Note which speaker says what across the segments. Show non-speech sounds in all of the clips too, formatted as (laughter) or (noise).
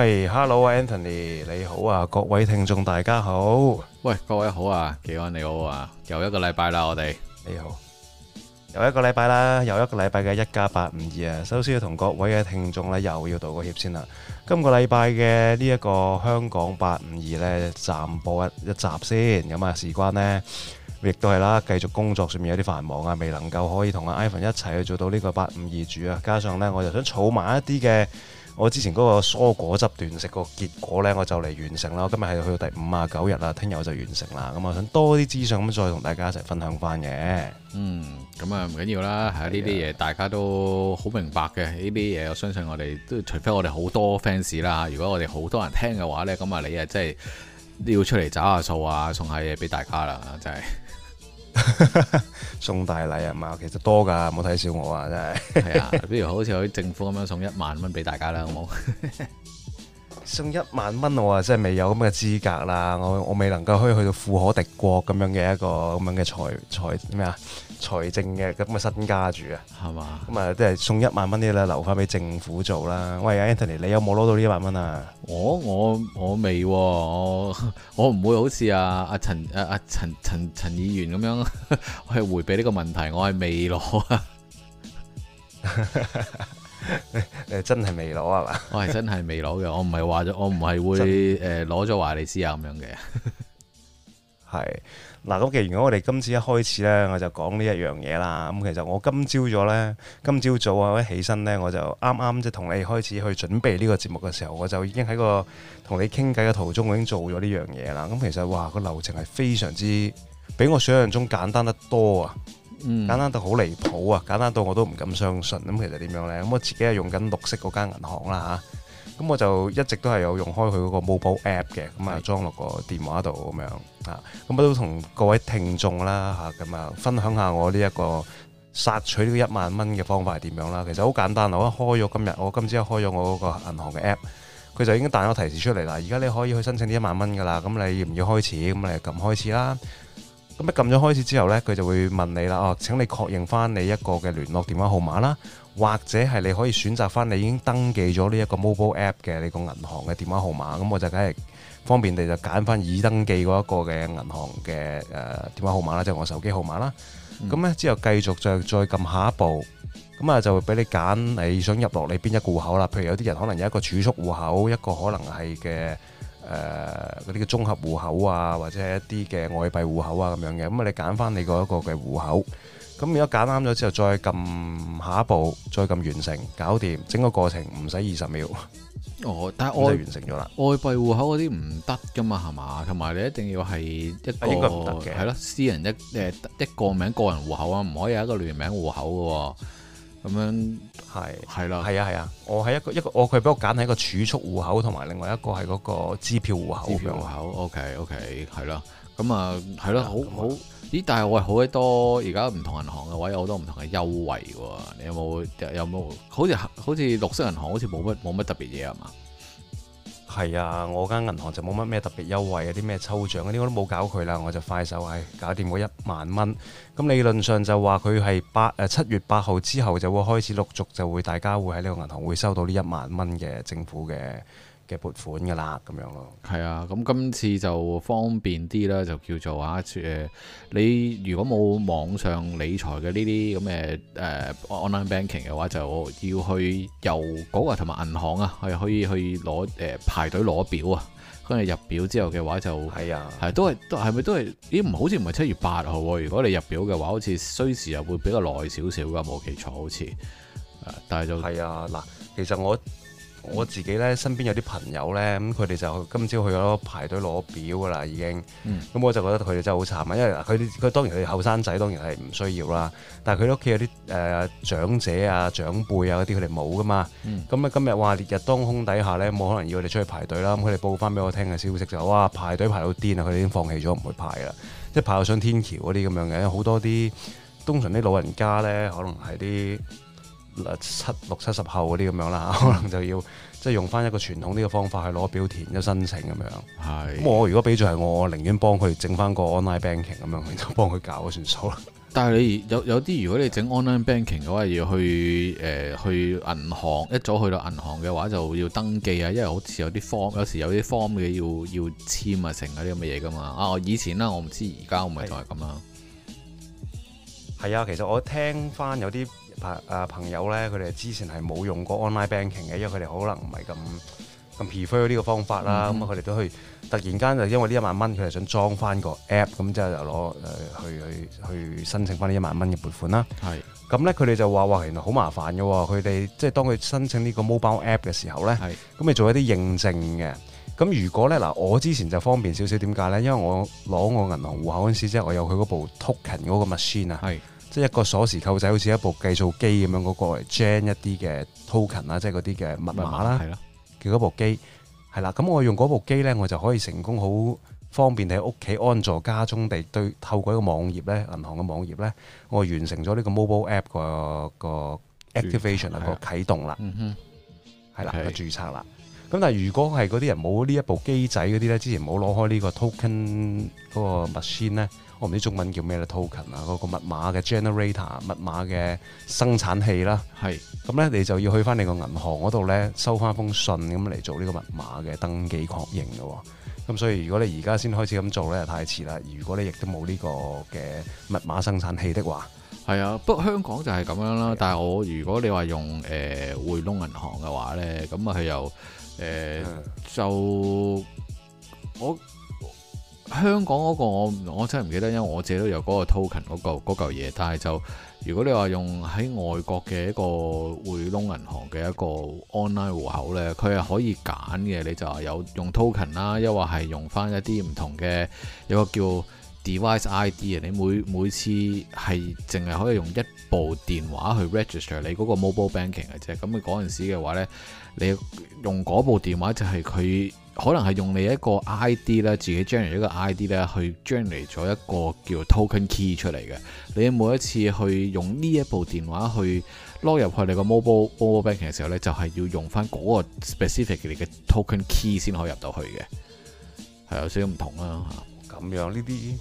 Speaker 1: Hello Anthony，你好啊，各位聽眾大家好。喂，各位好啊，紀安你好啊，又一個禮拜啦，我哋你好，又一個禮拜啦，又一個禮拜嘅一家八五二啊，首先要同各位嘅聽眾咧，又要道個歉先啦。今個禮拜嘅呢一個香講八五二呢暫播一一集先，咁啊事關呢亦都係啦，繼續工作上面有啲繁忙啊，未能夠可以同阿 Ivan 一齊去做到呢個八五二主啊，加上呢，我就想儲埋一啲嘅。我之前嗰個蔬果汁斷食個結果呢，我就嚟完成啦。今日係去到第五啊九日啦，聽日我就完成啦。咁我想多
Speaker 2: 啲資訊咁再同大家一齊分享翻嘅。嗯，咁啊唔緊要啦，係呢啲嘢大家都好明白嘅。呢啲嘢我相信我哋都，除非我哋好多 fans 啦，如果我哋好多人聽嘅話呢，咁啊你啊真係要出嚟找下數啊，送下嘢俾大家啦，真係。 (laughs) 送大禮啊嘛，其實多噶，冇睇小我啊，真係。係啊，比如好似可政府咁樣送一萬蚊俾大家啦，好冇？嗯、
Speaker 1: (laughs) 送一萬蚊我啊，真係未有咁嘅資格啦，我我未能夠可以去到富可敵國咁樣嘅一個咁樣嘅財財咩啊？財政嘅咁嘅身家住啊，係嘛嗎？咁啊，都係送一萬蚊啲咧，留翻俾政府做啦。喂，Anthony，你有冇攞到呢一萬蚊啊？
Speaker 2: 我我我未，我我唔會好似啊陳啊陳啊啊陳陳陳議員咁樣去迴 (laughs) 避呢個問題，我係未攞。誒 (laughs) (laughs) 真係未攞係嘛？我係真係未攞嘅，我唔係話咗，我唔係會誒攞咗話你試下咁樣嘅，係。
Speaker 1: 嗱，咁其實如果我哋今次一開始呢，我就講呢一樣嘢啦。咁其實我今朝早呢，今朝早啊一起身呢，我就啱啱即係同你開始去準備呢個節目嘅時候，我就已經喺個同你傾偈嘅途中我已經做咗呢樣嘢啦。咁其實哇，個流程係非常之比我想像中簡單得多啊，嗯、簡單到好離譜啊，簡單到我都唔敢相信。咁其實點樣呢？咁我自己係用緊綠色嗰間銀行啦、啊、嚇。咁我就一直都係有用開佢嗰個 mobile app 嘅，咁啊裝落個電話度咁樣啊，咁我都同各位聽眾啦嚇，咁啊分享下我呢、這、一個索取呢一萬蚊嘅方法係點樣啦。其實好簡單，我一開咗今日我今朝開咗我嗰個銀行嘅 app，佢就已經彈咗提示出嚟啦。而家你可以去申請呢一萬蚊㗎啦。咁你唔要開始，咁你撳開始啦。咁一撳咗開始之後呢，佢就會問你啦，哦，請你確認翻你一個嘅聯絡電話號碼啦。或者係你可以選擇翻你已經登記咗呢一個 mobile app 嘅你個銀行嘅電話號碼，咁我就梗係方便你，就揀翻已登記嗰一個嘅銀行嘅誒電話號碼啦，即係我手機號碼啦。咁咧、嗯、之後繼續再再撳下一步，咁啊就會俾你揀你想入落你邊一戶口啦。譬如有啲人可能有一個儲蓄戶口，一個可能係嘅誒嗰啲嘅綜合戶口啊，或者係一啲嘅外幣戶口啊咁樣嘅。咁啊你揀翻你個一個嘅戶口。咁如果揀啱咗之後，再撳下一步，再撳完成，搞掂整個過程唔使二十秒。
Speaker 2: 哦，但係我完成咗啦。外幣戶口嗰啲唔得噶嘛，係嘛？同埋你一定要係一應該唔得嘅。係咯，私人一誒一個名個人戶口啊，唔可以係一個聯名戶口噶喎。咁樣係係啦，係啊係啊，我係一個一個我佢俾我揀係一個儲蓄戶口，同埋另外一個係嗰個支票戶口。支票戶口 OK OK 係啦，咁啊係咯，好好。咦，但係我係好多而家唔同銀行嘅話，有好多唔同嘅優惠喎。你有冇？有冇？好似好似綠色銀行好，好似冇乜冇乜特別嘢啊嘛？
Speaker 1: 係啊，我間銀行就冇乜咩特別優惠啊，啲咩抽獎嗰啲我都冇搞佢啦。我就快手係、哎、搞掂嗰一萬蚊。咁理論上就話佢係八誒七月八號之後就會開始陸續就會大家會喺呢個銀行會收到呢一萬蚊嘅政府嘅。嘅
Speaker 2: 撥款噶啦，咁樣咯。係啊，咁今次就方便啲啦，就叫做啊誒、呃，你如果冇網上理財嘅呢啲咁嘅、呃、誒 online banking 嘅話，就要去郵局同埋銀行啊，係可以去攞誒、呃、排隊攞表啊。跟住入表之後嘅話就係啊，係都係都係咪都係？咦唔好似唔係七月八號喎？如果你入表嘅話，好似需時又會比較耐少少噶，冇記錯好似。但係就係啊嗱，其實我。我自己咧身邊有啲朋
Speaker 1: 友咧，咁佢哋就今朝去咗排隊攞表噶啦，已經。咁、嗯嗯、我就覺得佢哋真係好慘啊，因為佢佢當然佢哋後生仔當然係唔需要啦，但係佢屋企有啲誒、呃、長者啊、長輩啊嗰啲佢哋冇噶嘛。咁啊、嗯、今日話烈日當空底下咧，冇可能要佢哋出去排隊啦。咁佢哋報翻俾我聽嘅消息就哇排隊排到癲啊，佢哋已經放棄咗唔會排啦，即係排到上天橋嗰啲咁樣嘅，好多啲通常啲老人家咧可能係啲。七六七十後嗰啲咁樣啦，可能就要即係、就是、用翻一個傳統啲嘅方法
Speaker 2: 去攞表填、嘅申請咁樣。係。咁我
Speaker 1: 如果俾住係我，我寧願幫佢整翻個 online banking 咁樣，就幫佢搞就算數啦。
Speaker 2: 但係你有有啲，如果你整 online banking 嘅話，要去誒、呃、去銀行，一早去到銀行嘅話，就要登記啊，因為好似有啲 form，有時有啲 form 嘅要要簽啊，成嗰啲咁嘅嘢噶嘛。啊，以前啦，我唔知會會，而家我咪就係咁啦。係啊，其實我聽翻有啲。朋啊
Speaker 1: 朋友咧，佢哋之前係冇用過 online banking 嘅，因為佢哋可能唔係咁咁 prefer 呢個方法啦。咁啊、嗯哼，佢哋都去突然間就因為呢一萬蚊，佢哋想裝翻個 app，咁、嗯、之後就攞誒、呃、去去去申請翻呢一萬蚊嘅撥款啦。係是。咁咧，佢哋就話話原來好麻煩嘅喎，佢哋即係當佢申請呢個 mobile app 嘅時候咧，係是。咁咪做一啲認證嘅。咁、嗯、如果咧嗱，我之前就方便少少，點解咧？因為我攞我銀行戶口嗰陣時，即係我有佢嗰部 token 嗰個 machine 啊是。係。即係一個鎖匙扣仔，好似一部計數機咁樣嗰個嚟 gen 一啲嘅 token 啊，即係嗰啲嘅密碼啦，嘅嗰部機係啦。咁我用嗰部機咧，我就可以成功好方便地喺屋企安坐家中地對透過一個網頁咧，銀行嘅網頁咧，我完成咗呢個 mobile app 嗰個 activation 嗰個啟動啦。嗯哼，係啦，個 Okay. 註冊啦。咁但係如果係嗰啲人冇呢一部機仔嗰啲咧，之前冇攞開呢個 token 嗰個 machine 咧。我唔知中文叫咩啦，token 啊，嗰個密碼嘅 generator，密碼嘅生產器啦。係的。咁咧，你就要去翻你個銀行嗰度咧，收翻封信咁嚟做呢個密碼嘅登記確認嘅。咁所以如果你而家先開始咁做咧，太遲啦。如果你亦都冇
Speaker 2: 呢個嘅密碼生產器的話，係啊。不過香港就係咁樣啦。的但係我如果你話用誒匯豐銀行嘅話咧，咁啊係由誒就我。香港嗰個我我真係唔記得，因為我自己都有嗰個 token 嗰嚿，嗰嚿嘢，但係就如果你話用喺外國嘅一個匯兌銀行嘅一個 online 戶口呢，佢係可以揀嘅，你就話有用 token 啦，又或係用翻一啲唔同嘅，有個叫 device ID 啊，你每每次係淨係可以用一部電話去 register 你嗰個 mobile banking 嘅啫，咁佢嗰陣時嘅話呢，你用嗰部電話就係佢。可能係用你一個 ID 咧，自己，generate 一個 ID 咧，去 generate 咗一個叫 token key 出嚟嘅。你每一次去用呢一部電話去攞入去你個 mobile banking 嘅時候咧，就係要用翻嗰個 specifically 嘅 token key 先可以入到去嘅。係有少少唔同啦吓。咁樣呢啲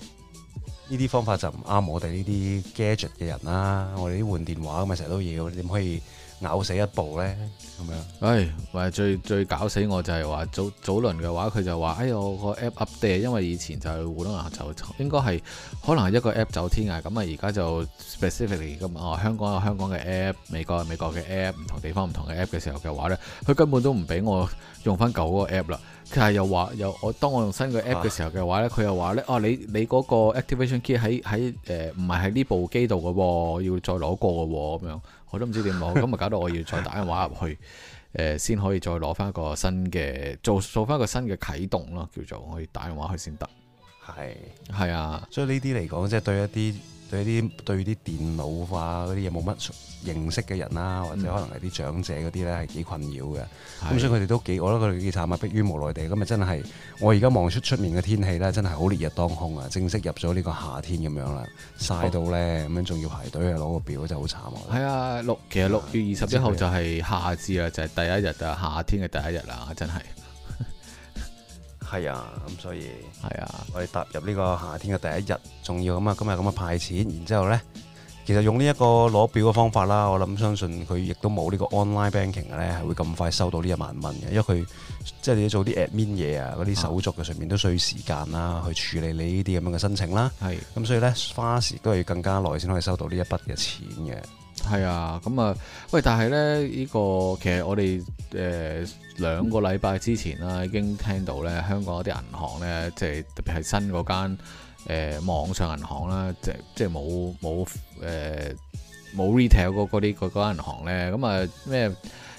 Speaker 2: 呢
Speaker 1: 啲方法就唔啱我哋呢啲 gadget 嘅人啦。我哋啲換電話咁咪，成日都要你
Speaker 2: 唔可以。咬死一部呢？咁樣。唉，最最搞死我就係話，早早輪嘅話，佢就話，哎呀，我個 app update，因為以前就係互聯網就應該係可能係一個 app 走天涯咁啊，而家就 specifically 咁、哦、啊，香港有香港嘅 app，美國有美國嘅 app，唔同地方唔同嘅 app 嘅時候嘅話呢，佢根本都唔俾我用翻舊嗰個 app 啦。佢係又話又我當我用新個 app 嘅時候嘅話呢，佢又話呢。哦，你你嗰個 activation key 喺喺誒唔係喺呢部機度嘅，要再攞過嘅咁樣。我都唔知點講，咁咪搞到我要再打電話入去，誒先、 (laughs) 呃、可以再攞翻一個新嘅做做翻一個新嘅啟動咯，叫做可以打電話去先得。係係是啊，所以呢
Speaker 1: 啲嚟講，即、就、係、是、對一啲。對啲對啲電腦化嗰啲嘢冇乜認識嘅人啦，嗯、或者可能係啲長者嗰啲咧，係幾困擾嘅。咁是的 所以佢哋都幾，我覺得佢哋幾慘啊，迫於無奈地咁啊，真係我而家望出出面嘅天氣咧，真係好烈日當空啊，正式入咗呢個夏天咁樣啦，晒到咧咁樣仲要排隊啊，攞個表就好慘
Speaker 2: 啊。係啊，六其實六月二十一號就係夏至啊，就係、係、第一日啊，就係、夏天嘅第一日啊，真係。係啊，咁所以係啊，我哋踏入呢個夏天嘅第一日，
Speaker 1: 仲要咁啊，今日咁嘅派錢，然之後咧，其實用呢一個攞表嘅方法啦，我諗相信佢亦都冇呢個 online banking 咧，係會咁快收到呢一萬蚊嘅，因為佢即係你做啲 admin 嘢啊，嗰啲手續嘅上面都需要時間啦，去處理你呢啲咁樣嘅申請啦。係，啊，咁所以咧花時都係要更加耐先可以收到呢一筆嘅錢嘅。係啊，咁啊，喂、
Speaker 2: 這個，但係咧，呢個其實我哋誒兩個禮拜之前啦、啊，已經聽到咧，香港一啲銀行咧，即係特別係新嗰間誒網上銀行啦，即即係冇冇誒冇 retail 嗰啲嗰間銀行咧，咁啊咩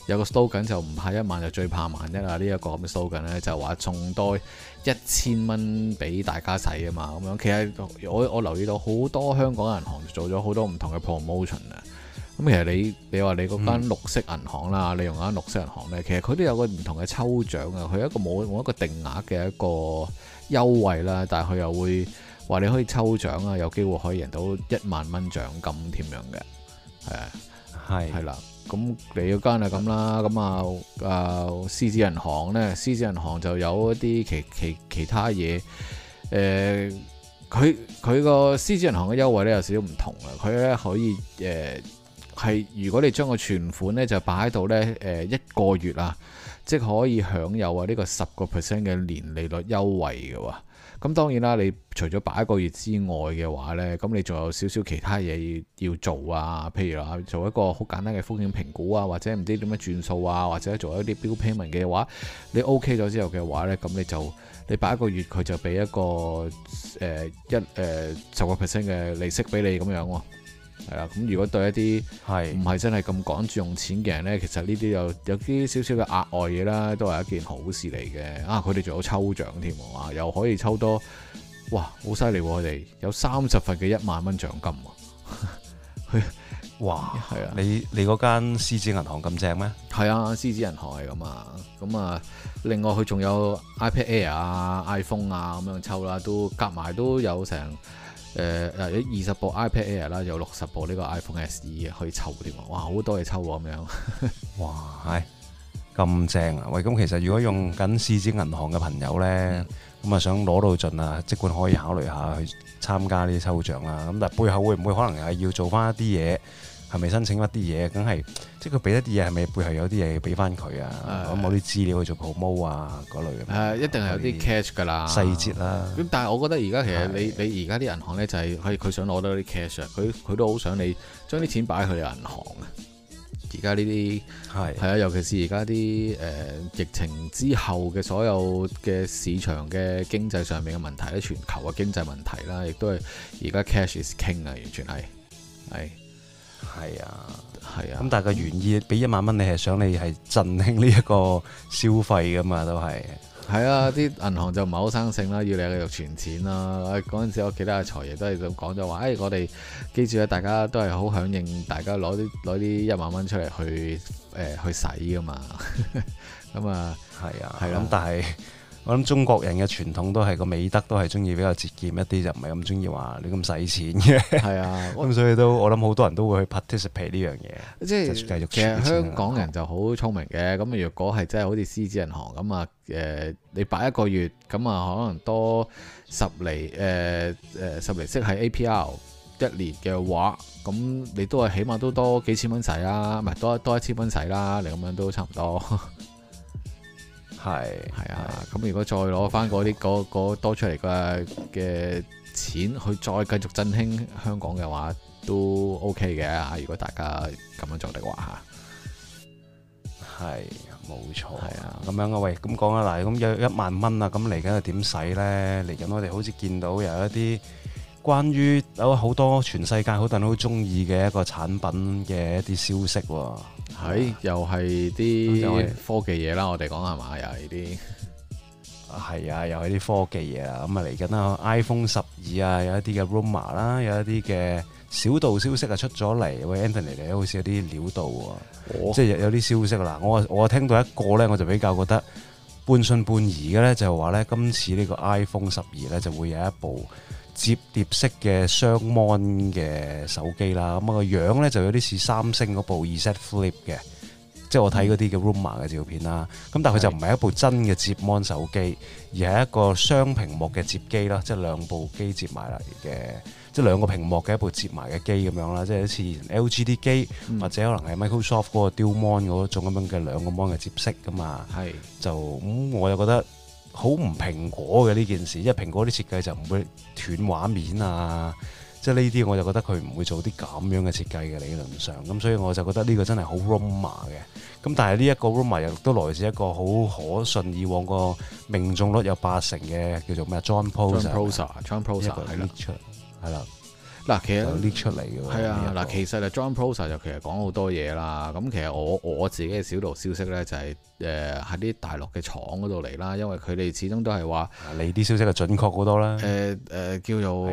Speaker 2: 有個 slogan 就唔怕一萬，就最怕萬一啊。這個、呢一個咁嘅 slogan 咧，就話、是、仲多一千蚊俾大家使啊嘛。咁樣其實我我，我留意到好多香港銀行做咗好多唔同嘅 promotion 啊。咁其實你你話你嗰間綠色銀行啦，嗯、你用嗰間綠色銀行咧，其實佢都有個唔同嘅抽獎啊。佢一個冇冇一個定額嘅一個優惠啦，但係佢又會話你可以抽獎啊，有機會可以贏到一萬蚊獎金添的的樣嘅。係係係啦。咁你嗰間係咁啦。咁啊啊獅子銀行咧，獅子銀行就有一啲其其其他嘢。誒、呃，佢佢個獅子銀行嘅優惠咧有少少唔同啊。佢咧可以誒。呃係，如果你將個存款咧就擺喺度咧，誒、呃、一個月啊，即可以享有啊呢個十個 percent 嘅年利率優惠㗎喎。咁當然啦，你除咗擺一個月之外嘅話咧，咁你仲有少少其他嘢要，要做啊，譬如話，做一個好簡單嘅風險評估啊，或者唔知點樣轉數啊，或者做一啲 bill payment 嘅話，你 OK 咗之後嘅話咧，咁你就你擺一個月佢就俾一個誒一誒十個 percent 嘅利息俾你咁樣喎、哦。係啦，咁如果對一啲唔係真係咁趕住用錢嘅人咧，的其實呢啲有有啲少少嘅額外嘢啦，都係一件好事嚟嘅。啊，佢哋仲有抽獎添啊，又可以抽多，哇，好犀利！佢哋有三十份嘅一萬蚊獎金， (laughs) 哇，係啊 (laughs) 的！你你嗰間獅子銀行咁正咩？係啊，獅子銀行係咁啊，咁啊，另外佢仲有 iPad Air 啊、iPhone 啊咁樣抽啦，都夾埋都有成。誒嗱，二十部 iPad Air 啦，有六十部呢個 iPhone SE 嘅可以抽添喎。哇，好多嘢抽喎咁樣，哇
Speaker 1: 係咁正啊喂！咁其實如果用緊獅子銀行嘅朋友呢，咁啊想攞到盡啊，即管可以考慮下去參加呢啲抽獎啦。咁但係背後會唔會可能係要做翻一啲嘢？係咪申請一啲嘢？梗係即係佢俾一啲嘢，係咪背後有啲嘢要俾翻佢啊？攞某啲資料去做 promo 啊，嗰
Speaker 2: 類啊。係，一定係有啲 cash 㗎啦，細節啦。咁但係我覺得而家其實你的你而家啲銀行咧就係佢想攞到啲 cash，佢佢都好想你將啲錢擺去佢銀行。而家呢啲係係啊，尤其是而家啲誒疫情之後嘅所有嘅市場嘅經濟上面嘅問題，咧全球嘅經濟問題啦，亦都係而家 cash is king 啊，完全係係。係啊，係啊，咁大
Speaker 1: 家願意俾一萬蚊，1, 你係想你係振興呢一個消費噶嘛，都係。
Speaker 2: 係啊，啲銀、嗯、行就唔係好生性啦，要你繼續存錢啦。嗰陣時我記得阿財爺都係咁講咗話，誒，我哋記住咧，大家都係好響應，大家攞啲攞啲一萬蚊出嚟，去誒、呃、去使噶嘛。咁、 (laughs) 嗯、啊，係啊，係咁、啊啊嗯，但係。
Speaker 1: 我諗中國人嘅傳統都係個美德，都係中意比較節儉一啲，就唔係咁中意話
Speaker 2: 你咁使錢嘅，係啊。咁、 (laughs) 嗯、所以都我諗好多人都會去 participate 呢樣嘢。即係是其實香港人就好聰明嘅。咁如果係真係好似獅子銀行咁啊，誒、呃，你擺一個月咁啊，可能多十厘誒誒十厘息喺 APR 一年嘅話，咁你都係起碼都多幾千蚊使啦，唔係多多一千蚊使啦，你咁樣都差唔多。 (laughs) 係，係啊，咁如果再攞翻嗰啲多出嚟嘅嘅錢去再繼續振興香港嘅話，都 OK 嘅。如果大家咁樣做嘅話嚇，係冇錯，係啊的，咁的樣啊，喂，咁講啊，嗱，咁
Speaker 1: 有一萬蚊啊，咁嚟緊又點使呢？嚟緊我哋好似見到有一啲關於好多全世界好多人好中意嘅一個產品嘅一啲消息喎。係，hey, 又係啲科技嘢啦。啊、我哋講係嘛，又係啲係啊，又係啲科技嘢啦。咁啊嚟緊啊，iPhone 十二啊，有一啲嘅 rumor 啦，有一啲嘅小道消息啊出咗嚟。喂，Anthony 你，好似有啲料到啊，哦、即係有啲消息啦。我我聽到一個咧，我就比較覺得半信半疑嘅咧，就係話咧今次呢個 iPhone 十二咧就會有一部。摺疊式嘅雙 mon 嘅手機啦，咁個樣咧就有啲似三星嗰部 Z Flip 嘅，即係我睇嗰啲嘅 rumor 嘅照片啦。咁但係佢就唔係一部真嘅摺 mon 手機，而係一個雙屏幕嘅摺機啦，即係兩部機摺埋嚟嘅，即係兩個屏幕嘅一部摺埋嘅機咁樣啦，即係好似 LG 啲機或者可能係 Microsoft 嗰個 Dual Mon 嗰種咁樣嘅兩個 mon 嘅摺式噶嘛。係就咁，我就覺得好唔蘋果嘅呢件事，因為蘋果啲設計就唔會斷畫面啊，即係呢啲我就覺得佢唔會做啲咁樣嘅設計嘅理論上，咁所以我就覺得呢個真係好 rumour 嘅。咁、嗯、但係呢一個 rumour 又都來自一個好可信，以往個
Speaker 2: 命中率有八成嘅叫做咩 John Prosser，係啦。嗱，其實出嚟嘅喎。係啊，嗱，其實就 John Prosser 就其實講好多嘢啦。咁其實我我自己嘅小道消息咧，就係誒喺啲大陸嘅廠嗰度嚟啦。因為佢哋始終都係話，你啲消息係準確好多啦。誒誒、呃呃，叫做、啊、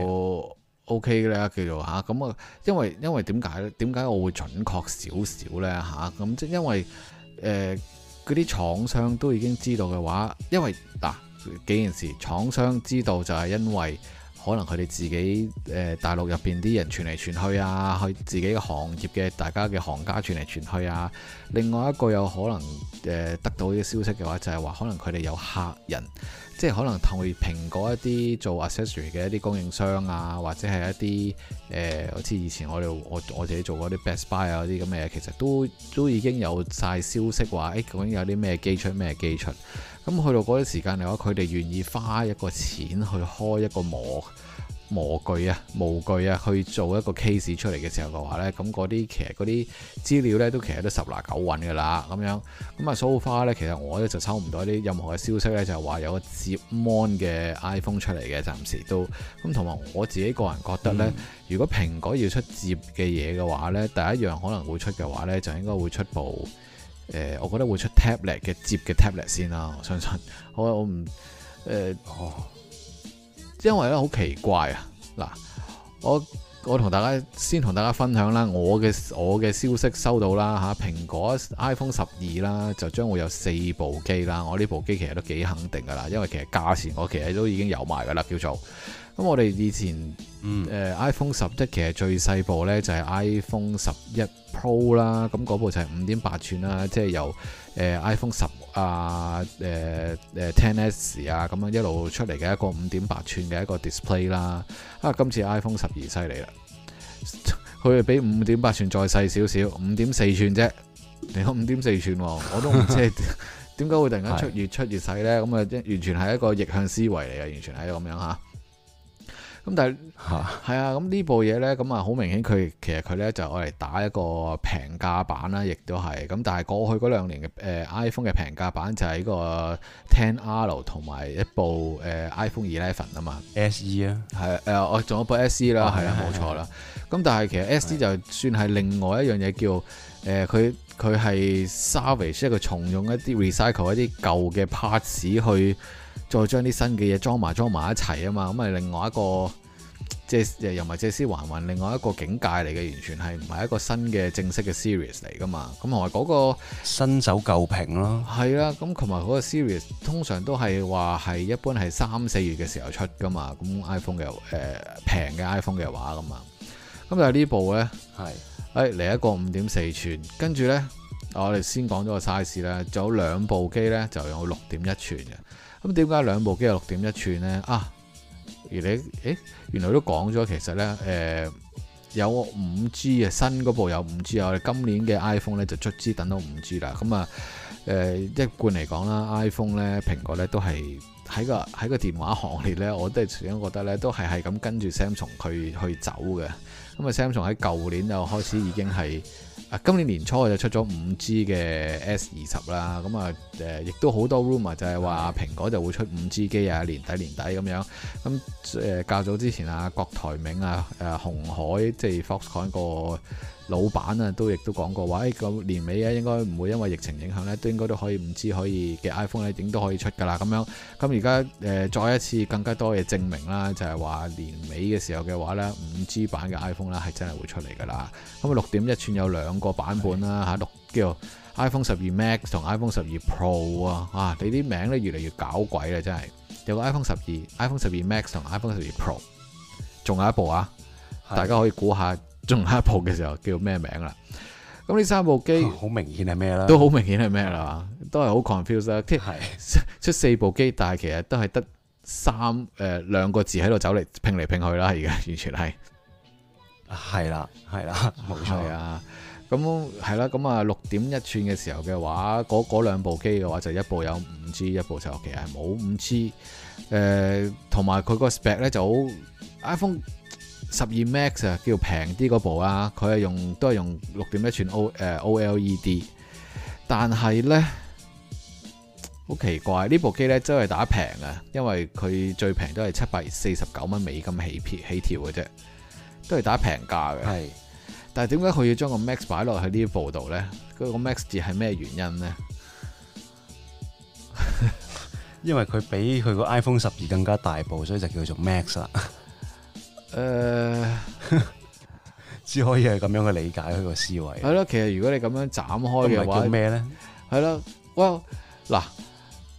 Speaker 2: OK 嘅啦，叫做吓。咁啊，因為因為點解咧？點解我會準確少少咧？吓、啊，咁即因為誒嗰啲廠商都已經知道嘅話，因為嗱幾件事，廠商知道就係因為。可能佢哋自己誒、呃、大陸入邊啲人傳嚟傳去啊，去自己嘅行業嘅大家嘅行家傳嚟傳去啊。另外一個有可能誒、呃、得到啲消息嘅話，就係、是、話可能佢哋有客人。即係可能同佢蘋果一啲做 accessory 嘅一啲供應商啊，或者係一啲誒、呃，好似以前我哋我我自己做嗰啲 best buy 啊，嗰啲咁嘅嘢，其實都都已經有晒消息話，誒、欸、究竟有啲咩機出咩機出？咁去到嗰啲時間嘅話，佢哋願意花一個錢去開一個模。模具啊，模具啊，去做一個 case 出嚟嘅時候嘅話呢，咁嗰啲其實嗰啲資料呢，都其實都十拿九穩嘅啦，咁樣。咁啊，so far 呢，其實我呢就收唔到啲任何嘅消息呢，就係、是、話有個接 Mon 嘅 iPhone 出嚟嘅，暫時都。咁同埋我自己個人覺得呢，嗯、如果蘋果要出接嘅嘢嘅話呢，第一樣可能會出嘅話呢，就應該會出部誒、呃，我覺得會出 tablet 嘅接嘅 tablet 先啦。我相信，好我我唔誒哦。呃因為咧好奇怪啊，嗱，我我同大家先同大家分享啦，我嘅我嘅消息收到啦，吓、啊，蘋果 iPhone 12啦，就將會有四部機啦、啊，我呢部機其實都幾肯定噶啦，因為其實價錢我其實都已經有埋噶啦，叫做。咁我哋以前，誒、嗯呃、iPhone 十一其實最細部咧就係 iPhone 十一 Pro 啦，咁嗰部就係五點八寸啦，即係由誒 iPhone 十啊，誒誒 Ten S 啊咁樣一路出嚟嘅一個五點八寸嘅一個 display 啦、啊，啊今次 iPhone 十二犀利啦，佢係比五點八寸再細少少，五點四寸啫，你講五點四寸，寸、啊、我都唔知點解 (laughs) 會突然間出越出越細咧，咁啊的完全係一個逆向思維嚟嘅，完全係咁樣嚇。咁但係吓係啊！咁、啊、呢部嘢咧，咁啊好明顯佢其實佢咧就愛嚟打一個平價版啦，亦都係咁。但係過去嗰兩年嘅誒、呃、iPhone 嘅平價版就係呢個 Ten R 同埋一部誒、呃、iPhone Eleven 啊嘛，S E 啊，係誒我仲有部 SE 啦，係啊，冇錯啦。咁、啊啊、但係其實、SE、SE、啊、就算係另外一樣嘢叫。誒佢佢係 savage 一個重用一啲 recycle 一啲舊嘅 parts 去再將啲新嘅嘢裝埋裝埋一齊啊嘛，咁係另外一個即係又唔係借屍還魂，另外一個境界嚟嘅，完全係唔係一個新嘅正式嘅 series 嚟噶嘛？咁同埋嗰個新手舊屏咯，係啦，咁同埋嗰個 series 通常都係話係一般係三四月嘅時候出噶嘛，咁 iPhone 嘅誒平、呃、嘅 iPhone 嘅話噶嘛，咁但係呢部咧係。誒嚟一個五點四寸，跟住呢，我哋先講咗個 size 啦，仲有兩部機呢，就有六點一寸嘅。咁點解兩部機有六點一寸呢？啊，而你誒原來都講咗，其實呢，誒、呃、有五 G 啊，新嗰部有五 G 啊！我哋今年嘅 iPhone 呢就出資等到五 G 啦。咁啊誒，一貫嚟講啦，iPhone 呢，蘋果呢都係喺個喺個電話行列呢。我都係始終覺得呢，都係係咁跟住 Samsung 佢去，去走嘅。咁啊 Samsung 喺舊年就開始已經係啊，今年年初就出咗 5G 嘅 S 二十啦。咁、嗯、啊，誒，亦都好多 rumor 就係話蘋果就會出 5G 機啊，年底年底咁樣。咁、嗯、誒、啊，較早之前啊，郭台銘啊，誒，鴻、就、海、是、即係 Foxconn、那個老闆啊，都亦都講過話，誒個年尾咧應該唔會因為疫情影響咧，都應該都可以唔知可以嘅 iPhone 咧，點都可以出㗎啦。咁樣，咁而家誒再一次更加多嘢證明啦，就係、是、話年尾嘅時候嘅話咧，五 G 版嘅 iPhone 咧係真係會出嚟㗎啦。咁啊六點一寸有兩個版本啦嚇，六的、啊、叫做 iPhone 十二 Max 同 iPhone 十二 Pro 啊，啊你啲名咧越嚟越搞鬼啦，真係有個 12, iPhone 十二、iPhone 十二 Max 同 iPhone 十二 Pro，仲有一部啊，的大家可以估下。仲下一部嘅時候叫咩名啦？咁呢三部機好明顯係咩啦？都好明顯係咩啦？都係好 confused 啊！出四部機，但係其實都係得三誒、呃、兩個字喺度走嚟拼嚟拼去啦！而家完全係係啦，係啦，冇錯啊！咁係啦，咁啊六點一吋嘅時候嘅話，嗰兩部機嘅話就一部有五 G，一部就其實係冇五 G、呃。誒，同埋佢個 spec 咧就好 iPhone。十二 Max 啊，叫平啲嗰部啊，佢係用都係用六點一寸 O 誒 OLED，但係呢，好奇怪，呢部機呢真係打平啊，因為佢最平都係七百四十九蚊美金起片起跳嘅啫，都係打平價嘅。係是，但係點解佢要將個 Max 擺落去呢部度呢？嗰、這個 Max 字係咩原因呢？ (laughs) 因
Speaker 1: 為佢比佢個 iPhone 十二更加大部，所以就叫做 Max 啦。誒，uh、 (laughs) 只可以係咁樣去理解佢個思維。
Speaker 2: 係咯，其實如果你咁樣斬開嘅話，叫咩咧？係咯，哇，嗱。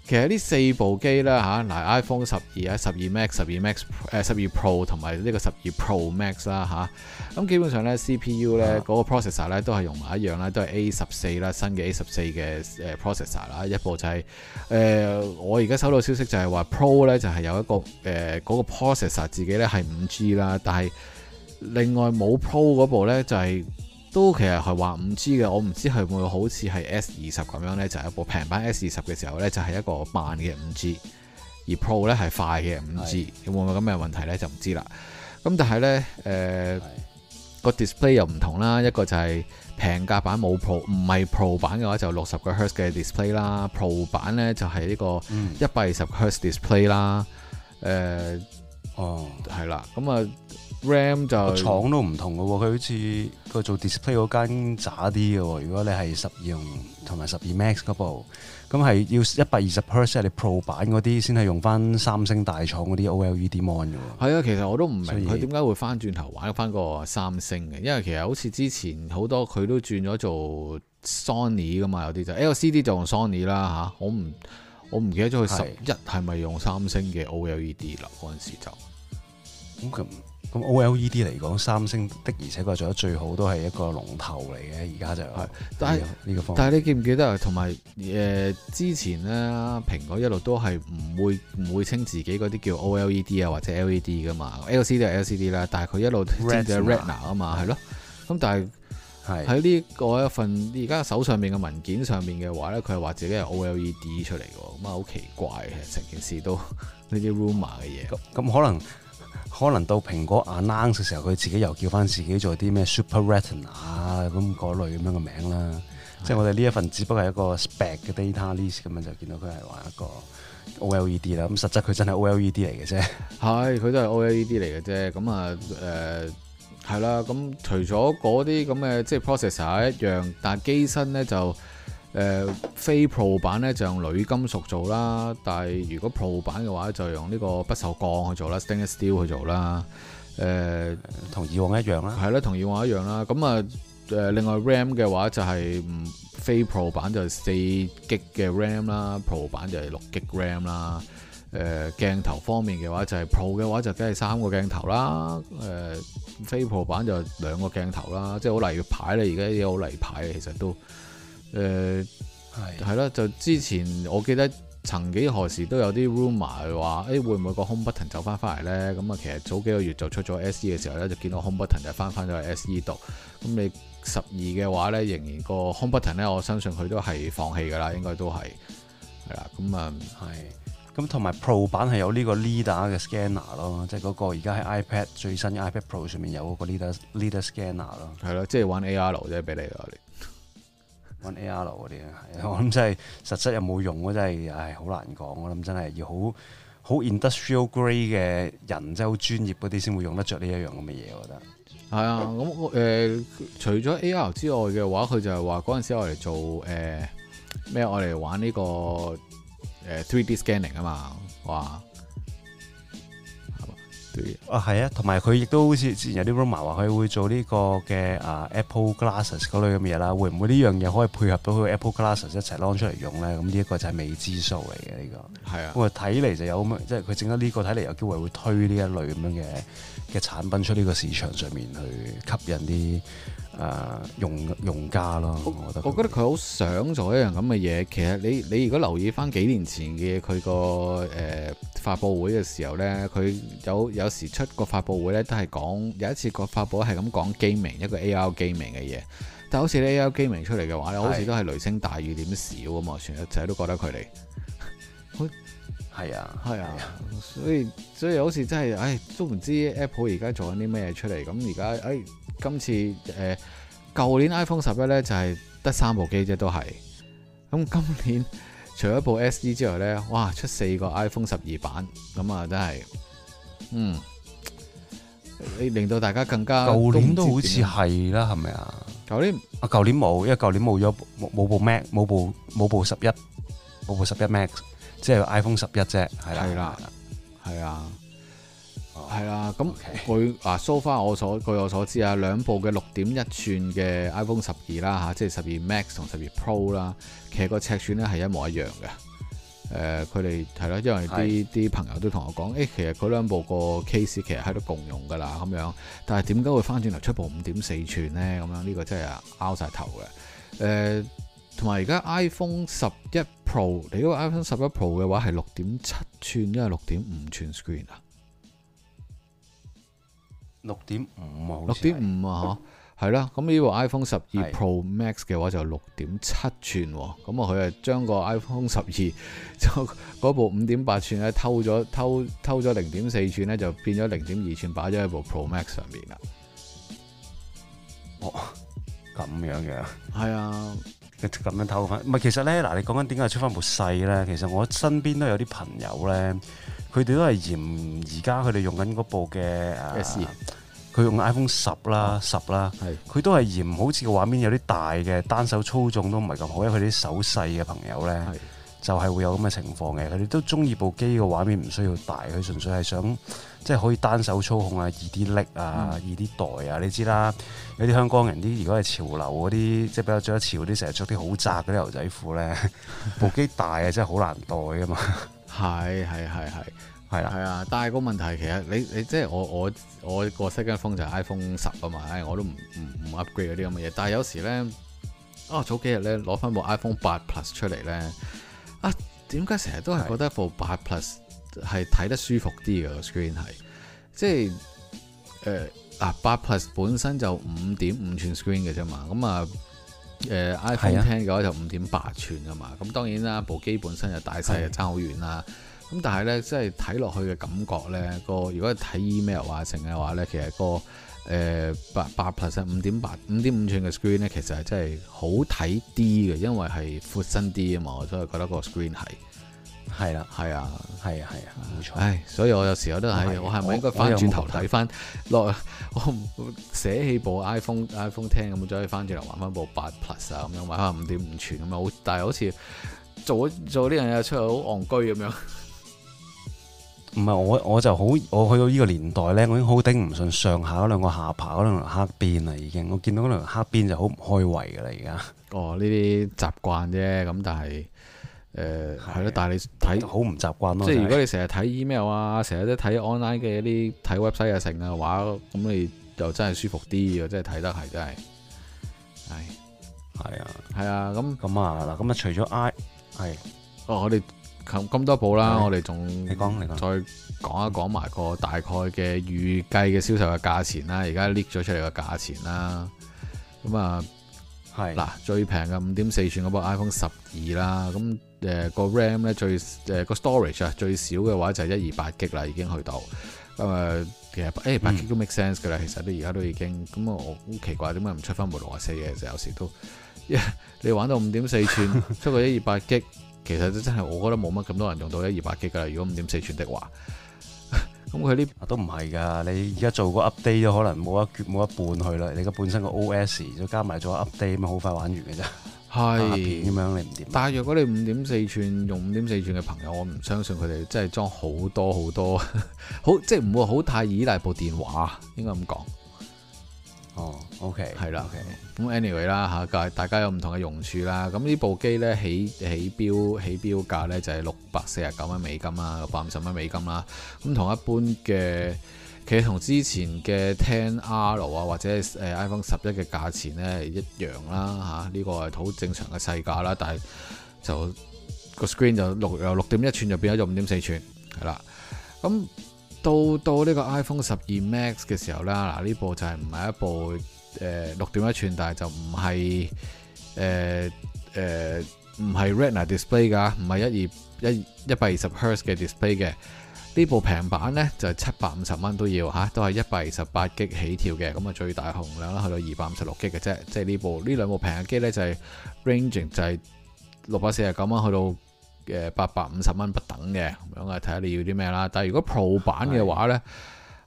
Speaker 2: 其實呢四部機啦嚇，嗱 iPhone 十二啊、十二 Max、十二 Max 誒、十二 Pro 同埋呢個十二 Pro Max 啦、啊、嚇，咁基本上咧 CPU 咧嗰 Yeah. 個 processor 咧都係用埋一樣啦，都係 A 十四啦，新嘅 A 十四嘅誒 processor 啦。一部就係、是、誒、呃，我而家收到消息就係話 Pro 咧就係、是、有一個誒嗰、呃那個 processor 自己咧係五 G 啦，但係另外冇 Pro 嗰部咧就係、是。都其實係話五 G 嘅，我唔知係會好似係 S 二十咁樣呢，就係、是、一部平版 S 二十嘅時候呢，就係、是、一個慢嘅五 G，而 Pro 呢係快嘅五 G，是會會有冇咁嘅問題呢？就唔知啦。咁但係呢，誒、呃、是個 display 又唔同啦，一個就係平價版冇 Pro，唔係 Pro 版嘅話就六十個赫茲嘅 display 啦，Pro 版呢，就係、是、呢個一百二十個赫茲 display 啦。誒、嗯呃，哦，係啦，咁啊。
Speaker 1: Ram 就、廠都唔同嘅喎，佢好似佢做 display 嗰間渣啲嘅喎。如果你係十二同埋十二 Max 嗰部，咁係要一百二十 percent 你 Pro 版嗰啲先係用翻三星大廠嗰啲 OLED Mon 嘅喎。係啊，其實我都唔明佢點
Speaker 2: 解會翻轉頭玩翻個三星嘅，因為其實好似之前好多佢都轉咗做 Sony 噶嘛，有啲就 LCD、欸、就用 Sony 啦吓、啊，我唔我唔記得咗佢十一係咪用三星嘅 OLED 啦嗰陣時就
Speaker 1: 咁。Okay. 咁 OLED
Speaker 2: 嚟講，三星的而且確做得最好，都係一個龍頭嚟嘅。而家就係，但係呢個方，但係你記唔記得啊？同埋誒之前咧，蘋果一路都係唔會唔會稱自己嗰啲叫 OLED 啊，或者 LED 噶嘛，LCD 係 LCD 啦，但係佢一路即係 Retina 啊嘛，係咯 Red na,。咁的的但係喺呢個一份而家手上面嘅文件上面嘅話咧，佢係話自己係 OLED 出嚟嘅，咁啊好奇怪成件事都呢啲 rumor 嘅嘢，咁可能。可能到蘋果 announce 嘅
Speaker 1: 時候，佢自己又叫翻自己做啲咩 Super Retina 咁嗰類咁樣嘅名啦。的即係我哋呢一份，只不過係一個 spec 嘅 data list 咁樣就見到佢係話一個 OLED 啦。咁實質佢真係 OLED 嚟嘅啫。
Speaker 2: 係，佢都係 OLED 嚟嘅啫。咁啊誒，係啦。咁除咗嗰啲咁嘅即係 processor 一樣，但係機身咧就。誒、呃，非 Pro 版咧就用鋁金屬做啦，但係如果 Pro 版嘅話就用呢個不銹鋼去做啦，Stainless Steel 去做啦。誒、呃，同以往一樣啦。係啦，同以往一樣啦。咁啊，誒，另外 RAM 嘅話就係，唔，非 Pro 版就四 G 嘅 RAM 啦，Pro 版就係六 G RAM 啦。誒、呃，鏡頭方面嘅話就係、是、Pro 嘅話就梗係三個鏡頭啦，誒、呃，非 Pro 版就兩個鏡頭啦，即係好例牌啦，而家有嘢好例牌啊，其實都。誒，係係啦，就之前我記得曾幾何時都有啲 rumor 話，誒、欸、會唔會個 Homebutton 走翻翻嚟咧？咁、嗯、啊，其實早幾個月就出咗 SE 嘅時候咧，就見到 Homebutton 就翻翻咗喺 SE 度。咁你十二嘅話咧，仍然個 t 不停咧，我相信佢都係放棄㗎啦，應該都係係啦。咁啊，係咁，
Speaker 1: 同埋 Pro 版係有呢個 leader 嘅 scanner 咯，即係嗰個而家喺 iPad 最新嘅 iPad Pro 上面有嗰個、er, leader leader scanner 咯。係咯，即、就、係、是、玩 AR 啫，俾你啊你。玩 AR 嗰啲啊，我諗真係實質有冇用，真係唉好難講。我諗真係要好好 industrial grade 嘅人，即係好專業嗰啲先會用得着呢一樣咁嘅嘢。我覺得
Speaker 2: 係啊，咁誒、呃、除咗 AR 之外嘅話，佢就係話嗰陣時我嚟做誒咩，我、呃、嚟玩呢、這個誒 three、呃、D scanning 啊嘛，哇。
Speaker 1: 啊，係啊，同埋佢亦都好似之前有啲 rumours 話佢會做呢個嘅啊 Apple Glasses 嗰類咁嘢啦，會唔會呢樣嘢可以配合到佢 Apple Glasses 一齊攞出嚟用咧？咁呢一個就係未知數嚟嘅呢個。係啊，我睇嚟就有咁樣，即係佢整得呢個睇嚟有機會會推呢一類咁樣嘅嘅產品出呢個市
Speaker 2: 場上面去吸引啲啊用用家咯。我，我覺得，我覺得佢好想做一樣咁嘅嘢。其實你你，你如果留意翻幾年前嘅佢個誒。發佈會嘅時候呢，佢有有時出個發佈會呢，都係講有一次個發佈係咁講 gaming，一個 AR gaming 嘅嘢，但好似 AR gaming 出嚟嘅話呢，是好似都係雷聲大雨點少啊嘛，成日仔都覺得佢哋，好係啊係啊，啊，所以所以好似真係，唉，都唔知 Apple 而家做緊啲咩嘢出嚟，咁而家，唉，今次誒，舊、呃、年 iPhone 十一呢，就係得三部機啫，都係，咁今年。除咗部 SE 之外咧，哇，出四個 iPhone 十二版，咁啊真係，嗯，你令到大家更加。舊年都好似
Speaker 1: 係啦，係咪年啊？舊年啊，舊年冇，因為舊年冇咗冇冇部 Max，冇部冇部十一，冇部十一 Max，即係 iPhone 十一啫，
Speaker 2: 係啦，係啊。係啦，咁佢啊，so far 我所據我所知啊，兩部嘅六點一寸嘅 iPhone 十二、啊、啦，嚇，即係十二 Max 同十二 Pro 啦、啊。其實個尺寸咧係一模一樣嘅。誒、呃，佢哋係咯，因為啲啲朋友都同我講，誒、欸，其實嗰兩部個 case 其實喺度共用噶啦咁樣。但係點解會翻轉嚟出部五點四寸咧？咁樣呢、這個真係拗晒頭嘅。誒、啊，同埋而家 iPhone 十一 Pro，你嗰個 iPhone 十一 Pro 嘅話係六點七寸，因為六點五寸 screen 啊。六點五啊，六點五啊，吓對，係啦，咁呢部 iPhone 十二 Pro Max 嘅話就六點七寸，咁啊佢係將個 iPhone 十二就嗰部五點八寸咧，偷咗偷偷咗零點四寸咧就變咗零點二寸擺咗喺部 Pro Max 上面啦。哦，咁樣嘅，係啊，
Speaker 1: 咁樣偷翻，唔係其實咧嗱，你講緊點解出翻部細咧？其實我身邊都有啲朋友咧。佢哋都係嫌而家佢哋用緊嗰部嘅啊，佢用 iPhone、嗯、十啦，十啦、啊，佢都係嫌好似個畫面有啲大嘅，單手操縱都唔係咁好，因為佢啲手細嘅朋友咧，是就係會有咁嘅情況嘅。佢哋都中意部機嘅畫面唔需要大，佢純粹係想即係、就是、可以單手操控啊，嗯、易啲拎啊，易啲袋啊，你知啦。有啲香港人啲，如果係潮流嗰啲，即、就、係、是、比較著得潮嗰啲，成日着
Speaker 2: 啲好窄嗰啲牛仔褲咧， (laughs) 部機大啊，真係好難袋㗎嘛～係係係係係啦，係啊！但係個問題其實你你即係、就是、我我我個 set 跟風就 iPhone 十啊嘛，唉我都唔唔唔 upgrade 嗰啲咁嘅嘢。但係有時咧、哦，啊早幾日咧攞翻部 iPhone 八 Plus 出嚟咧，啊點解成日都係覺得一部八 Plus 係睇得舒服啲嘅 screen 係？即係誒嗱八 Plus 本身就五點五吋 screen 嘅啫嘛，咁啊～誒 iPhone 聽嘅話就五點八寸啊嘛，咁當然啦，部機本身大就大細又差好遠啦。咁 Yeah. 但係咧，即係睇落去嘅感覺咧，個如果係睇 email 畫成嘅話咧，其實、個誒八八 plus 五點八五點五寸嘅 screen 咧，其實係真係好睇啲嘅，因為係闊身啲啊嘛，我所以覺得個 screen 係。係啦，係啊，係啊，係啊，冇錯。唉，所以我有時候都係，我係咪應該翻轉頭睇翻？落我寫起部 iPhone，iPhone 聽咁，再翻轉頭玩翻部八 Plus 啊，咁 (laughs) 樣買翻五點五寸咁啊好。但係好似做做呢樣嘢出嚟好戇居咁樣。
Speaker 1: 唔係我我就好，我去到呢個年代咧，我已經好頂唔順上下嗰兩個下巴，嗰兩條黑邊啦，已經。我見到嗰兩條黑邊就好唔開胃噶啦，而家。哦，呢啲
Speaker 2: 習慣啫，咁但係。誒，係咯，但係你睇好唔習慣咯，即係如果你成日睇 email 啊，成日都睇 online 嘅啲睇 website 啊成嘅話，咁你就真係舒服啲嘅，真係睇得係真係，係係啊，係啊，咁咁啊，嗱，咁啊，除咗 i 係，哦，我哋咁多部啦，我哋仲再講一講埋個大概嘅預計嘅銷售嘅價錢啦，而家 leak 咗出嚟嘅價錢啦，咁啊，係嗱，最平嘅五點四寸嗰部 iPhone 十二啦，咁。誒、嗯那個 RAM 咧最誒、呃那個 storage 啊最少嘅話就係一二八 G 啦，已經去到咁啊。嗯嗯、其實一二八 G 都 make sense 嘅啦。其實你而家都已經咁啊，我好奇怪點解唔出翻梅蘿四嘅？其實有時都 yeah, 你玩到五點四寸，出個一二八 G，其實真係我覺得冇乜咁多人用到一二八 G 噶啦。如果五點四寸的話，咁佢呢都唔係噶。你而家做個 update 都可能
Speaker 1: 冇一冇一半去啦。你個本身個 OS 再加埋咗 update，咪好快玩完嘅啫。 (laughs) 係
Speaker 2: 咁樣你唔掂，是但係若果你五點四吋用五點四吋嘅朋友，我唔相信佢哋真係裝好多好多， (laughs) 好即係唔會好太依賴部電話，應該咁講。哦、oh,，OK，係 okay. 啦，咁 Okay. anyway 啦嚇，大家有唔同嘅用處啦。咁呢部機咧起起標起標價咧就係六百四十九蚊美金啦，六百五十蚊美金啦。咁同一般嘅。其實同之前嘅 Ten R 啊，或者係 iPhone 十一嘅價錢咧係一樣啦，嚇、這、呢個係好正常嘅世價啦。但係就、這個 screen 就六由六點一寸就變咗做五點四寸，係啦。咁到到呢個 iPhone 十二 Max 嘅時候啦，嗱呢部就係唔係一部誒六點一寸，但係就唔係誒誒、呃、唔係、呃、Retina Display 㗎，唔係一二一一百二十 Hertz 嘅 Display 嘅。呢部平板呢，就係七百五十蚊都要吓、啊，都係一百二十八 G 起跳嘅，咁啊最大容量啦去到二百五十六 G 嘅啫，即係呢部呢兩部平嘅機呢，就係、是、Ranging 就係六百四十九蚊去到誒八百五十蚊不等嘅，咁樣啊睇下你要啲咩啦。但係如果 Pro 版嘅話呢，是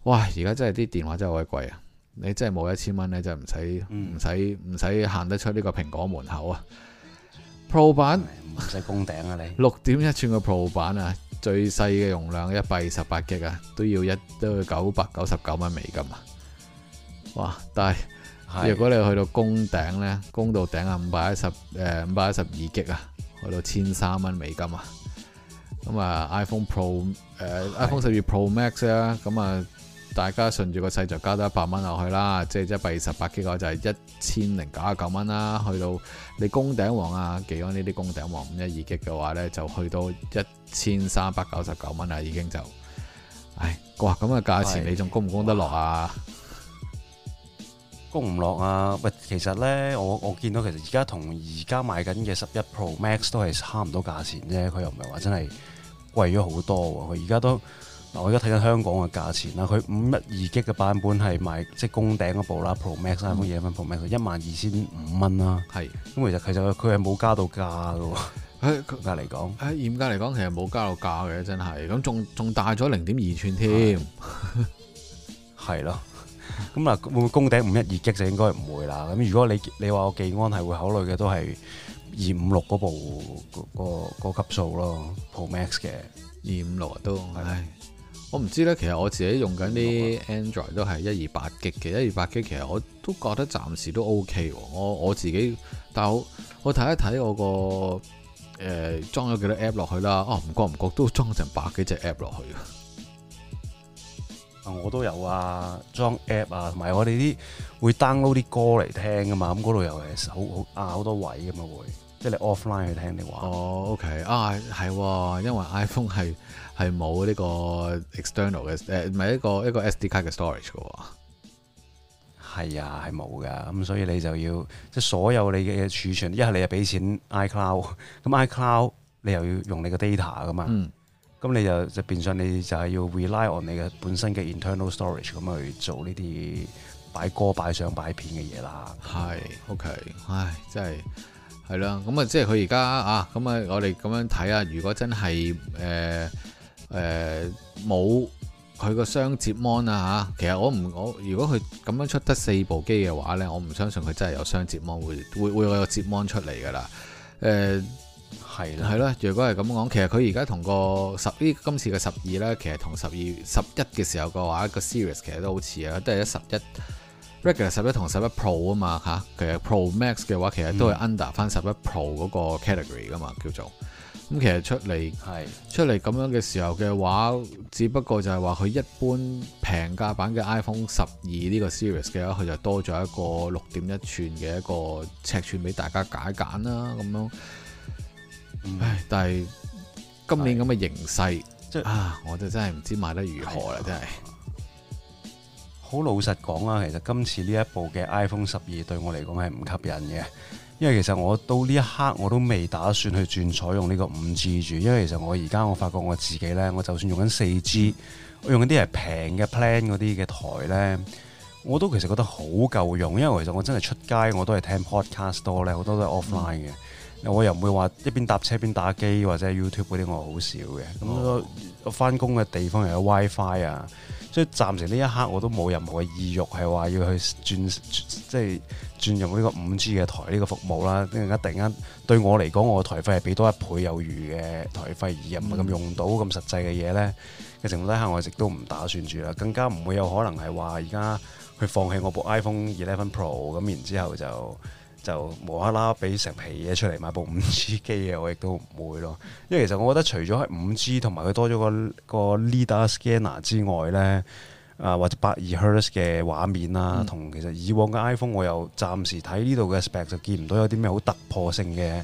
Speaker 2: 哇！而家真係啲電話真係好鬼貴啊！你真係冇一千蚊呢，就唔使唔使唔使行得出呢個蘋果門口啊！Pro 版唔使攻頂啊，你六點一寸嘅 Pro 版啊！最細嘅容量 GB，一百二十八 G 啊，都要一都要九百九十九蚊美金啊！哇！但係的如果你去到公頂呢，公、呃、到頂、嗯、啊，五百一十誒五百一十二 G 啊，去到千三蚊美金啊！咁啊 iPhone Pro 誒、呃、的 iPhone 十二 Pro Max 啊，咁、嗯、啊～大家順住個勢就加多一百蚊落去啦，即係即係八十八幾個就係一千零九十九蚊啦，去到你攻頂王啊、技安呢啲攻頂王五一二 G 嘅話呢，就去到一千三百九十九蚊啦，已經就，唉，哇，咁嘅價錢你仲供唔供得落啊？
Speaker 1: 供唔落啊？喂，其實呢，我我見到其實而家同而家買緊嘅十一 Pro Max 都係差唔多價錢啫，佢又唔係話真係貴咗好多，佢而家都。嗱，我而家睇緊香港嘅價錢啦，佢五一二擊嘅版本係賣即係攻頂嗰部啦，Pro Max i p、嗯、Pro Max 一萬二千五蚊啦，係是。咁其實其實佢係
Speaker 2: 冇加到價嘅喎、欸欸。嚴格嚟講，係嚴格嚟講，其實冇加到價嘅，真係。咁仲仲大咗零點二寸添，係咯、嗯。咁啊會
Speaker 1: 唔會攻頂五一二擊，就應該唔會啦。咁如果你你話我記安係會考慮嘅都係二五六嗰部嗰嗰嗰級數咯，Pro Max 嘅二五六
Speaker 2: 都係。的我唔知咧，其實我自己用緊啲 Android 都係一二八 G 嘅，一二八 G 其實我都覺得暫時都 OK 喎。我我自己，但係我我睇一睇我個誒裝咗幾多 app 落去啦，啊唔覺唔覺都裝成百幾隻 app 落去。啊、哦，不怪不怪都我都有啊，
Speaker 1: 裝 app 啊，同埋我哋啲會 download 啲歌嚟聽㗎嘛，咁嗰度又誒好好啊好多位咁樣會。
Speaker 2: 即係你 offline 去聽你話。哦，OK 啊，係，因為 iPhone 係係冇呢個 external 嘅，誒，唔係一個一個 SD 卡嘅 storage 噶。
Speaker 1: 係啊，係冇噶，咁所以你就要即係所有你嘅儲存，一係你又俾錢 iCloud，咁 iCloud 你又要用你個 data 噶嘛。嗯，咁你就就變相你就係要 rely on 你嘅本身嘅 internal storage 咁去做呢啲
Speaker 2: 擺歌、擺相、擺片嘅嘢啦。係，OK，唉，真係。係啦，咁啊，即係佢而家啊，咁啊，我哋咁樣睇啊，如果真係誒誒冇佢個雙折芒啦嚇，其實我唔我如果佢咁樣出得四部機嘅話呢，我唔相信佢真係有雙折芒，會會會有折芒出嚟噶啦。誒、啊，係啦係啦，如果係咁講，其實佢而家同個十呢今次嘅十二呢，其實同十二十一嘅時候嘅話，個 Series 其實都好似啊，都係一十一。Regular 十一同十一 Pro 啊嘛嚇，其實 Pro Max 嘅話，其實都係 under 翻十一 Pro 嗰個 category 噶嘛叫做。咁、嗯、其實出嚟的出嚟咁樣嘅時候嘅話，只不過就係話佢一般平價版嘅 iPhone 十二呢個 series 嘅話，佢就多咗一個六點一寸嘅一個尺寸俾大家解揀啦咁樣。嗯、唉，但係今年咁嘅形勢，即啊的，我就真係唔知賣得如何啦，的真係。好老實講啦，其
Speaker 1: 實今次呢一部嘅 iPhone 十二對我嚟講係唔吸引嘅，因為其實我到呢一刻我都未打算去轉採用呢個五 G 住，因為其實我而家我發覺我自己呢，我就算用緊四 G，我用嗰啲係平嘅 plan 嗰啲嘅台呢，我都其實覺得好夠用，因為其實我真係出街我都係聽 podcast 多呢，好多都係 offline 嘅，嗯、我又唔會話一邊搭車一邊打機或者 YouTube 嗰啲，我好少嘅，咁我翻工嘅地方又有 WiFi 啊。即係暫時呢一刻我都冇任何嘅意欲係話要去轉,轉即係轉用呢個五 G 嘅台呢個服務啦。因為一突然間對我嚟講，我台費係俾多一倍有餘嘅台費，而又唔係咁用到咁實際嘅嘢咧嘅情況底下，嗯、一我一直都唔打算住啦。更加唔會有可能係話而家去放棄我部 iPhone 11 Pro 咁，然之後就。就無啦啦俾成皮嘢出嚟買部五 G 機嘅，我亦都唔會咯。因為其實我覺得除咗係五 G 同埋佢多咗個個 lidar scanner 之外咧，啊，或者百二赫茲嘅畫面啦，嗯、同其實以往嘅 iPhone 我又暫時睇呢度嘅 spec 就見唔到有啲咩好突破性嘅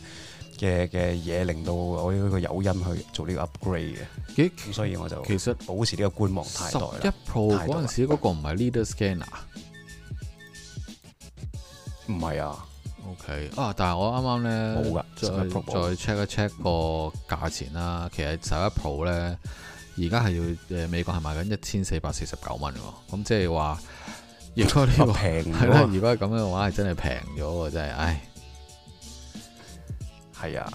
Speaker 1: 嘅嘅嘢，令到我呢個誘因去做呢個 upgrade 嘅實。咁所以我就
Speaker 2: 其實保持呢個觀望態態。十一 Pro 嗰陣時嗰個唔係 lidar scanner，唔係啊。O、okay. 啊，但係我啱啱咧再 check 11 Pro 一 check 個價錢啦。嗯、其實十一 Pro 咧，而家係要誒、呃、美國係賣緊一千四百四十九蚊喎。咁即係話，如果呢、這個平係啦 (laughs) 了，如果係咁樣嘅話，係真係平咗喎，真係，唉，
Speaker 1: 係啊。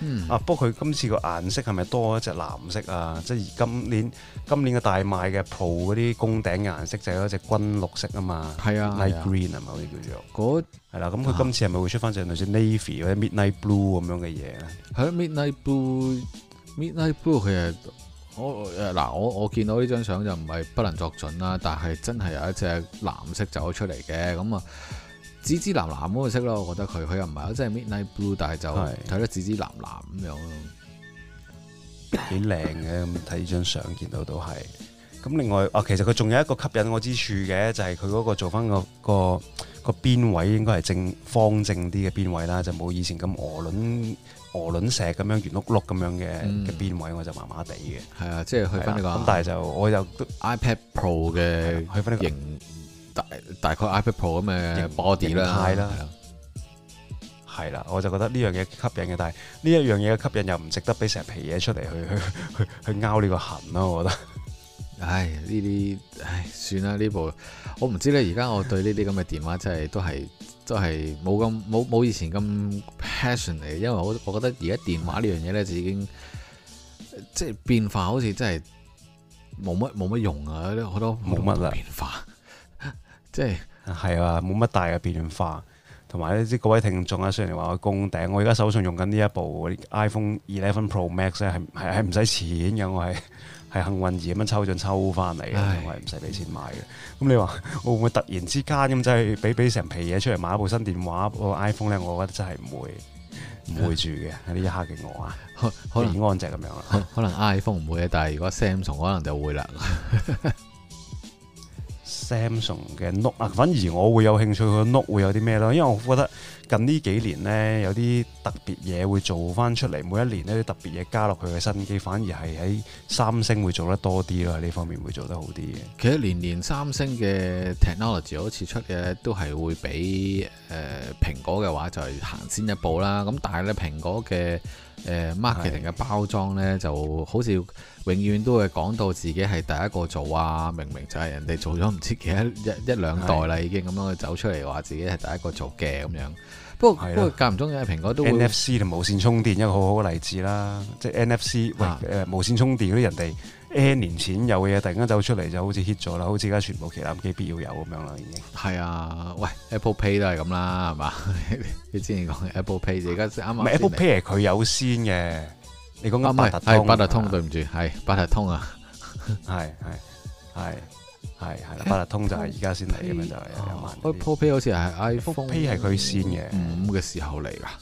Speaker 1: 嗯，啊，不過佢今次個顏色係咪多一隻藍色啊？即係今年今年嘅大賣嘅 Pro 嗰啲攻頂嘅顏色就係嗰隻軍綠色啊嘛，係啊，Night Green 係咪好似叫做，嗰係啦，咁佢、啊、今次係咪會出翻隻類似 Navy 或者 Midnight
Speaker 2: Blue 咁樣嘅嘢咧？係、啊、Midnight Blue，Midnight Blue 佢係我誒嗱，我、啊、我，我見到呢張相就唔係不能作準啦，但係真係有一隻藍色走咗出嚟嘅咁啊。紫紫藍藍嗰個色咯，我覺得佢佢又唔係，即係 midnight blue，但係就睇得紫紫藍藍咁樣咯，幾靚嘅。咁睇呢
Speaker 1: 張相，見到都係。咁另外啊，其實佢仲有一個吸引我之處嘅，就係佢嗰個做翻、嗰個個個邊位應該，應該係正方正啲嘅邊位啦，就冇以前咁鵝卵鵝卵石咁樣圓碌碌咁樣嘅嘅邊位，我就麻麻地嘅。係啊，即係去翻呢個咁，但係就
Speaker 2: 我就 iPad Pro 嘅，佢嗰、呢個型。大概 iPad Pro 咁嘅 body 啦，係啦的，係啦，我就覺得呢
Speaker 1: 樣嘢吸引嘅，但係呢一樣嘢嘅吸引又唔值得俾成皮嘢出嚟去去去去拗呢個
Speaker 2: 痕咯，我覺得。唉，呢啲唉，算啦，呢部我唔知咧。而家我對呢啲咁嘅電話真係都係 (laughs) 都係冇咁冇冇以前咁 passion 嚟，因為我我覺得而家電話呢樣嘢咧就已經即係、就是、變，變化，好似真係冇乜冇乜用啊！嗰啲好多冇乜啊變化。
Speaker 1: 即係係啊，冇乜大嘅變換化，同埋咧啲各位聽眾啊，雖然你話我供頂，我而家手上用緊呢一部 iPhone 11 Pro Max 係係係唔使錢嘅，我係係幸運兒咁樣抽獎抽翻嚟嘅，我係唔使俾錢買嘅。咁你話會唔會突然之間咁真係俾俾成皮嘢出嚟買一部新電話？部 iPhone 咧，我覺得真係唔會
Speaker 2: 唔會住嘅。呢一刻嘅我啊，的可能安靜咁樣啦。可能 iPhone 唔會，但係如果 Samsung 可能就會啦。 (laughs) Samsung 嘅 Note
Speaker 1: 啊，反而我會有興趣佢 Note 會有啲咩咯？因為我覺得近呢幾年呢，有啲特別嘢會做翻出嚟，每一年呢啲特別嘢加落佢嘅新機，反而係喺三
Speaker 2: 星會做得多啲咯，呢方面會做得好啲嘅。其實年年三星嘅 technology 好似出嘅都係會比誒蘋果嘅話就係行先一步啦。咁但係咧蘋果嘅。誒 marketing 嘅包裝咧，就好似永遠都會講到自己係第一個做啊！明明就係人哋做咗唔知幾多一、一、一兩代啦，已經咁樣去走出嚟話自己係第一個做嘅咁樣。不過的不過間唔中，因為蘋果都會 NFC
Speaker 1: 同無線充電一個好好嘅例子啦，即係 NFC 喂誒、呃、無線充電嗰啲人哋。的 N 年前有嘅嘢突然間走出嚟就好似 hit 咗啦，好似而家全部旗艦機必要有咁樣啦，已經。
Speaker 2: 係啊，喂，Apple Pay 都係咁啦，係嘛？ (laughs) 你之前講 Apple Pay 而家啱啱。唔、啊、Apple Pay 係佢有先嘅，你講啱。唔係，八達通，啊、通對唔住，係八達通啊，係係係係係啦，八達通就係而家先嚟咁樣就。Apple Pay 好似係 iPhone Pay 係佢先嘅五嘅時候嚟啊，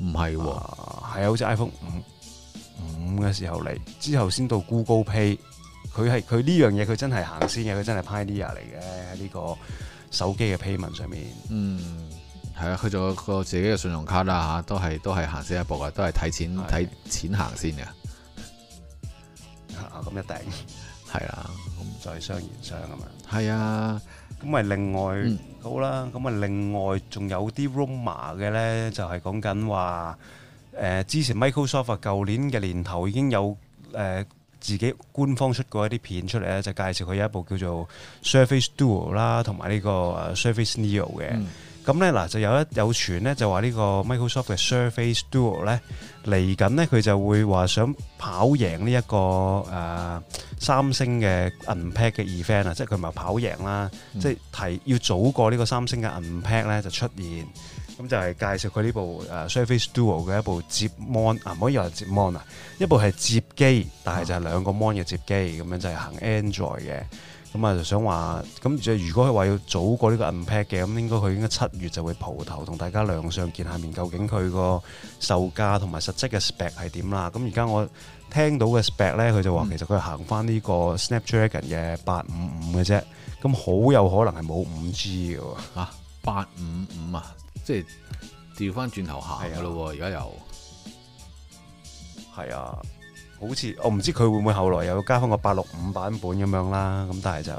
Speaker 1: 唔係喎，係好似 iPhone 五。五嘅、嗯、時候嚟，之後先到 Google Pay，佢係佢，呢樣嘢佢真係行先嘅。佢真係 pioneer 嚟
Speaker 2: 嘅喺呢個手機嘅 pay 文上面。嗯，係啊，去咗個自己嘅信用卡啦嚇、啊，都係都係行先一步啊，都係睇錢睇的錢行先嘅。嚇，咁一定係啦，咁的再商言商咁樣。係啊
Speaker 1: 的，咁咪另外、嗯、好啦，咁咪另外仲有啲 r o m a 嘅咧，就係講緊話。誒、呃、之前 Microsoft 舊、啊、年嘅年頭已經有誒、呃、自己官方出過一啲片出嚟咧，就介紹佢有一部叫做 Surface Duo 啦，同埋、嗯、呢個 Surface Neo 嘅。咁咧嗱，就有一有傳咧，就話呢個 Microsoft 嘅 Surface Duo 咧嚟緊咧，佢就會話想跑贏呢一個誒、呃、三星嘅 Unpacked 嘅 event 啊，即係佢唔係跑贏啦，嗯、即係提要早過呢個三星嘅 Unpacked 咧就出現。咁、嗯、就係、是、介紹佢呢部誒 Surface Duo 嘅一部折 mon 啊，唔可以話折 mon 啊，一部係接機，但係就係兩個 mon 嘅接機咁樣就，就係行 Android 嘅咁啊。就想話咁，如果佢話要早過呢個 impact 嘅，咁應該佢應該七月就會蒲頭同大家亮相見下面究竟佢個售價同埋實質嘅 spec 係點啦。咁而家我聽到嘅 spec 咧，佢就話其實佢行翻呢個 Snapdragon 嘅八五五嘅啫，咁好有可能係冇五 G 嘅喎，八五五啊！
Speaker 2: 即係調翻轉頭行係啊，咯而家又係啊，好
Speaker 1: 似我唔知佢會唔會後來又要加翻個八六五版本咁樣啦。咁但係就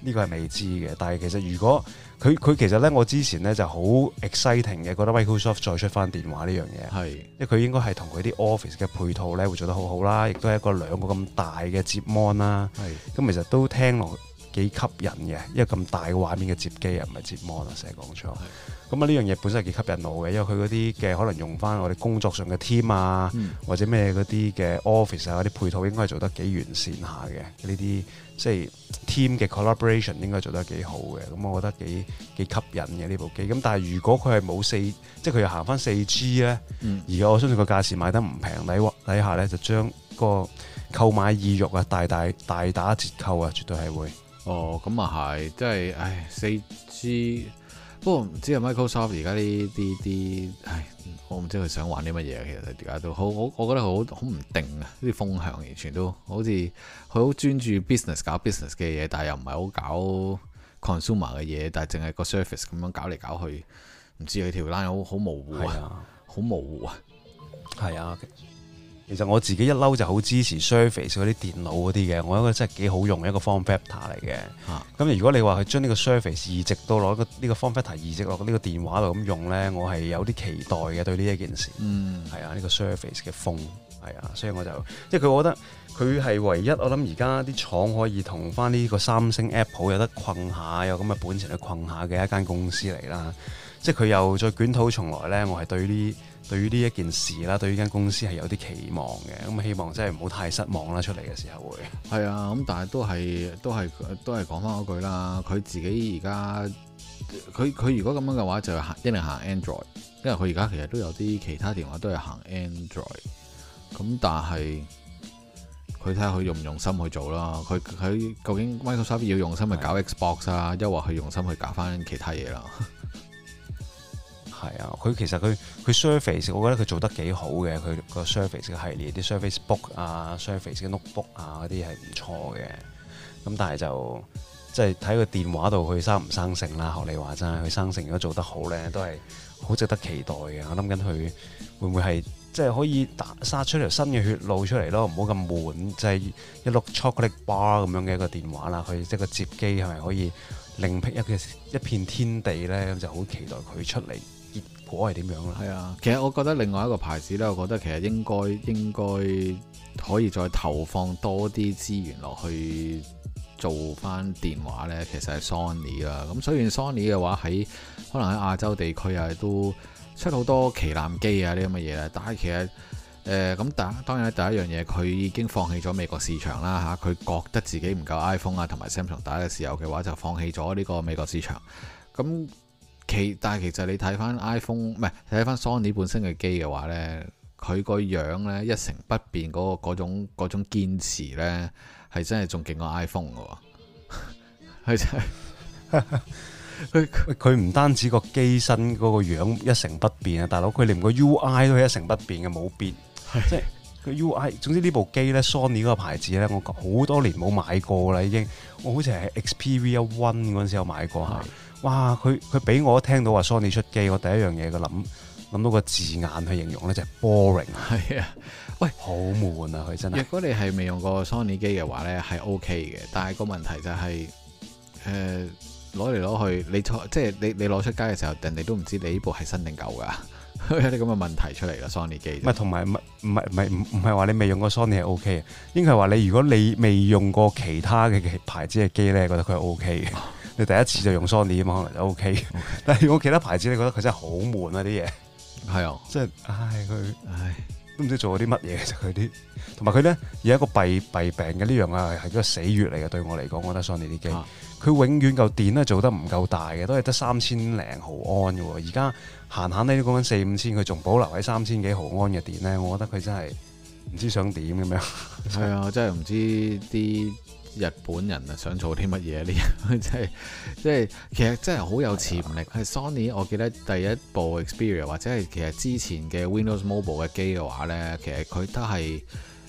Speaker 1: 呢個係未知嘅。但係其實如果佢佢其實咧，我之前咧就好 exciting 嘅，覺得 Microsoft 再出翻電話呢樣嘢係，是因為佢應該係同佢啲 Office 嘅配套咧會做得好好啦，亦都係一個兩個咁大嘅摺 Mon 啦。咁是其實都聽落幾吸引嘅，一個咁大嘅畫面嘅摺機啊，唔係摺 Mon 啊，成日講錯。咁啊，呢樣嘢本身係幾吸引我嘅，因為佢嗰啲嘅可能用翻我哋工作上嘅 team 啊、嗯、啊，或者咩嗰啲嘅 office 啊嗰啲配套應該係做得幾完善下嘅。呢啲即係 team 嘅 collaboration 應該做得幾好嘅。咁我覺得幾幾吸引嘅呢部機。咁但係如果佢係冇四，即係佢又行翻四 G 咧，而我相信個價錢買得唔平底底下咧，就將個
Speaker 2: 購買意欲啊大大大打折扣啊，絕對係會。哦，咁啊係，即係唉四 G。不過唔知係，Microsoft 而家呢啲啲，唉，我唔知佢想玩啲乜嘢，其實大家都好，我我覺得好好唔定啊，啲風向完全都好似佢好專注 business 搞 business 嘅嘢，但係又唔係好搞 consumer 嘅嘢，但係淨係個 surface 咁樣搞嚟搞去，唔知佢條 line 好好模糊啊，好、啊、模糊啊，係啊。Okay. 其實我自己一嬲就好支
Speaker 1: 持 Surface 嗰啲電腦嗰啲嘅，我覺得真係幾好用，一個 Form Factor 嚟嘅。咁、啊、如果你話佢將呢個 Surface 移植到攞個呢個 Form Factor 移植落呢個電話度咁用呢，我係有啲期待嘅對呢一件事。係、嗯、啊，呢、呢個 Surface 嘅風係啊，所以我就即係佢，我覺得佢係唯一我諗而家啲廠可以同翻呢個三星 Apple 有得困下，有咁嘅本錢去困下嘅一間公司嚟啦。即係佢又再捲土重來呢，我係對呢。對於呢一件事啦，對於間公司係有啲期望嘅，咁希望真係唔好
Speaker 2: 太失望啦出嚟嘅時候會。係啊，咁但係都係都係都係講翻嗰句啦，佢自己而家佢佢如果咁樣嘅話就行一定行 Android，因為佢而家其實都有啲其他電話都係行 Android，咁但係佢睇下佢用唔用心去做啦，佢佢究竟 Microsoft 要用心去搞 Xbox 啊，抑或佢用心去搞翻其他嘢啦。係啊，佢其實
Speaker 1: 佢佢 surface，我覺得佢做得幾好嘅。佢個 surface 嘅系列，啲 surface book 啊，surface 嘅 notebook 啊嗰啲係唔錯嘅。咁但係就即係睇個電話度佢生唔生性啦。學你話真係佢生性，生性如果做得好咧，都係好值得期待嘅。我諗緊佢會唔會係即係可以打殺出條新嘅血路出嚟咯？唔好咁悶，即係一碌 chocolate bar 咁樣嘅一個電話啦。佢即係個接機係咪可以另闢一一片天地咧？咁就好期待佢出嚟。果係點
Speaker 2: 樣咧？係啊，其實我覺得另外一個牌子咧，我覺得其實應該應該可以再投放多啲資源落去做翻電話呢。其實係 Sony 啦。咁雖然 Sony 嘅話喺可能喺亞洲地區啊都出好多旗艦機啊啲咁嘅嘢咧，但係其實誒咁第當然第一樣嘢佢已經放棄咗美國市場啦嚇。佢、啊、覺得自己唔夠 iPhone 啊同埋 Samsung 打嘅時候嘅話，就放棄咗呢個美國市場。咁其但係其實你睇翻 iPhone，唔係睇翻 Sony 本身嘅機嘅話咧，佢個樣咧，一成不變嗰個嗰種嗰種堅持咧，係真係仲勁過 iPhone 噶喎。
Speaker 1: (laughs) 真係佢佢唔單止個機身嗰個樣一成不變啊，大佬佢連個 UI 都係一成不變嘅，冇變，即係佢 UI。總之呢部機咧 Sony 嗰個牌子咧，我好多年冇買過啦，已經我好似係 Xperia One 嗰陣時有買過嚇。哇！佢佢俾我一聽到話 Sony 出機，我第一樣嘢嘅諗
Speaker 2: 諗到個字眼去形容咧，就係 boring。係啊，喂，好悶啊！佢真係。如果你係未用過 Sony 機嘅話咧，係 OK 嘅。但係個問題就係誒攞嚟攞去，你即係你你攞出街嘅時候，人哋都唔知你呢部係新定舊噶，有啲咁嘅問題出嚟咯。Sony 機。
Speaker 1: 唔係同埋唔係唔係唔唔係話你未用過 Sony 係 OK，應該係話你如果你未用過其他嘅牌子嘅機咧，覺得佢係 OK 嘅。啊你第一次就用 Sony 咁可能就 O、OK、K，Okay. 但係如果其他牌子，你覺得佢真係好悶啊啲嘢，係啊、哦，即係唉佢唉都唔知做咗啲乜嘢其實佢啲，同埋佢咧有一個弊弊病嘅呢樣啊，係一個死穴嚟嘅對我嚟講，我覺得 Sony 啲機佢、啊、永遠嚿電咧做得唔夠大嘅，都係得三千零毫安嘅，而家閒閒哋都講緊四五千，佢仲保留喺三千幾毫安嘅電咧，我覺得佢真係唔知想點咁樣。
Speaker 2: 係、就、啊、是，真係唔知啲。日本人啊，想做啲乜嘢？呢即係，即係，其實真係好有潛力。係的 Sony，我記得第一部 Xperia 或者係其實之前嘅 Windows Mobile 嘅機嘅話咧，其實佢都係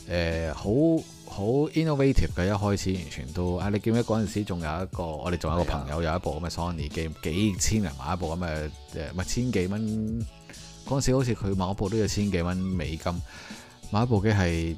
Speaker 2: 誒好好 innovative 嘅。一開始完全都啊，你記唔記得嗰陣時仲有一個，我哋仲有一個朋友有一部咁嘅 Sony 機，幾千人買一部咁嘅誒，咪千幾蚊。嗰陣時好似佢買一部都要千幾蚊美金，買一部機係。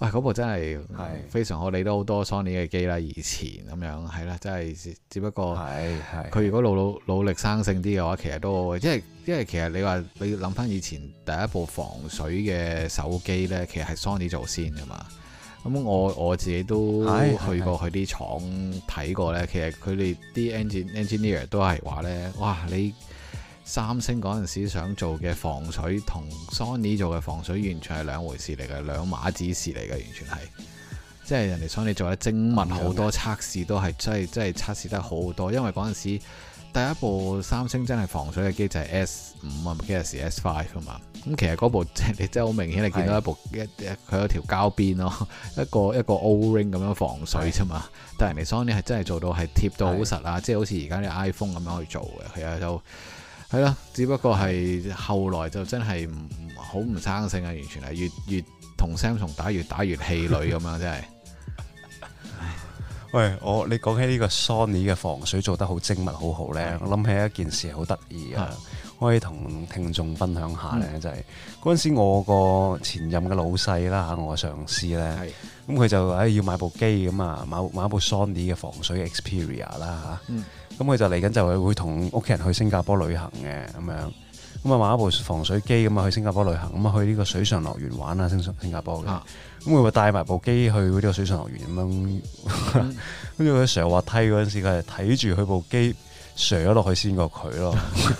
Speaker 2: 喂，嗰、哎、部真係非常好，你都好多 Sony 嘅機啦。以前咁樣係啦，真係只不過佢如果努努努力生性啲嘅話，其實都即係因為其實你話你諗翻以前第一部防水嘅手機咧，其實係 Sony 做先㗎嘛。咁我我自己都去過佢啲廠睇過咧，其實佢哋啲 engine engineer 都係話咧，哇你。三星嗰陣時想做嘅防水同 Sony 做嘅防水完全係兩回事嚟嘅，兩碼子事嚟嘅，完全係即係人哋 Sony 做得精密好多，嗯嗯、測試都係真係真係測試得好多，因為嗰陣時第一部三星真係防水嘅機就係 S 五啊，唔記得係 S five 啊嘛。咁其實嗰部即係你真係好明顯，你見到一部一佢的有條膠邊咯，一個一個 O ring 咁樣防水啫嘛。的但係人哋 Sony 係真係做到係貼到的好實啊，即係好似而家啲 iPhone 咁樣去做嘅，佢有有。係啦，只不過係後來就真係唔好唔生性啊，完全係越越同 Samsung 打越打越氣餒咁樣，真係。
Speaker 1: (laughs) 喂，我你講起呢個 Sony 嘅防水做得好精密好好呢，的我諗起一件事好得意啊。可以同聽眾分享下咧，就係嗰陣時我個前任嘅老細啦嚇，我上司咧，咁、嗯、佢就誒要買部機咁啊，買買一部 Sony 嘅防水 e Xperia 啦嚇、嗯，咁佢就嚟緊就係會同屋企人去新加坡旅行嘅咁樣，咁啊買一部防水機，咁啊去新加坡旅行，咁啊去呢個水上樂園玩啊，新新加坡嘅，咁佢話帶埋部機去呢個水上樂園咁樣，跟住佢上滑梯嗰陣時，佢係睇住佢部機上咗落去先過佢咯。 (laughs)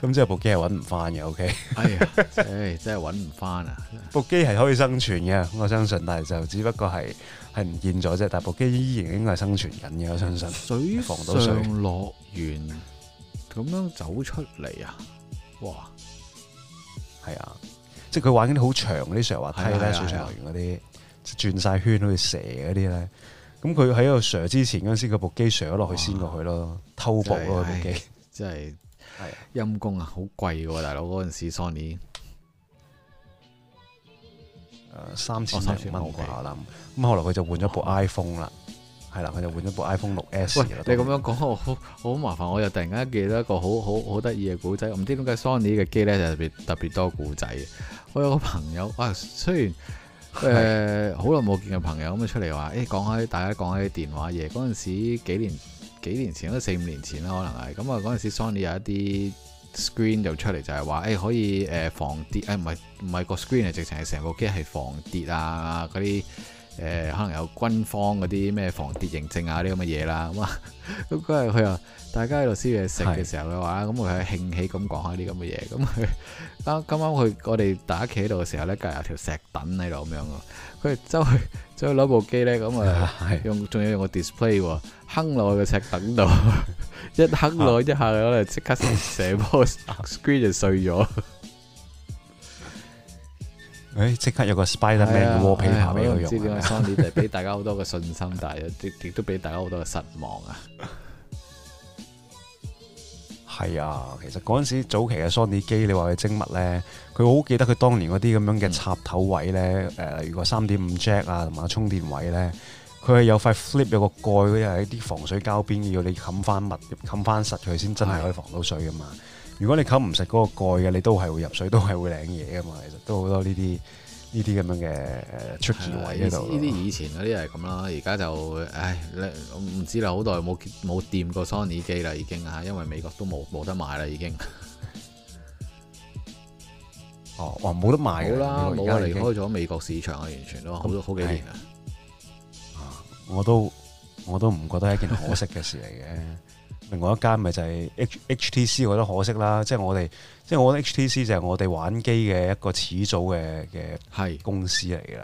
Speaker 1: 咁即係部機係搵唔翻嘅，OK。係，唉，真係搵唔翻啊！部機係可以生存嘅，我相信，但係就只不過係係唔見咗啫。但係部機依然應該係生存緊嘅，我相信。水上樂園
Speaker 2: 咁樣走出嚟啊！哇，
Speaker 1: 係啊，即係佢玩嗰啲好長嗰啲斜滑梯咧，水上樂園嗰啲轉晒圈好似蛇嗰啲咧。咁佢喺個斜之前嗰時，佢部機斜咗落去先過去咯，偷步咯部機，
Speaker 2: 真係。係陰公啊，好貴喎、啊，大佬嗰陣時 Sony，誒、呃、三千零蚊、哦，我諗。
Speaker 1: 咁吧後來佢就換咗
Speaker 2: 部 iPhone 啦，係啦、嗯，佢就換咗部 iPhone 六 S, S。你咁樣講，好好麻煩。我又突然間記得一個好好好得意嘅古仔，唔知點解 Sony 嘅機咧就特別特別多古仔。我有個朋友，哇、啊，雖然誒好耐冇見嘅朋友咁出嚟話，誒、欸、講下，大家講下啲電話嘢嗰陣時幾年。幾年前都四五年前啦，可能係咁啊。嗰陣時 Sony 有一啲 screen 就出嚟，就係話誒可以誒防跌，誒唔係唔係個 screen 係直情係成部機係防跌啊嗰啲誒，可能有軍方嗰啲咩防跌認證啊啲咁嘅嘢啦。咁啊，咁佢佢啊。大家喺度燒嘢食嘅時候，嘅話咁佢興起咁講下啲咁嘅嘢，咁佢。啱啱佢我哋大家企喺度嘅時候咧，隔離有條石凳喺度咁樣喎。佢走去走去攞部機咧，咁啊 (laughs) 用仲要用個 display 喎，坑 (laughs) 落去個石凳度，一坑落去，一下咧，即刻成成 screen 就碎咗。誒、 (laughs) 哎，即刻有個 Spider-Man 嘅 wallpaper 俾佢用。唔知點解 Sony 就俾 (laughs) 大家好多嘅信心， (laughs) 但係亦都俾大家好多嘅失望啊！
Speaker 1: 係啊，其實嗰陣時早期嘅 Sony 機，你話佢精密呢？佢好記得佢當年嗰啲咁樣嘅插頭位呢。誒、嗯呃，如果三點五 Jack 啊，同埋充電位呢，佢係有塊 flip 有個蓋，佢係一啲防水膠邊，要你冚翻密、冚翻實佢先真係可以防到水噶嘛。的如果你冚唔實嗰個蓋嘅，你都係會入水，都係會領嘢噶嘛。其實都好多呢啲。呢啲咁樣嘅出位嗰度，呢啲
Speaker 2: 些以前嗰啲係咁啦。而家就，唉，我唔知啦，好耐冇冇掂過 Sony 機啦，已經啊，因為美國都冇冇得賣啦，已經。 (laughs) 哦，哇、哦，冇得賣啦，冇啊吧，離開咗美國市場係完全都好咗我好幾年啊。
Speaker 1: 我都我都唔覺得係一件可惜嘅事嚟嘅。 (laughs) 另外一間咪就係 H H T C，我覺得可惜啦。即係我哋，即係我覺得 H T C 就係我哋玩機嘅一個始祖嘅嘅公司嚟噶。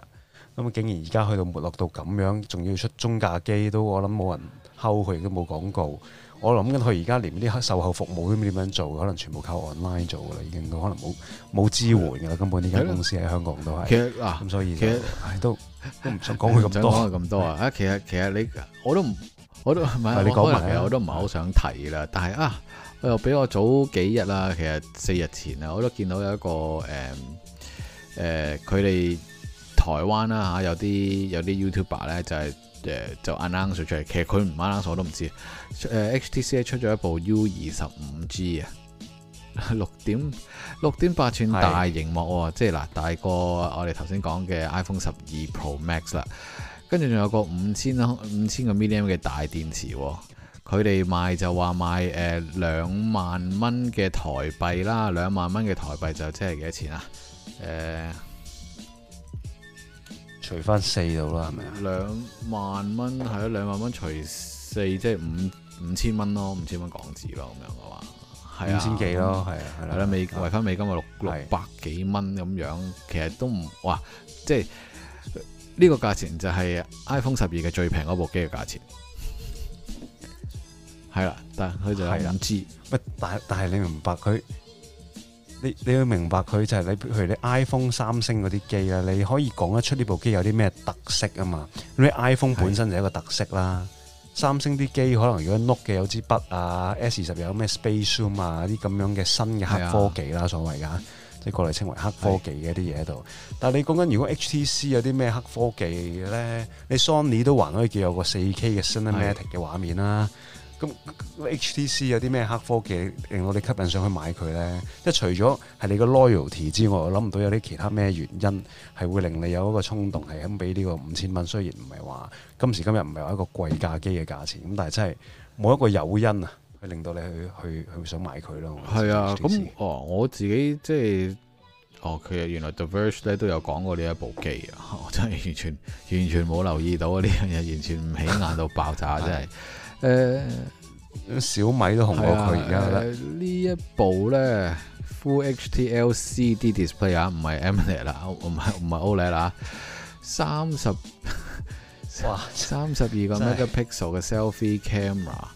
Speaker 1: 咁是、嗯、竟然而家去到沒落到咁樣，仲要出中價機，都我諗冇人溝佢，都冇廣告。我諗緊佢而家連啲售後服務都唔知點樣做。可能全部靠 online 做啦，已經可能冇冇支援噶啦。根本呢間公司喺香港都係。其實
Speaker 2: 咁所以都都唔想講佢咁多，咁多啊！啊，其實其實你我都唔。 (laughs) 我都唔係，我其實我都唔係好想提啦。但係啊，我又比我早幾日啦，其實四日前啊，我都見到有一個誒誒，佢、嗯、哋、嗯、台灣啦吓，有啲有啲 YouTuber 咧就係誒，就 announce 出嚟。其實佢唔 announce 我都唔知。誒、啊、HTC 出咗一部 U 二十五 G 啊，六點六點八寸大熒幕啊，的即係嗱，大過我哋頭先講嘅 iPhone 十二 Pro Max 啦。跟住仲有個五千五千個 mAh 嘅大電池，佢哋賣就話賣誒呃，兩萬蚊嘅台幣啦，兩萬蚊嘅台幣就即係幾多錢啊？誒、呃，除翻四度啦，係咪啊？兩萬蚊係咯，兩萬蚊除四即係五五千蚊咯，五千蚊港紙咯，咁樣嘅話
Speaker 1: 係五千幾咯，係啊係啦，美
Speaker 2: 維翻美金啊六六百幾蚊咁樣，其實都唔哇即係。呢個價錢就係 iPhone 十二嘅最平嗰部機嘅價錢，係啦，但佢就係咁
Speaker 1: 知，喂，但但係你明白佢，你你要明白佢就係、是、你，譬如你 iPhone、三星嗰啲機啦，你可以講得出呢部機有啲咩特色啊嘛？咁啲 iPhone 的本身就係一個特色啦，三星啲機可能如果 note 嘅有支筆啊，S 二十有咩 Space Zoom 啊啲咁樣嘅新嘅黑科技啦，的所謂噶。呢個嚟稱為黑科技嘅一啲嘢喺度，但係你講緊如果 HTC 有啲咩黑科技咧，你 Sony 都還可以叫有個 4K 嘅 Cinematic 嘅畫面啦。咁是的 HTC 有啲咩黑科技令到你吸引上去買佢咧？即係除咗係你個 loyalty 之外，我諗唔到有啲其他咩原因係會令你有一個衝動係肯俾呢個五千蚊。雖然唔係話今時今日唔係話一個貴價機嘅價錢，咁但係真係冇一個誘因啊，令到你去去去想買佢咯，係啊，
Speaker 2: 咁哦、嗯，我自己即係哦，佢原來 The Verge 咧都有講過呢一部機啊，我真係完全完全冇留意到啊，呢樣嘢完全唔起眼到爆炸，真係誒，呃嗯、小米都紅過佢而家，呢、嗯、一部咧 Full HD LCD Display 啊，唔係 AMOLED 啦、啊，唔係唔係 OLED 啦，o LED, 啊、30, 三十哇，三十二個 megapixel 嘅 selfie camera。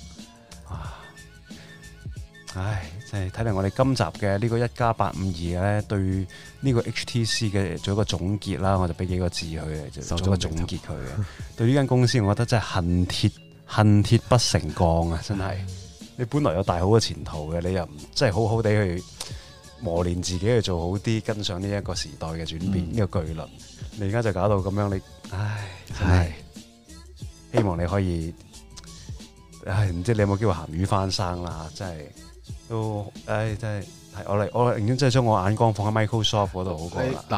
Speaker 1: 唉，真係睇嚟，我哋今集嘅呢個一加八五二咧，對呢個 HTC 嘅做一個總結啦，我就俾幾個字佢，就做一個總結佢。 (laughs) 對呢間公司，我覺得真係恨鐵恨鐵不成鋼啊！真係，你本來有大好嘅前途嘅，你又唔真係好好地去磨練自己去做好啲，跟上呢一個時代嘅轉變呢、嗯、個巨輪。你而家就搞到咁樣，你唉，係希望你可以，唉，唔知你有冇機會鹹魚翻生啦？真係。都，誒，真
Speaker 2: 係，我嚟，我寧願真係將我眼光放喺 Microsoft 度好過啦。對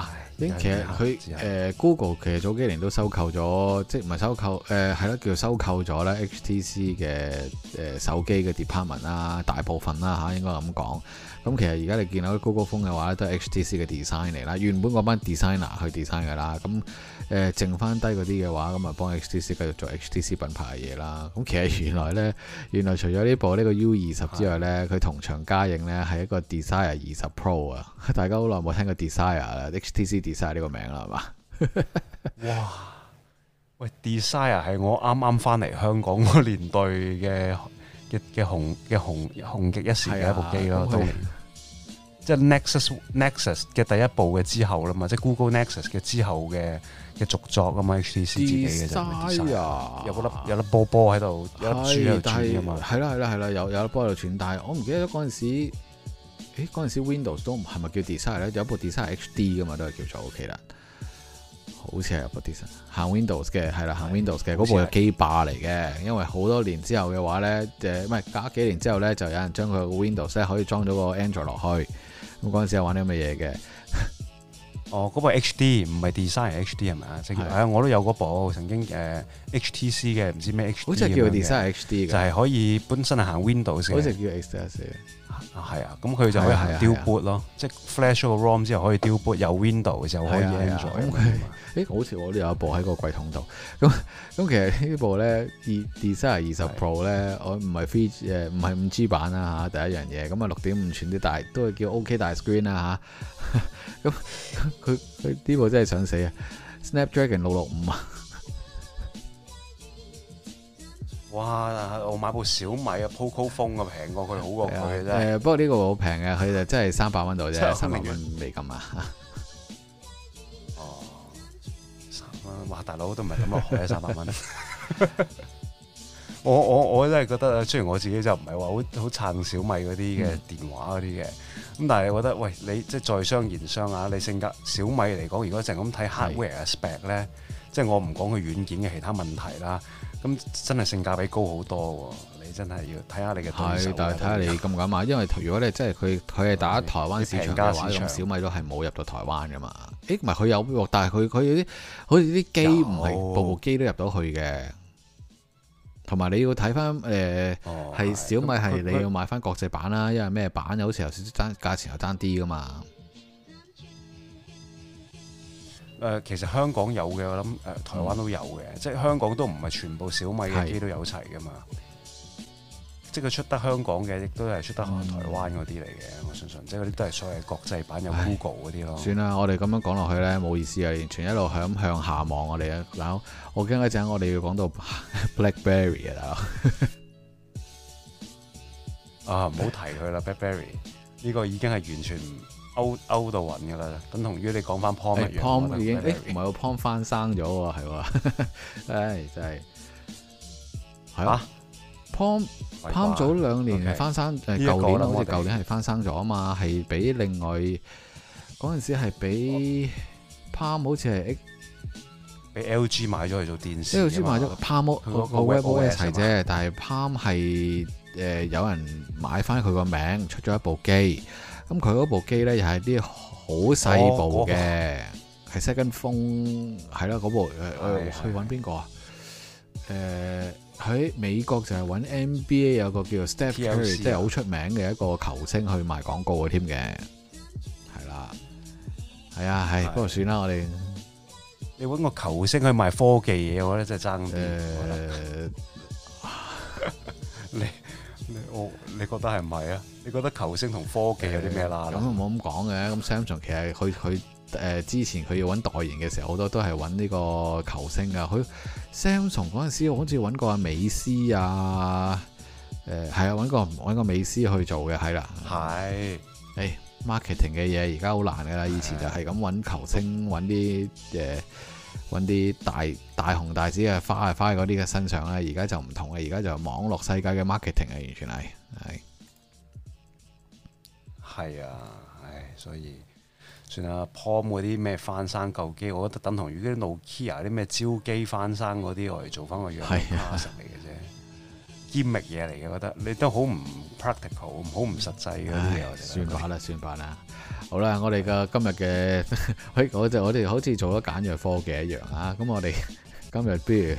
Speaker 2: 其實佢誒 Google 其實早幾年都收購咗，即係唔係收購誒係咯，叫收購咗咧 HTC 嘅誒手機嘅 department 啦，大部分啦嚇應該咁講。咁其實而家你見到啲 Google phone 嘅話都係 HTC 嘅 design 嚟啦。原本嗰班 designer 去 design 嘅啦，咁誒、呃、剩翻低嗰啲嘅話，咁啊幫 HTC 繼續做 HTC 品牌嘅嘢啦。咁其實原來咧，原來除咗呢部呢、呢個 U 二十之外咧，佢的同場加映咧係一個 Desire 二十 Pro 啊！大家好耐冇聽過 Desire 啦，HTC Desire 呢個名啦係嘛？ (laughs) 哇！
Speaker 1: 喂
Speaker 2: ，Desire 係我
Speaker 1: 啱啱翻嚟香港嗰年代嘅嘅嘅紅嘅紅紅極一時嘅一部機咯，啊、當年即係 Nexus Nexus 嘅第一部嘅之後啦嘛，即係 Google Nexus 嘅之後嘅嘅續作啊嘛，HTC 自己嘅
Speaker 2: ire 有粒有
Speaker 1: 粒波波喺度，有粒珠喺度轉嘛，
Speaker 2: 係啦係啦係啦，有有粒波喺度轉，但我唔記得嗰陣時。 (noise) (noise) 誒，嗰陣時 Windows 都唔係咪叫 design 咧？有部 design HD 噶嘛，都係叫做 O.K. 啦，好似係有部 design 行 Windows 嘅，係啦，行 Windows 嘅嗰部係機霸嚟嘅，因為好多年之後嘅話咧，誒，唔係隔咗幾年之後咧，就有人將佢個 Windows 咧可以裝咗個 Android 落去。咁嗰陣時有玩啲咁嘅嘢嘅？
Speaker 1: 哦，嗰部 HD 唔係 design HD 係咪啊？我都有嗰部，曾經誒 HTC 嘅，唔知咩？好似叫 design HD，嘅，就係可以本身係行 Windows 好似叫 d e s (music) 啊，係啊，咁佢就可以啊，丟 boot 咯，即係 flash 個 rom 之後可以丟 boot，有 window
Speaker 2: 嘅時候可以 android、啊。哎、啊欸，好似我都有一部喺個櫃桶度，咁咁其實部呢部咧 Desire 20 Pro 咧，我唔係非誒唔係五 G 版啦嚇、啊，第一樣嘢，咁啊六點五寸啲，大，都係叫 OK 大 screen 啦吓，咁佢佢呢部真係想死啊，Snapdragon 六六五啊！
Speaker 1: 哇！我買部小米啊 Pocophone 啊，平過佢，好過佢。不過
Speaker 2: 呢個好平嘅，佢就真係三百蚊度啫，三百蚊未撳啊！
Speaker 1: 哦，三百蚊，哇！大佬都唔係咁落海啊，三百蚊。我我我真係覺得啊，雖然我自己就唔係話好好撐小米嗰啲嘅電話嗰啲嘅，咁但係我覺得，喂，你即係在商言商啊，你性格小米嚟講，如果淨咁睇 hardware spec 咧，即係我唔講佢軟件嘅其他問題啦。咁真係性價比高好多喎，哦！你真係要睇下你嘅對手，對，但係睇下你敢唔敢
Speaker 2: 買，嗯、因為如果你真係佢佢係打台灣市場嘅話，小米都係冇入到台灣噶嘛？誒唔係佢有，但係佢佢啲好似啲機唔係有部部機都入到去嘅，同埋你要睇翻誒，係、呃哦、小米係你要買翻國際版啦，因為咩版又好似有少少爭價錢又爭啲噶嘛。
Speaker 1: 誒、呃，其實香港有嘅，我諗誒，台灣都有嘅，嗯、即係香港都唔係全
Speaker 2: 部小米嘅機都
Speaker 1: 有齊噶嘛，是即係佢出得香港嘅，亦都係出得台灣嗰啲嚟嘅，嗯、我相信，即係嗰啲都係所謂國際版有 Google 嗰啲咯。算
Speaker 2: 啦，我哋咁樣講落去咧，冇意思啊，完全一路響向，向下望我哋 (laughs) 嗱，我驚一陣我哋要講到 BlackBerry 啊，啊，唔好提
Speaker 1: 佢啦，BlackBerry 呢個已經係完全。歐歐度揾噶啦，等同於你講翻
Speaker 2: Palm 已經，誒唔係個 Palm 翻生咗喎？係喎，唉真係，係啊，Palm Palm 早兩年係翻生，誒舊年好似舊年係翻生咗啊嘛，係俾另外嗰陣時係俾 Palm 好似係誒俾 LG 買咗去做電視，LG 買咗 Palm 個 WebOS 齊啫，但係 Palm 係誒有人買翻佢個名，出咗一部機。咁佢嗰部機咧又係啲好細部嘅，係 set 跟風係啦嗰部，的去揾邊個啊？誒喺的、呃、美國就係揾 NBA 有個叫做 Steph Curry，即係好出名嘅一個球星，去賣廣告嘅添嘅，係啦，係啊係，的不過算啦我哋，你揾個球星去賣科技嘢，我覺得真係爭啲。
Speaker 1: 你。我你覺得係唔係啊？你覺得球星同科技有啲咩啦？咁唔
Speaker 2: 好咁講嘅，咁 Samsung 其實佢佢誒之前佢要揾代言嘅時候，好多都係揾呢個球星噶。佢 Samsung 嗰陣時，好似揾過阿美斯啊，誒、呃、係啊，揾個揾個美斯去做嘅係啦。係、啊，誒是、欸、marketing 嘅嘢而家好難噶啦，啊、以前就係咁揾球星揾啲嘢。揾啲大大紅大紫嘅花啊花嗰啲嘅身上咧，而家就唔同啦，而家就網絡世界嘅 marketing 係完全係係係啊，唉，所以算啦，Palm 啲咩
Speaker 1: 翻生舊機，我覺得等同於啲 Nokia 啲咩招機翻生嗰啲，我哋做翻個樣嘅 p a
Speaker 2: 嚟嘅啫，gimmick 嘢嚟嘅，覺得你都好唔 practical，好唔實際嘅啲嘢，算吧，啦算法啦。好啦，我哋嘅今日嘅，哎， (laughs) 我就我哋好似做咗簡約科技一樣啊！咁我哋今日不如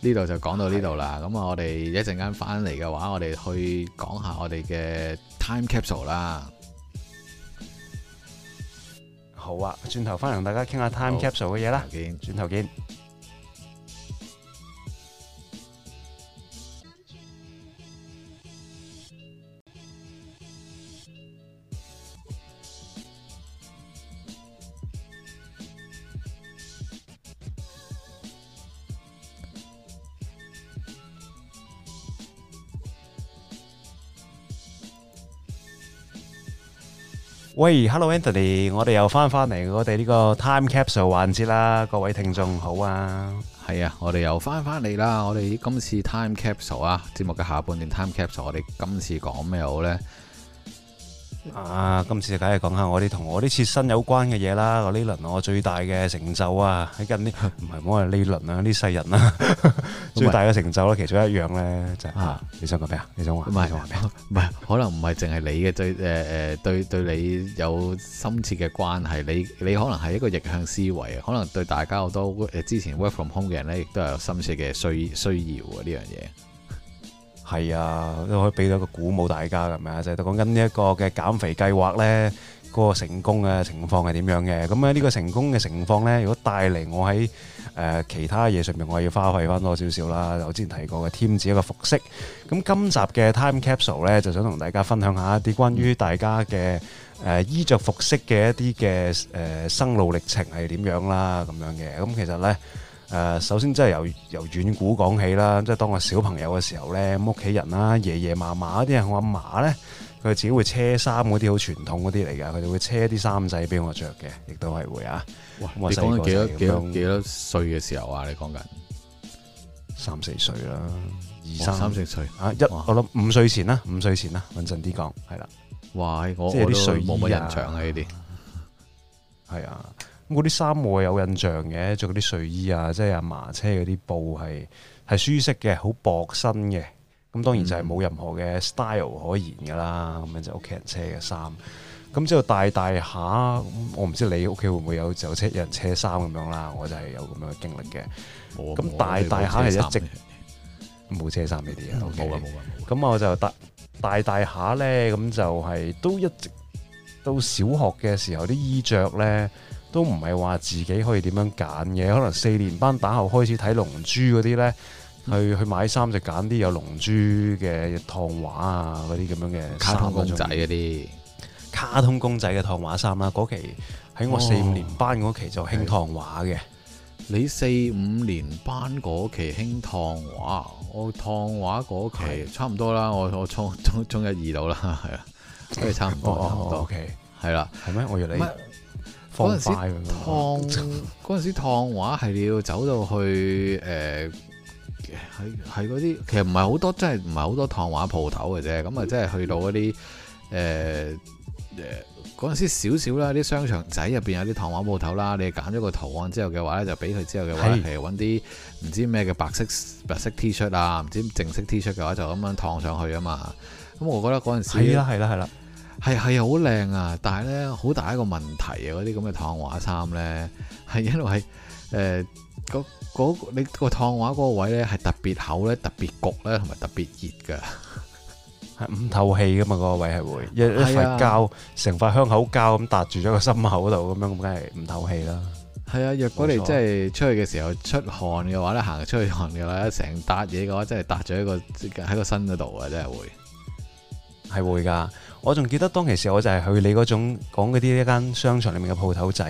Speaker 2: 呢度就講到呢度啦。咁啊，我哋一陣間翻嚟嘅話，我哋去講下我哋嘅 Time Capsule 啦。好啊，轉頭翻嚟
Speaker 1: 同大家傾下 Time Capsule 嘅嘢啦。轉頭、oh, 見，轉頭見。喂，Hello Anthony，我哋又翻翻嚟，我哋呢個
Speaker 2: Time Capsule 環節啦，各位聽眾好啊，係啊，我哋又翻翻嚟啦，我哋今次 Time Capsule 啊，節目嘅下半年 Time Capsule，我哋今次講咩好呢？啊！今次梗係講下我啲同我啲切身有關嘅嘢啦。我呢輪我
Speaker 1: 最大嘅成就啊，喺近呢，唔係唔好話呢輪啊，呢世人啊，最大嘅成就咧、啊，其中一樣咧就係你想講咩啊？你想話唔係話咩？唔係、啊、
Speaker 2: 可能唔係淨係你嘅對誒誒、呃、對對你有深切嘅關係，你你可能係一個逆向思維啊，可能對大家好多之前 work from home 嘅人咧，亦都有深切嘅需需要啊呢樣嘢。這個係啊，都可以俾到一個鼓舞大家㗎嘛，就係講
Speaker 1: 緊呢一個嘅減肥計劃咧，嗰個成功嘅情況係點樣嘅？咁咧呢個成功嘅情況咧，如果帶嚟我喺誒其他嘢上面，我係要花費翻多少少啦。我之前提過嘅添置一個服飾，咁今集嘅 Time Capsule 咧，就想同大家分享下一啲關於大家嘅誒衣著服飾嘅一啲嘅誒生路歷程係點樣啦，咁樣嘅。咁其實咧。誒，首先真係由由遠古講起啦，即係當我小朋友嘅時候咧，屋企人啦、爺爺嫲嫲啲人，媽媽我阿嫲咧，佢自己會車衫嗰啲好傳統嗰啲嚟㗎，佢就會車啲衫仔俾我着嘅，亦都係會哇啊。
Speaker 2: 哇！你講幾多個幾多個幾多歲嘅時候啊？你講緊三四歲啦，二三、哦、三四歲啊！一
Speaker 1: 我諗五歲前啦，五歲前啦，穩陣啲講，係啦。哇！我即係啲睡衣冇乜印象啊，呢啲係啊。嗰啲衫我有印象嘅，着嗰啲睡衣啊，即係阿麻車嗰啲布係係舒適嘅，好薄身嘅。咁當然就係冇任何嘅 style 可言噶啦。咁樣就屋企人車嘅衫。咁之後大大下，我唔知你屋企會唔會有就車有人車衫咁樣啦。我就係有咁樣嘅經歷嘅。咁冇大大下係一直冇車衫呢啲嘢。冇咁我就大大大下呢，咁就係、是、都一直到小學嘅時候，啲衣着呢，都唔係話自己可以點樣揀嘅，可能四年班打後開始睇龍珠嗰啲咧，去、嗯、去買衫就揀啲有龍珠嘅燙畫啊嗰啲咁樣嘅卡通公仔嗰啲卡通公仔嘅燙畫衫啦。嗰期喺我四五年班嗰期
Speaker 2: 就興燙畫嘅。哦、你四五年班嗰期興燙畫，我燙畫嗰期差唔多啦。嗯、我我初中，中一中二度啦，係啦，都係、嗯、差唔多，OK，係啦，係咩、哦？我要你。嗰陣時燙，嗰陣唐 (laughs) 時燙畫係你要走到去誒，喺喺嗰啲其實唔係好多，Okay. 真係唔係好多燙畫鋪頭嘅啫。咁啊，真係去到嗰啲誒誒，嗰、呃、陣時少少啦。啲商場仔入邊有啲燙畫鋪頭啦。你揀咗個圖案之後嘅話咧，就俾佢之後嘅話，譬如揾啲唔知咩嘅白色白色 T 恤啊，唔知正式 T 恤嘅話，就咁樣燙上去啊嘛。咁我覺得嗰陣時係啦，係啦，係啦。係係好靚啊，但係咧好大一個問題啊！嗰啲咁嘅燙畫衫咧，係因為誒嗰、呃、你、嗰個燙畫嗰個位咧係特別厚咧，特別焗咧，同埋特別熱噶，係唔透氣噶嘛？嗰、嗰個位係會
Speaker 1: 一一塊膠成塊香口膠咁搭住咗個心口度咁樣，咁梗係唔透氣啦。
Speaker 2: 係啊，若果你真係出去嘅時候出汗嘅話咧，行出去汗嘅話咧，成笪嘢嘅話真係搭咗一個喺個身嗰度啊，真係會係會噶。
Speaker 1: 我仲記得當其時，我就係去你嗰種講嗰啲一間商場裡面嘅鋪頭仔，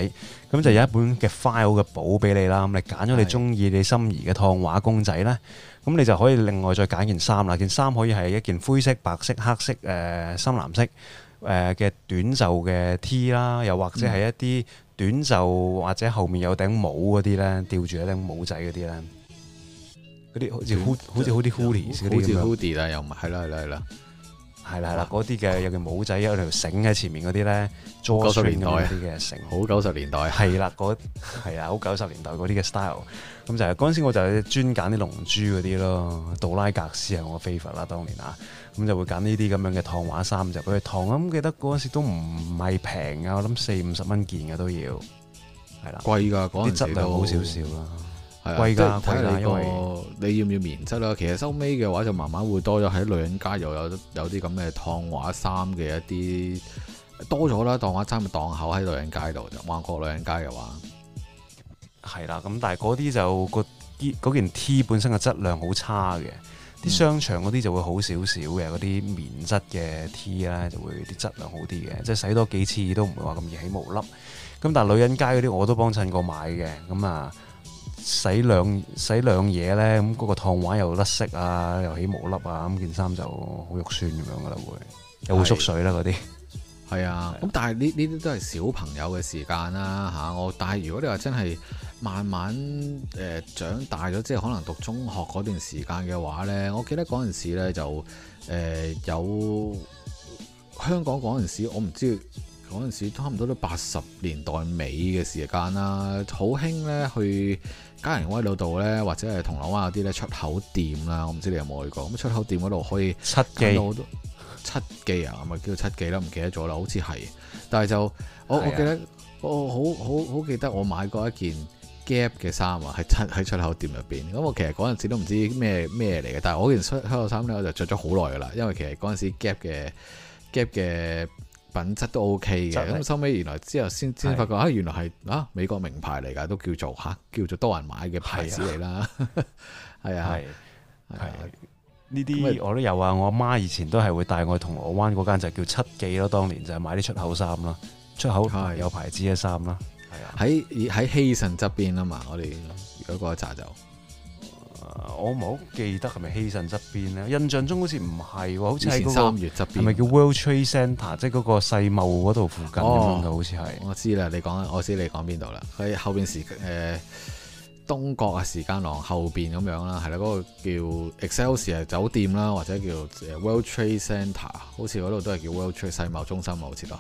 Speaker 1: 咁就有一本嘅 file 嘅簿俾你啦。咁你揀咗你中意你心儀嘅燙畫公仔咧，咁你就可以另外再揀件衫啦。件衫可以係一件灰色、白色、黑色、誒深藍色誒嘅短袖嘅 T 啦，又或者係一啲短袖或者後面有頂帽嗰啲咧，吊住一頂帽仔嗰啲咧，嗰啲好似好好似好啲 hoodies，好似 hoodie 啦，又係啦，係啦，係啦。係啦係啦，嗰啲嘅有件帽仔有條繩喺前面嗰啲咧，九十年代嗰啲嘅繩，好九十年代係啦，嗰係啊好九十年代嗰啲嘅 style。咁就係嗰陣時我就專揀啲龍珠嗰啲咯，杜拉格斯係我嘅 favorite 啦，當年啊，咁就會揀呢啲咁樣嘅燙畫衫就俾佢燙咁記得嗰陣時都唔係平啊，我諗四五十蚊件嘅都要，係
Speaker 2: 啦貴㗎，啲質量好少少啦。係貴㗎，睇你個，因為你要唔要棉質啦。其實收尾嘅話就慢慢會多咗，喺女人街又有有啲咁嘅燙畫衫嘅一啲多咗啦。燙畫衫嘅檔口喺女人街度，就旺角女人街嘅話係啦。咁但係嗰啲就個嗰件 T 本身嘅質，質，質量好
Speaker 1: 差嘅，啲商場嗰啲就會好少少嘅嗰啲棉質嘅 T 咧就會啲質量好啲嘅，即係洗多幾次都唔會話咁易起毛粒。咁但係女人街嗰啲我都幫襯過買嘅咁啊。洗兩洗兩嘢咧，咁、那、嗰個燙畫又
Speaker 2: 甩色啊，又起毛粒啊，咁件衫就好肉酸咁樣噶啦，會又會縮水啦嗰啲。係是 (laughs) 啊，咁是但係呢呢啲都係小朋友嘅時間啦嚇。我、啊、但係如果你話真係慢慢誒、呃、長大咗，即係可能讀中學嗰段時間嘅話咧，我記得嗰陣時咧就誒、呃、有香港嗰陣時，我唔知嗰陣時差唔多都八十年代尾嘅時間啦，好興咧去。加連威老道咧，或者係銅鑼灣有啲咧出口店啦，我唔知你有冇去過。咁出口店嗰度可以七機到好多七機啊，係咪叫七機啦、啊，唔記得咗啦，好似係。但係就我、啊、我，我記得我好好好記得我買過一件 Gap 嘅衫啊，喺出喺出口店入邊。咁我其實嗰陣時都唔知咩咩嚟嘅，但係我件出出口衫咧，我就着咗好耐噶啦，因為其實嗰陣時 Gap 嘅 Gap 嘅。品質都 OK 嘅，咁收尾原來之後先先發覺，啊原來係啊美國名牌嚟㗎，都叫做嚇、啊、叫做多人買嘅牌子嚟啦，係啊係係，
Speaker 1: 呢啲我都有啊，我阿媽以前都係會帶我去銅鑼灣嗰間就係、叫七記咯，當年就係買啲出口衫啦，出口有牌子嘅衫啦，係啊的，喺喺希慎側邊啊嘛，我哋如果過一扎就。我唔好記得係咪希慎側邊咧，印象中好似唔係喎，好似喺三越側邊係咪叫 World Trade Centre，即係嗰個世貿嗰度附近咁嘅，哦、好
Speaker 2: 似係。我知啦，你講，我知你講邊度啦。喺後邊時誒東角啊，時間廊後邊咁樣啦，係啦，嗰個叫 Excelsior 酒店啦，或者叫 World Trade Centre，好似嗰度都係叫 World Trade 世貿中心好似都係。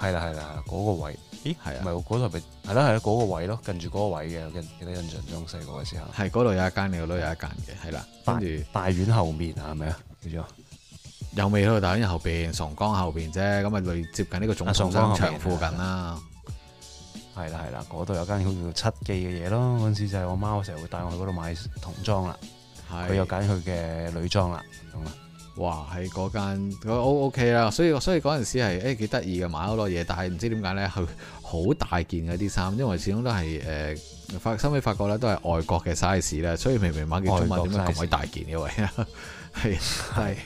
Speaker 2: 係啦，係啦，嗰個位，咦係啊，唔係嗰度，咪係啦，係啦，嗰個位咯，近住嗰個位嘅，我記得印象中細個嘅時候。係嗰度有一間，另外都有一間嘅，係啦。跟住大院後面係咪啊？叫做有咪喺度？大院後邊，崇光後邊啫。咁咪類接近呢個商場附近啦。係啦，係
Speaker 1: 啦，嗰度有間叫叫做七記嘅嘢咯。嗰陣時就係我媽成日會帶我去嗰度買童裝啦，
Speaker 2: 佢又揀佢嘅女裝啦。哇，喺嗰間哦 O O K 啦，所以所以嗰陣時係誒幾得意嘅，買好多嘢，但係唔知點解咧，佢好大件嘅啲衫，因為始終都係誒發，後尾發覺咧都係外國嘅 size 咧，所以明明買嘅中碼點解咁鬼大件因為啊？係係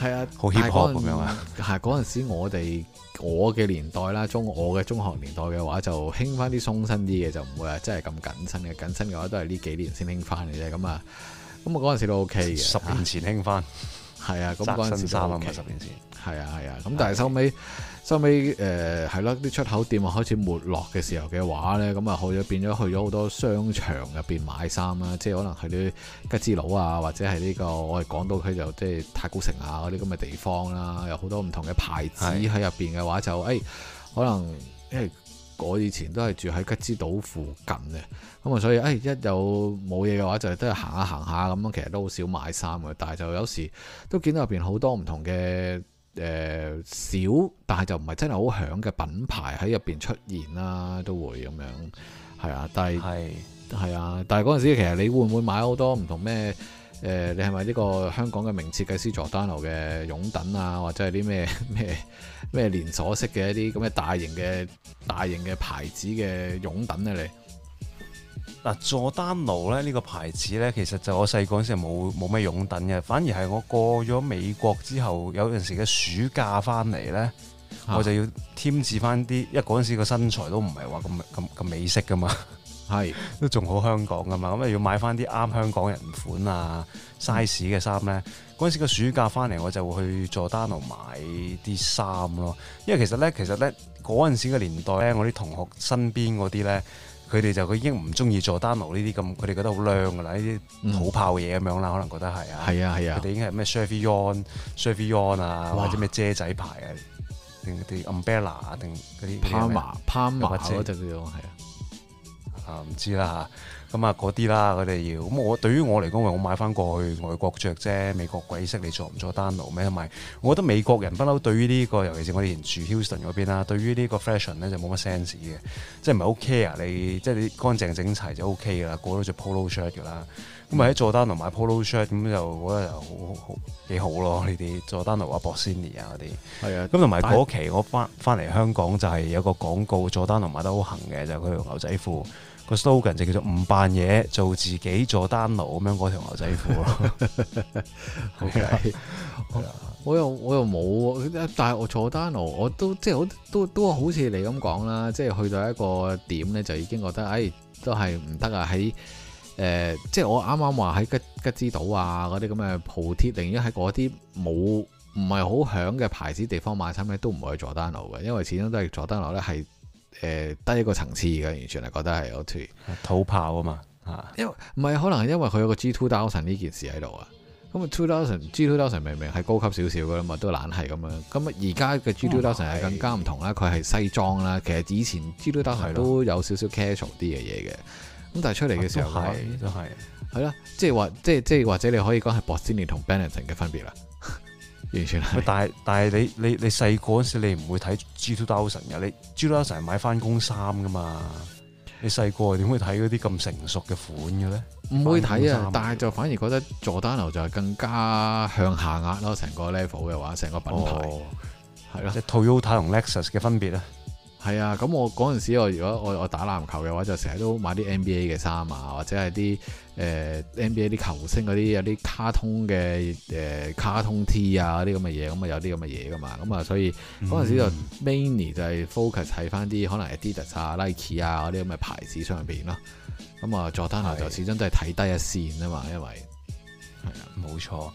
Speaker 2: 係啊！ (laughs) 好顯學咁樣啊！係嗰陣時我哋我嘅年代啦，中我嘅中學年代嘅話就興翻啲鬆身啲嘅，就唔會話真係咁緊身嘅，緊身嘅話都係呢幾年先興翻嘅啫。咁、嗯、啊，咁我嗰陣時都 O K 嘅，十年前興翻。 (laughs) 係啊，咁嗰陣時就係咪十年前？係啊係啊，咁、啊啊、但係收尾收尾誒係咯，啲的、呃啊、出口店啊開始沒落嘅時候嘅話咧，咁啊去咗變咗去咗好多商場入邊買衫啦，即係可能去啲吉之島啊，或者係呢、這個我哋講到佢就即係太古城啊嗰啲咁嘅地方啦，有好多唔同嘅牌子喺入邊嘅話的就誒、欸、可能因為。欸我以前都係住喺吉之島附近嘅，咁啊所以誒一有冇嘢嘅話就都係行下行下咁樣，其實都好少買衫嘅，但係就有時都見到入邊好多唔同嘅誒、呃、小，但係就唔係真係好響嘅品牌喺入邊出現啦，都會咁樣係啊。但係係係啊，但係嗰陣時其實你會唔會買好多唔同咩？誒、呃，你係咪呢個香港嘅名設計師佐丹奴嘅擁躉啊？或者係啲咩咩咩連鎖式嘅一啲咁嘅大型嘅大型嘅牌子嘅擁躉啊？你嗱佐丹奴咧呢個牌子咧，其實就我細個嗰陣時
Speaker 1: 冇冇咩擁躉嘅，反而係我過咗美國之後，有陣時嘅暑假翻嚟咧，啊、我就要添置翻啲，因為嗰陣時個身材都唔係話咁咁咁美式噶嘛。係都仲好香港㗎嘛，咁又要買翻啲啱香港人款啊、嗯、size 嘅衫咧。嗰陣時個暑假翻嚟，我就會去佐丹奴買啲衫咯。因為其實咧，其實咧嗰陣時嘅年代咧，我啲同學身邊嗰啲咧，佢哋就佢已經唔中意佐丹奴呢啲咁，佢哋覺得好僆㗎啦，呢啲土炮嘢咁樣啦，嗯、可能覺得係啊，係啊係啊。佢哋已經係咩 Chevignon Chevignon 啊，Chevignon，啊哇或者咩遮仔牌啊，定啲 umbrella 定、啊、嗰啲。Palm Palm 嗰隻叫做唔、啊、知啦嚇，咁啊嗰啲啦佢哋要咁、嗯、我對於我嚟講，我買翻過去外國着啫。美國鬼識你做唔做丹奴咩？同埋我覺得美國人不嬲對於呢、呢個，尤其是我哋住 Houston 嗰邊啦，對於呢個 fashion 咧就冇乜 sense 嘅，即係唔係 OK 啊？你，即係你乾淨整齊就 OK 噶啦，過到著 polo shirt 噶啦。咁咪喺佐丹奴買 polo shirt，咁就我覺得就好好，好，好幾好咯呢啲。佐丹奴啊，的啊、Bossini 啊嗰啲，係啊是。咁同埋嗰期我翻翻嚟香港就係有個廣告，佐丹奴買得好行嘅就佢、是、條牛仔褲。個 slogan 就叫做唔扮嘢，做自己佐丹奴咁樣嗰條牛仔褲咯。OK，
Speaker 2: 我又我又冇，但係我佐丹奴，我都即係我都都，都好似你咁講啦，即係去到一個點咧，就已經覺得，哎，都係唔得啊！喺誒、呃，即係我啱啱話喺吉吉之島啊，嗰啲咁嘅鋪頭，寧願喺嗰啲冇唔係好響嘅牌子地方買衫咧，都唔會去佐丹奴嘅，因為始終都係佐丹奴咧係。誒、呃，低一個層次而家完全係覺得係好 t o 土炮啊嘛，吓，因為唔係 (noise) 可能係因為佢有個 G Two Thousand 呢件事喺度啊。咁啊，Two Thousand，G Two Thousand 明明係高級少少噶啦嘛，都懶係咁樣。咁啊，而家嘅 G Two Thousand 係更加唔同啦，佢係是西裝啦。其實以前 G Two Thousand 的都有少少 casual 啲嘅嘢嘅，咁但係出嚟嘅時候、啊，都係都係係啦，即係或即係即係或者你可以講係 Bossini 同 Benetton 嘅分別啦。完全係，但係但係你你你細
Speaker 1: 個嗰時你唔會睇 G Two Thousand 嘅，你，你，你 G Two Thousand 係買返工衫噶嘛，你細個點會睇嗰啲咁成熟嘅款嘅咧？
Speaker 2: 唔會睇啊，但係就反而覺得佐丹奴就係更加向下壓咯，成個 level 嘅話，成個品牌係咯，即係、哦、啦 Toyota 同 Lexus 嘅分別咧。係啊，咁我嗰陣時，我如果我我打籃球嘅話，就成日都買啲 NBA 嘅衫啊，或者係啲誒 NBA 啲球星嗰啲有啲卡通嘅誒、呃、卡通 T 啊嗰啲咁嘅嘢，咁啊有啲咁嘅嘢噶嘛，咁啊所以嗰陣時就 mainly 就係 focus 係翻啲可能 Adidas 啊、Nike 啊嗰啲咁嘅牌子上邊咯，咁啊 Jordan 就始終都係睇低一線啊嘛，因為
Speaker 1: 係、嗯嗯、啊，冇錯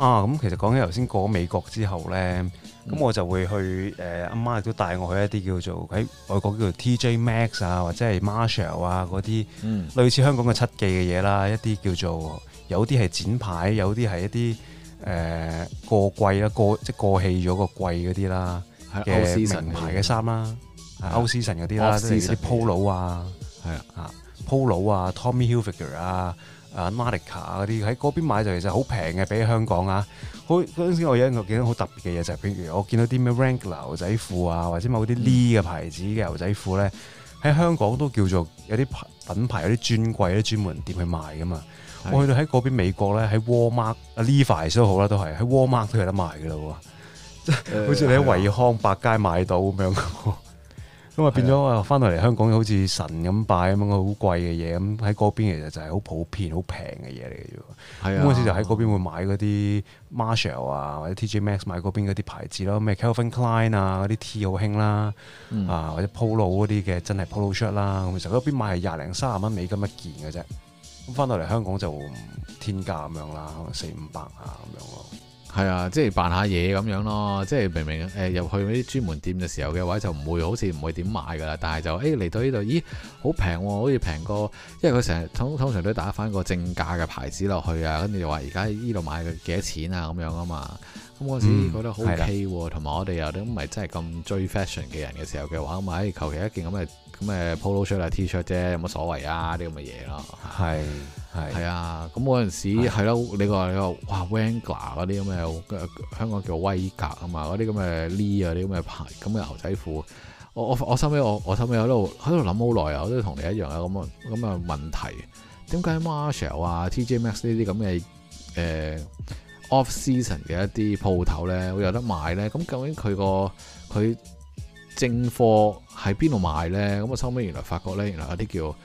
Speaker 1: 啊，咁其實講起頭先過美國之後咧。咁、嗯、我就會去誒，阿媽亦都帶我去一啲叫做喺外國叫做 TJ Max 啊，或者係 Marshall 啊嗰啲，嗯、類似香港嘅七記嘅嘢啦，一啲叫做有啲係剪牌，有啲係一啲誒、呃、過季,過過季啦，過即係過氣咗個季嗰啲啦嘅名牌嘅衫啦，
Speaker 2: 的歐詩臣嗰啲啦，即係啲 Polo
Speaker 1: 啊，係啊，啊 Polo 啊，Tommy Hilfiger 啊。啊，美利加嗰啲喺嗰邊買就其實好平嘅，比起香港啊。好，嗰陣時我有見到好特別嘅嘢，就係譬如我見到啲咩 Wrangler 牛仔褲啊，或者某啲 Lee 嘅牌子嘅牛仔褲咧，喺、嗯、香港都叫做有啲品牌、有啲專櫃、啲專門店去賣噶嘛。的我去到喺嗰邊美國咧，喺 Walmart Levi 都好啦，都係喺 Walmart 都有得賣噶啦喎，
Speaker 3: 即係、嗯、 (laughs) 好似你喺惠
Speaker 1: 康百佳買到咁樣。的 (laughs) 咁啊，變咗啊，翻到嚟香港好似神咁拜咁樣好貴嘅嘢，咁喺嗰邊其實就係好普遍、好平嘅嘢嚟嘅啫。咁嗰時就喺嗰邊會買嗰啲 Marshall 啊，或者 TJ Max 買嗰邊嗰啲牌子咯，咩 Calvin Klein 啊嗰啲 T 好興啦啊，或者 Polo 嗰啲嘅真係 Polo shirt 啦、啊，其實嗰邊買係廿零三十蚊美金一件嘅啫。咁翻到嚟香港就天價咁樣啦，可能四五百啊咁樣
Speaker 2: 咯。係啊，即係扮下嘢咁樣咯，即係明明誒、呃、入去嗰啲專門店嘅時候嘅話就，就唔會好似唔會點買㗎啦。但係就誒嚟、哎、到呢度，咦好平喎，好似平過，因為佢成日通通常都打返個正價嘅牌子落去啊，跟住又話而家呢度買嘅幾多錢啊咁樣啊嘛。
Speaker 3: 咁陣時覺得好 OK
Speaker 2: 喎，同埋、嗯、我哋又都唔係真係咁追 fashion 嘅人嘅時候嘅話，咪求其一件咁嘅。咁誒 polo shirt 啊 T-shirt 啫，有乜所謂啊？啲咁嘅嘢咯，係係係啊！咁嗰陣時係咯、啊，你話你話，哇 Wrangler 嗰啲咁嘅，香港叫威格啊嘛，嗰啲咁嘅 Lee 嗰啲咁嘅牌咁嘅牛仔褲，我我我收尾我我收尾喺度喺度諗好耐啊！我都同你一樣啊！咁嘅咁啊問題，點解 Marshall 啊、TJ Maxx、呃、呢啲咁嘅誒 off season 嘅一啲鋪頭咧會有得買咧？咁究竟佢個佢？正貨喺邊度賣咧？咁我收尾原來發覺咧，原來有啲叫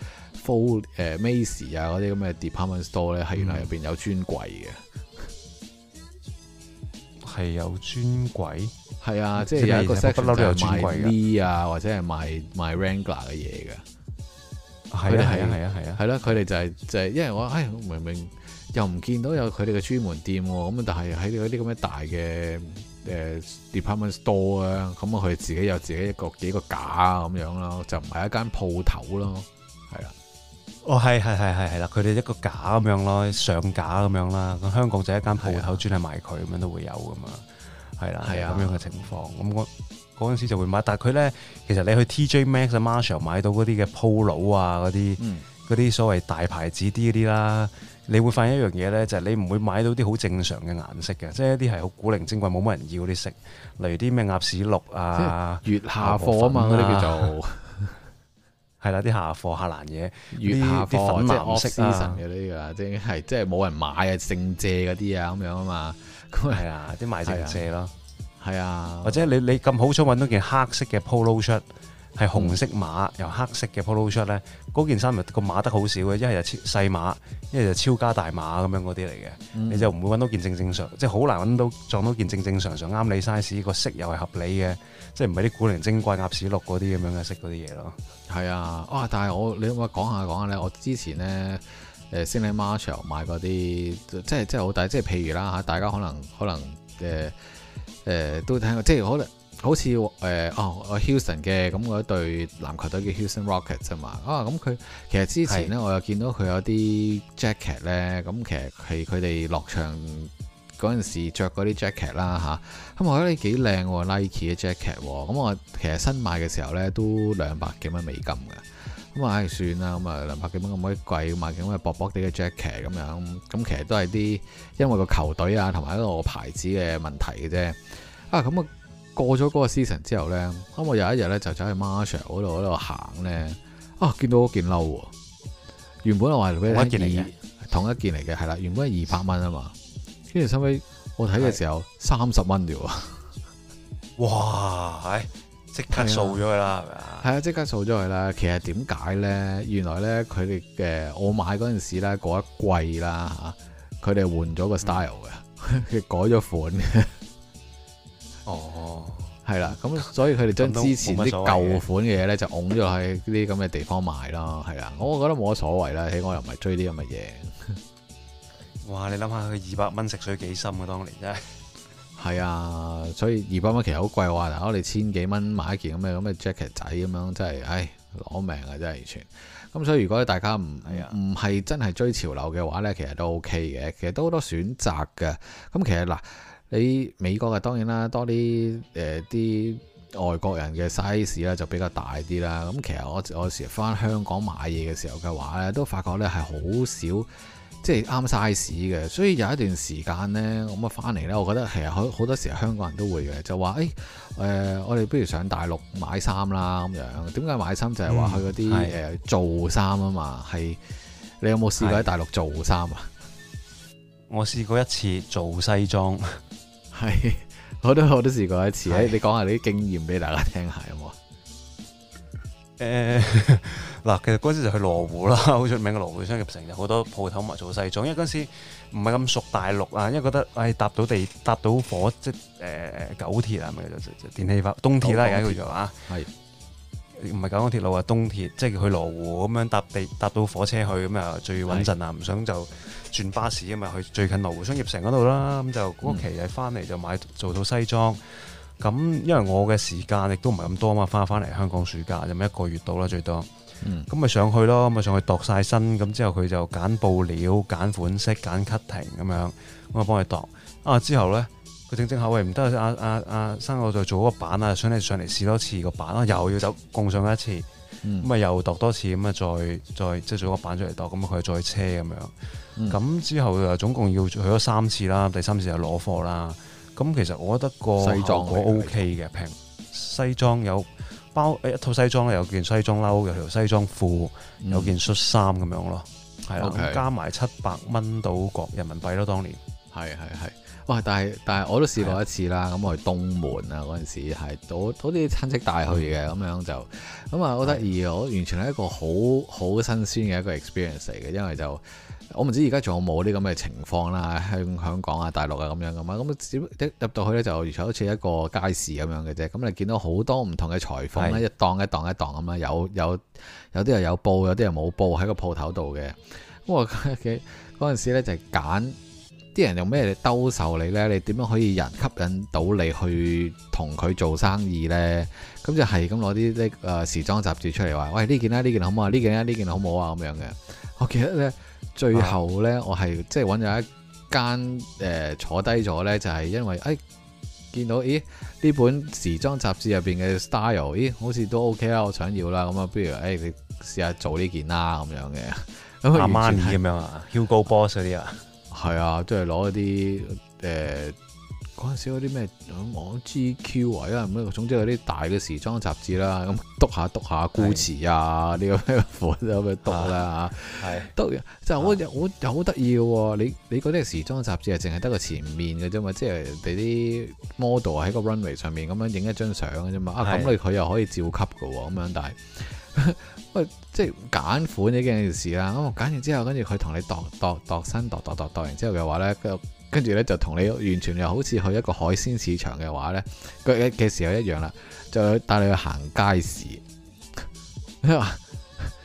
Speaker 2: full 誒 Macy 啊嗰啲咁嘅 department store 咧，係原來入邊有專櫃嘅，係、嗯、有專櫃，係啊，即係有一個 set 唔係賣呢啊，或者係賣賣 Wrangler 嘅嘢嘅，係啊，係啊，係啊，係啊，係啦、啊，佢哋、啊、就係、是、就係、是，因為我哎明明又唔見到有佢哋嘅專門店喎，咁但係喺嗰啲咁嘅大嘅。誒 department store 啊，咁啊佢自己有自己一個幾個架咁樣咯，就唔係一間鋪頭咯，係啊，
Speaker 1: 哦係係係係係啦，佢哋一個架咁樣咯，上架咁樣啦，咁香港就一間鋪頭專係賣佢咁樣都會有噶嘛，係啦係啊咁樣嘅情況，咁我嗰陣時就會買，但係佢咧其實你去 TJ Max、Marshall 買到嗰啲嘅 Polo 啊嗰啲嗰啲所謂大牌子啲嗰啲啦。你會發現一樣嘢咧，就係、是、你唔會買到啲好正常嘅顏色嘅，即係一啲係好古靈精怪、冇乜人要嗰啲色，例如啲咩鴨屎
Speaker 2: 綠啊、月下貨啊嘛，嗰啲叫做係啦，啲 (laughs) 下貨下爛課嘢，啲啲粉藍色啊，嗰啲啊，即係即係冇人買啊，剩借嗰啲啊咁樣啊嘛，係 (laughs) 啊，啲買剩借咯，係啊，
Speaker 1: 或者你你咁好彩揾到件黑色嘅 polo shirt。係紅色碼，又黑色嘅 polo shirt 咧，嗰件衫咪個碼得好少嘅，一係就超細碼，一係就超加大碼咁樣嗰啲嚟嘅，嗯、你就唔會揾到件正正常，即係好難揾到撞到件正正常常啱你 size 個色又係合理
Speaker 2: 嘅，即係唔係啲古靈精怪鴨屎綠嗰啲咁樣嘅色嗰啲嘢咯。係啊，哇！但係我你可唔可以講下講下咧？我之前咧，誒 Saint Laurent 買嗰啲，即係即係好大，即係譬如啦嚇，大家可能可能誒誒、呃呃、都聽過，即係可能。好似誒哦，我 Houston 嘅咁我一隊籃球隊叫 Houston Rockets 啫、啊、嘛。啊，咁佢其實之前咧，是我又見到佢有啲 jacket 咧，咁、嗯、其實係佢哋落場嗰陣時著嗰啲 jacket 啦、啊、嚇。咁、嗯、我覺得幾靚喎 Nike 嘅 jacket 喎、啊。咁、嗯、我其實新買嘅時候咧都兩百幾蚊美金嘅。咁啊，哎、算啦，咁啊兩百幾蚊咁鬼貴，買件咁嘅薄薄啲嘅 jacket 咁、啊、樣，咁、嗯嗯嗯、其實都係啲因為個球隊啊同埋一個牌子嘅問題嘅啫。啊，咁啊。啊嗯啊過咗嗰個 season 之後咧，咁我有一日咧就走去 Marshall 嗰度度行咧，啊見到嗰件褸，原本我係件你二同一件嚟嘅，係啦，原本係二百蚊啊嘛，跟住收尾我睇嘅時候三十蚊啫喎，是哇，
Speaker 1: 係即刻掃咗佢啦
Speaker 2: 係咪啊？係啊，即刻掃咗佢啦。其實點解咧？原來咧佢哋嘅，我買嗰陣時咧嗰一季啦吓，佢哋換咗個 style 嘅、嗯， (laughs) 改咗款係啦，咁所以佢哋將之前啲舊款嘅嘢咧，就拱咗喺啲咁嘅地方賣咯，係啦，我覺得冇乜所謂啦，起我碼又唔係追啲咁嘅嘢。 (laughs) 哇！你諗下，佢
Speaker 1: 二百蚊食水幾深啊？當年真
Speaker 2: 係。係 (laughs) 啊，所以二百蚊其實好貴喎。嗱，我哋千幾蚊買一件咁嘅咁嘅 jacket 仔咁樣，真係唉攞命啊！真係完全。咁所以如果大家唔唔係真係追潮流嘅話咧，其實都 OK 嘅，其實都好多選擇㗎。咁其實嗱。你美國嘅當然啦，多啲誒啲外國人嘅 size 咧就比較大啲啦。咁其實我我有時返香港買嘢嘅時候嘅話咧，都發覺咧係好少即係啱 size 嘅。所以有一段時間咧，咁啊返嚟咧，我覺得其實好好多時候香港人都會嘅，就話誒誒，我哋不如上大陸買衫啦咁樣。點解買衫就係、是、話去嗰啲誒做衫啊嘛？係，你有冇試過喺大陸做衫啊？是我試過一次做西裝，係我都我都試過一次。是你講下你啲經驗俾大家聽下有冇啊？誒，嗱、呃，其實嗰陣
Speaker 1: 時就去羅湖啦，好出名嘅羅湖商業城，就好多鋪頭唔係做西裝。因為嗰陣時唔係咁熟大陸啊，因為覺得、哎、搭到地搭到火即誒、呃、九鐵啊，咪就電氣化東鐵啦，而家叫做啊，係唔係九廣鐵鐵路啊？東鐵是即係去羅湖咁樣搭地搭到火車去咁啊，最穩陣啊！唔想就。轉巴士啊嘛，去最近羅湖商業城嗰度啦，咁就嗰期就翻嚟就買做套西裝。咁因為我嘅時間亦都唔係咁多啊嘛，翻翻嚟香港暑假就咪一個月到啦最多。咁咪上去咯，咁咪上去度晒身。咁之後佢就揀布料、揀款式、揀 cutting 咁樣，咁啊幫佢度。啊之後咧，佢正正口位唔得啊啊啊！生我就做嗰個版啊，想你上嚟試多次個版啊，又要走工上一次。咁啊、嗯、又度多次咁啊再再即係做一個版出嚟度。咁佢再車咁樣，咁、嗯、之後就總共要去咗三次啦，第三次就攞貨啦。咁其實我覺得個西裝好 O K 嘅平，西裝有包，誒、哎、一套西裝有件西裝褸，有條西裝褲、嗯、有件恤衫咁樣咯，係啦，Okay. 加
Speaker 2: 埋七百蚊到國人民幣咯，當年係係係。哇！但係但係我都試過一次啦。咁我去東門啊，嗰陣時係我我啲親戚帶去嘅，咁樣就咁啊好得意啊！的我完全係一個好好新鮮嘅一個 experience 嚟嘅，因為就我唔知而家仲有冇啲咁嘅情況啦，向香港啊、大陸啊咁樣咁啊。咁一入到去咧，就完全好似一個街市咁樣嘅啫。咁你見到好多唔同嘅裁縫咧，一檔一檔一檔咁樣，有有有啲又有布，有啲又冇布喺個鋪頭度嘅。咁我嘅嗰陣時咧就係揀。啲人用咩嚟兜售你咧？你點樣可以人吸引到你去同佢做生意咧？咁就係咁攞啲啲誒時裝雜誌出嚟話：喂，呢件啦，啊，呢件好唔好啊？呢件啦，啊，呢件好唔好啊？咁樣嘅。我記得咧，最後咧，我係即係搵咗一間誒、呃、坐低咗咧，就係因為誒見、哎、到咦呢本時裝雜誌入邊嘅 style，咦好似都 OK 啦，我想要啦，咁啊不如誒、哎、你試下做呢件啦，咁樣嘅阿媽咁樣啊，Hugo Boss 嗰啲啊。係啊，即係攞一啲誒嗰陣時嗰啲咩網 GQ 啊，咁樣總之有啲大嘅時裝雜誌啦，咁篤下篤下古馳啊呢個咩款咁樣篤啦嚇，係篤就我我又好得意喎，你你嗰啲時裝雜誌係淨係得個前面嘅啫嘛，即係你啲 model 喺個 runway 上面咁樣影一張相嘅啫嘛，啊咁、啊、你佢又可以照級嘅喎，咁樣但係。喂，即係揀款呢件事啦。咁我揀完之後，跟住佢同你度度度身度度度度完之後嘅話咧，跟跟住咧就同你完全又好似去一個海鮮市場嘅話咧，嘅嘅時候一樣啦，就帶你去行街市，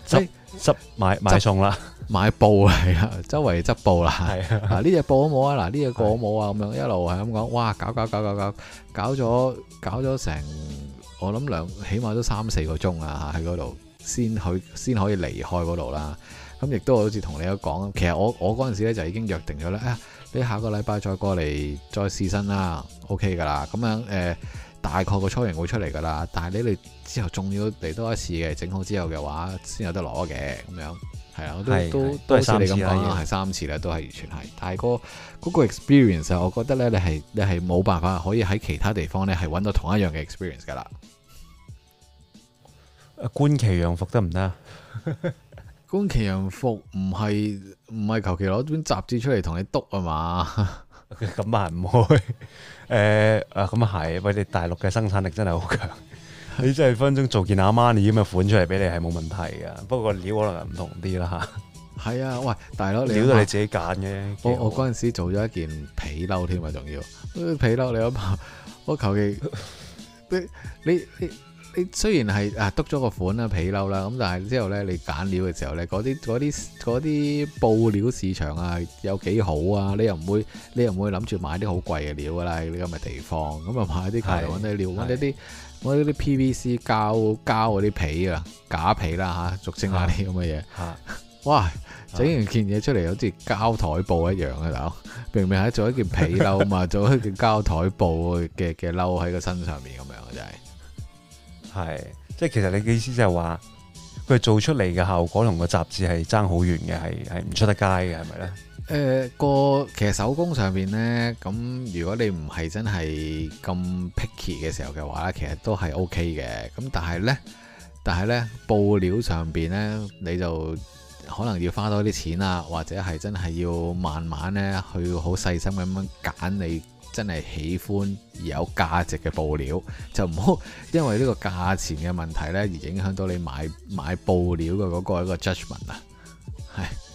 Speaker 2: 即係執買買布啦，買布係啊，周圍執布啦，係啊，嗱呢隻布好冇啊？嗱呢隻布好冇啊？咁樣一路係咁講，哇，搞搞搞搞搞，搞咗搞咗成，我諗兩起碼都三四個鐘啊，喺嗰度先去先可以離開嗰度啦。咁、嗯、亦都好似同你一講，其實我我嗰陣時咧就已經約定咗啦。誒、哎，你下個禮拜再過嚟再試身啦，OK 噶啦。咁樣誒、呃，大概個初型會出嚟噶啦。但係你哋之後仲要嚟多一次嘅，整好之後嘅話先有得攞嘅咁樣。係啊，我都的都你都係三次啦，係、啊、三次咧，都係完全係。但係、那個嗰、那個 experience，我覺得咧，你係你係冇辦法可以喺其他地方咧，係搵到同一樣嘅 experience 噶啦、啊。觀其洋服得唔得？官 (laughs) 旗洋服唔係唔係求其攞本雜誌出嚟同你督啊嘛？咁、 (laughs) (laughs) 呃、啊唔會？誒啊咁啊係，喂！我哋大陸嘅生產力真
Speaker 1: 係好強。你真係分鐘做件阿瑪尼咁嘅款出嚟俾你係冇問題噶，不過料可能唔同啲啦嚇。
Speaker 2: 係啊，喂，大佬，你料都你自己
Speaker 1: 揀嘅、啊。好我我嗰陣
Speaker 2: 時做咗一件皮褸添 (laughs) 啊，仲要皮褸你諗下，我求其你你你你雖然係啊篤咗個款啊皮褸啦，咁但係之後咧你揀料嘅時候咧，嗰啲啲啲布料市場啊，有幾好啊？你又唔會你又唔會諗住買啲好貴嘅料噶啦？呢咁嘅地方，咁啊買啲平穩啲料，揾一啲。.我呢啲 PVC 膠膠嗰啲皮啊，假皮啦吓、啊，俗稱下啲咁嘅嘢。啊、哇、整、啊、完件嘢出嚟好似膠台布一樣嘅大佬、啊、明明係做一件皮褸嘛， (laughs) 做一件膠台布嘅嘅褸喺個身上面咁樣，真係係即係其實你嘅意思就係話佢做出嚟嘅效果
Speaker 1: 同個雜誌係爭好遠嘅，係係唔出得街嘅，係咪咧？
Speaker 2: 誒個、呃、其實手工上邊呢，咁如果你唔係真係咁 picky 嘅時候嘅話呢，其實都係 OK 嘅。咁但係呢，但係呢，布料上邊呢，你就可能要花多啲錢啊，或者係真係要慢慢呢去好細心咁樣揀你真係喜歡而有價值嘅布料，就唔好因為呢個價錢嘅問題呢而影響到你買買布料嘅嗰個一個 judgment 啊，係。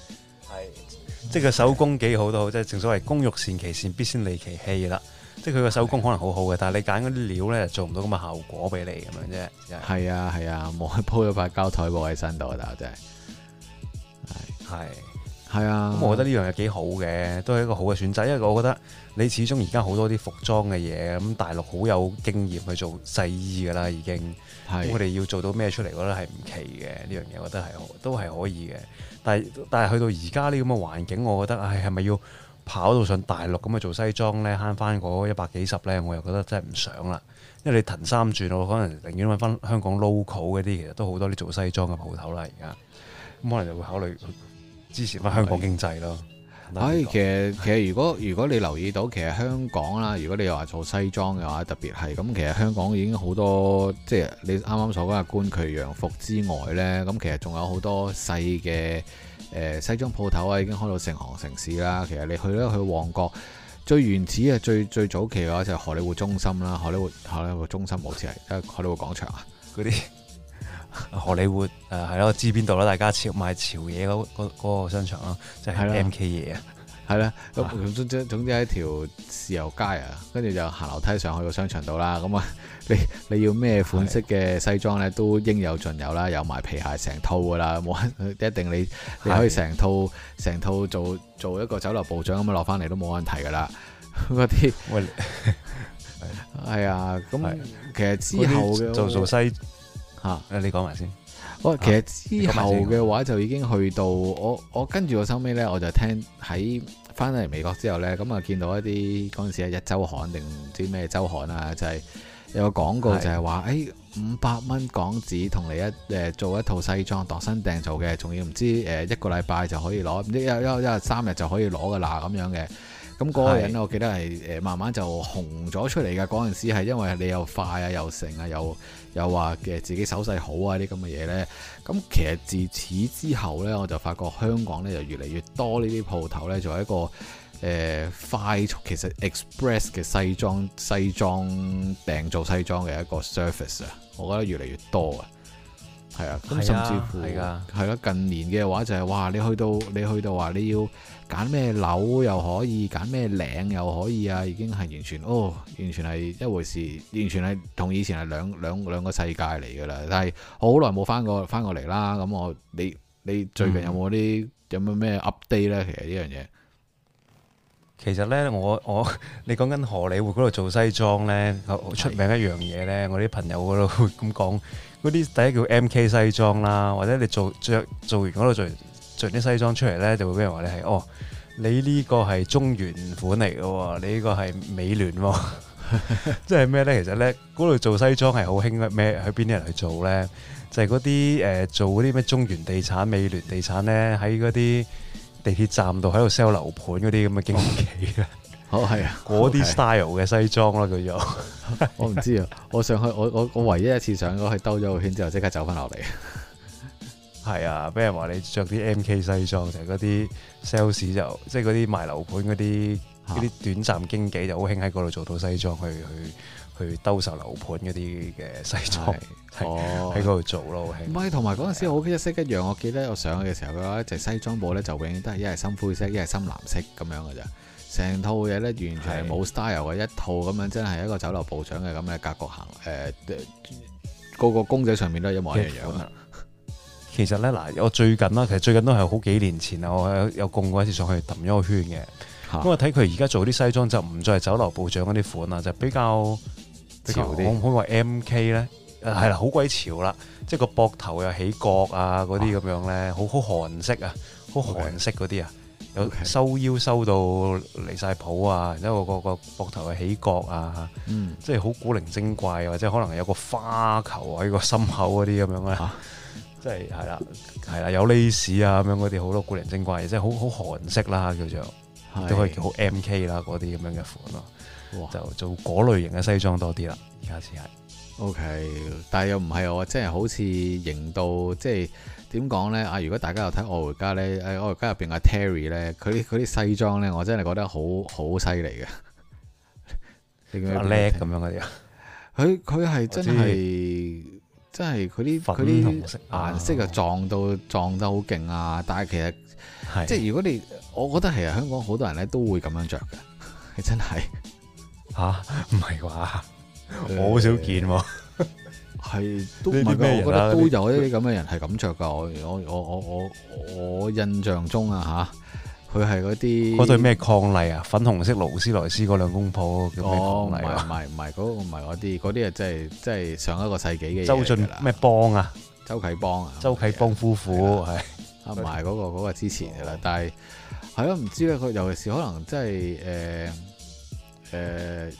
Speaker 1: 即係個手工幾好都好，即係正所謂工欲善其善，必先利其器啦。即係佢個手工可能好好嘅，是的 但係你揀嗰啲料咧，做唔到咁嘅效果俾你咁樣啫。係啊，係啊，冇鋪咗塊膠台布喺身度啊，真係係係啊。咁的的我覺得呢樣嘢幾好嘅，都係一個好嘅選擇，因為我覺得你始終而家好多啲服裝嘅嘢咁，大陸好有經驗去做製衣噶啦，已經。我哋是要做到咩出嚟，覺我覺得係唔奇嘅呢樣嘢，我覺得係都係可以嘅。但係但係去到而家呢咁嘅環境，我覺得唉，哎，係咪要跑到上大陸咁啊做西裝呢？慳翻嗰一百幾十呢，我又覺得真係唔想啦。因為你騰三轉，我可能寧願揾翻香港 local 嘅啲，其實都好多啲做西裝嘅鋪頭啦。而家咁
Speaker 2: 可能就會考慮支持翻香港經濟咯。唉，哎、說其實的其實，如果如果你留意到，其實香港啦，如果你話做西裝嘅話，特別係咁，其實香港已經好多，即係你啱啱所講嘅官渠洋服之外呢，咁其實仲有好多細嘅誒西裝鋪頭啊，已經開到成行成市啦。其實你去到去旺角最原始嘅、最最早期嘅話就係荷里活中心啦，荷里活荷里活中心好似係啊荷里活廣場啊嗰啲。荷里活，誒係咯，知邊度啦？大家潮買潮嘢嗰嗰嗰個商場咯，即係 M K 嘢啊，係啦。咁總之總之係一條豉油街啊，跟住就行樓梯上去個商場度啦。咁啊，你你要咩款式嘅西裝咧，都應有盡有啦，有埋皮鞋成套噶啦，冇一定你你可以成套成套做做一個酒樓部長咁啊，落翻嚟，都冇問題噶啦。嗰啲，喂，係啊，咁其實之後嘅做做西。啊！你講埋先。我、啊、其實之後嘅話就已經去到我我跟住我收尾咧，我就聽喺翻嚟美國之後咧，咁啊見到一啲嗰陣時係一周刊定唔知咩周刊啊，就係、是、有個廣告就係話誒五百蚊港紙同你一誒做一套西裝度身訂造嘅，仲要唔知誒一個禮拜就可以攞，唔一一日三日就可以攞噶啦咁樣嘅。咁嗰個人是的 我記得係誒慢慢就紅咗出嚟嘅。嗰陣時係因為你又快啊，又成啊，又～又話嘅自己手勢好啊啲咁嘅嘢呢。咁其實自此之後呢，我就發覺香港呢就越嚟越多呢啲鋪頭就係一個誒快速其實 Express 嘅西裝西裝訂造西裝嘅一個 service 啊，我覺得越嚟越多啊，係啊、嗯，咁甚至乎係啦、啊啊啊，近年嘅話就係、係、哇，你去到你去到話你要。揀咩樓又可以，揀咩領又可以啊！已經係完全哦，完全係一回事，完全係同以前係兩兩兩個世界嚟噶啦。但係我好耐冇翻過翻過嚟啦。咁我你你最近有冇啲有冇咩 update 咧？其實呢樣嘢，其實
Speaker 1: 咧，我我你講緊荷里活嗰度做西裝咧，好出名一樣嘢咧。我啲朋友嗰度會咁講，嗰啲第一叫 MK 西裝啦，或者你做着做完嗰度做完。着啲西裝出嚟咧，就會俾人話你係哦，你呢個係中原款嚟嘅喎，你個、哦、 (laughs) 呢個係美聯喎，即係咩咧？其實咧，嗰度做西裝係好興咩？喺邊啲人去做咧？就係嗰啲誒做嗰啲咩中原地產、美聯地產咧，喺嗰啲地鐵站度喺度 sell 樓盤嗰啲咁嘅經紀啊！
Speaker 2: 哦，係啊，嗰啲 style 嘅西裝啦，佢就 Okay. Okay. (laughs) 我唔知啊！我上去，我我我唯一一次上去兜咗個圈之後，即刻走翻落嚟。係啊，俾人話
Speaker 1: 你著啲 MK 西裝，就嗰啲 sales 就即係嗰啲賣樓盤嗰啲嗰啲短暫經紀就好興喺嗰度做到西裝去去去兜售樓盤嗰啲嘅西裝，
Speaker 2: 喺嗰度
Speaker 1: 做咯。
Speaker 2: 唔係同埋嗰陣時好嘅一式一樣，我記得我上去嘅時候，佢話一隻西裝布咧就永遠都係一係深灰色，一係深藍色咁樣嘅啫。成套嘢咧，完全係冇 style 嘅一套咁樣，真係一個酒樓部長嘅咁嘅格局行誒，個個公仔上面都係一模一樣。其實咧嗱，
Speaker 1: 我最近啦，其實最近都係好幾年前啦，我有有共過一次上去揼咗個圈嘅。咁、啊、我睇佢而家做啲西裝就唔再係酒樓部長嗰啲款啦，就比較，比較潮啲。可唔可以話 MK 咧？係啦、嗯，好鬼、啊、潮啦！即係個膊頭又起角啊，嗰啲咁樣咧，好好韓式啊，好韓式嗰啲啊，Okay. 有收腰收到離晒譜啊，然之個個個膊頭又起角啊，嗯、即係好古靈精怪，或者可能有一個花球喺個心口嗰啲咁樣咧。啊啊即係係啦，係啦、就是，有 lace 啊咁樣，我哋好多古靈精怪嘢，即係好好韓式啦，叫做的都可以叫好 MK 啦，
Speaker 2: 嗰啲咁樣嘅款咯。哇就做嗰類型嘅西裝多啲啦，
Speaker 1: 而家先
Speaker 2: 係 OK，但係又唔係我即係好似型到即係點講咧？啊、就是，如果大家又睇《我回家》咧，《我回家》入邊阿 Terry 咧，佢啲佢啲西裝咧，我真係覺得好好犀利嘅，阿叻咁樣嗰啲啊，佢佢係真係。真係佢啲佢啲顏色啊撞到啊撞得好勁啊！但係其實係即係如果你我覺得其實啊，香港好多人咧都會咁樣著嘅，真係吓？唔係啩？我好少見喎，係都唔係、啊、我覺得都有啲咁嘅人係咁着㗎。我我我我我我印象中啊嚇。啊佢係嗰啲嗰對咩伉儷啊？粉紅色勞斯萊斯嗰兩公婆叫咩伉儷啊？唔係唔係嗰個唔係嗰啲，嗰啲係真係真係上一個世紀嘅周俊咩、啊、邦啊？周啟邦啊？周啟邦夫婦係，啊埋嗰、啊啊嗰個嗰、嗰個之前噶啦，吧但係係咯唔知咧，佢尤其是可能真係誒誒，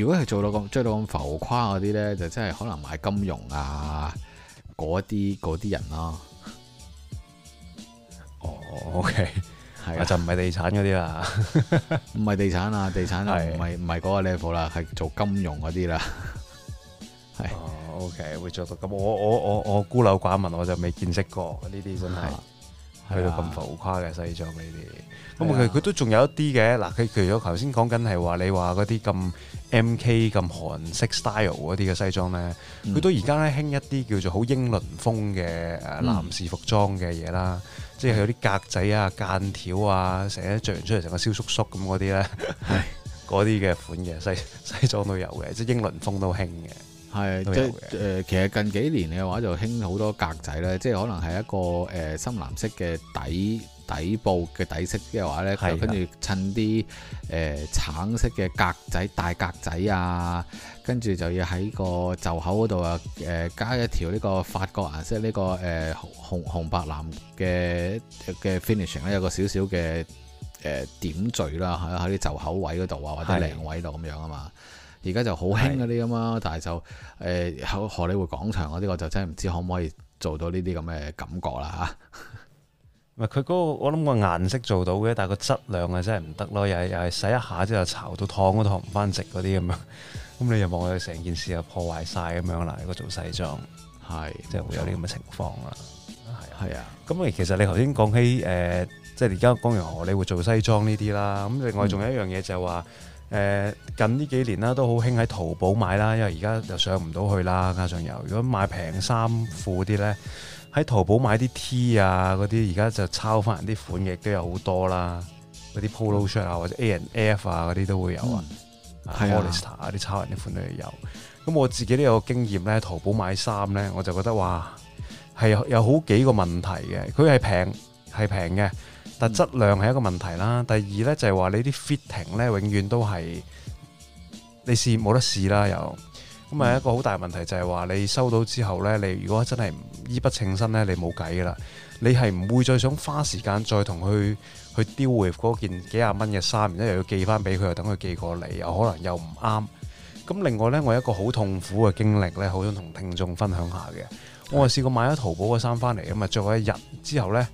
Speaker 2: 如果係做到咁追到咁浮誇嗰啲咧，就真係可能買金融啊嗰啲嗰啲人咯。哦、 (laughs) oh，OK。係啊，就唔係地產嗰啲啦，唔係地產啊，地產唔係唔係嗰個 level 啦，係做金融嗰啲啦，係。哦，OK，會着到咁，我我我我孤陋寡聞，我就未見識過呢啲真
Speaker 1: 係，去到咁浮誇嘅西裝呢啲。咁佢佢都仲有一啲嘅，嗱，佢除咗頭先講緊係話你話嗰啲咁 MK 咁韓式 style 嗰啲嘅西裝咧，佢都而家咧興一啲叫做好英倫風嘅男士服裝嘅嘢啦。即係有啲格仔啊、間條啊，成日着完出嚟成個蕭叔叔咁嗰啲咧，係嗰啲嘅款嘅西西裝都有嘅，即係英倫風都興嘅，
Speaker 2: 係即係誒，其實近幾年嘅話就興好多格仔咧，即係可能係一個誒、呃、深藍色嘅底。底部嘅底色嘅話咧，跟住襯啲誒橙色嘅格仔、大格仔啊，跟住就要喺個袖口嗰度啊，誒、呃、加一條呢個法國顏色呢、呢個誒、呃、紅紅白藍嘅嘅 finishing 咧、呃，有個少少嘅誒點綴啦，喺喺啲袖口位嗰度啊，或者領位度咁樣啊嘛。而家的就好興嗰啲啊嘛，的但係就誒荷荷里活廣場嗰啲，我就真係唔知可唔可以做到呢啲咁嘅感覺啦嚇。佢嗰、那個我諗個顏色做到嘅，但係個質量啊真係唔得咯，又係又係
Speaker 1: 洗一下之後巢到燙都燙唔翻直嗰啲咁樣，咁你又望佢成件事又破壞晒咁樣啦。如果做西裝係是即係會有啲咁嘅情況啦。係錯啊，咁啊其實你頭先講起誒，即係而家講完我你會做西裝呢啲啦，咁另外仲有一樣嘢就話。嗯誒近呢幾年啦，都好興喺淘寶買啦，因為而家又上唔到去啦，加上又如果買平衫褲啲咧，喺淘寶買啲 T 啊嗰啲，而家就抄翻人啲款亦都有好多啦，嗰啲 Polo shirt 啊或者 A&F 啊嗰啲都會有、嗯、啊 Hollister 啊啲抄人啲款都有。咁我自己都有個經驗咧，淘寶買衫咧，我就覺得哇，係有好幾個問題嘅，佢係平係平嘅。但質量係一個問題啦。第二呢，就係話你啲 fitting 呢，永遠都係你試冇得試啦。又咁啊，一個好大問題就係話你收到之後呢，你如果真係衣不稱身呢，你冇計噶啦。你係唔會再想花時間再同佢去 deal with 嗰件幾廿蚊嘅衫，然之後要寄翻俾佢，又等佢寄過嚟，又可能又唔啱。咁另外呢，我有一個好痛苦嘅經歷呢，好想同聽眾分享下嘅。我試過買咗淘寶嘅衫翻嚟咁啊，着咗一日之後呢。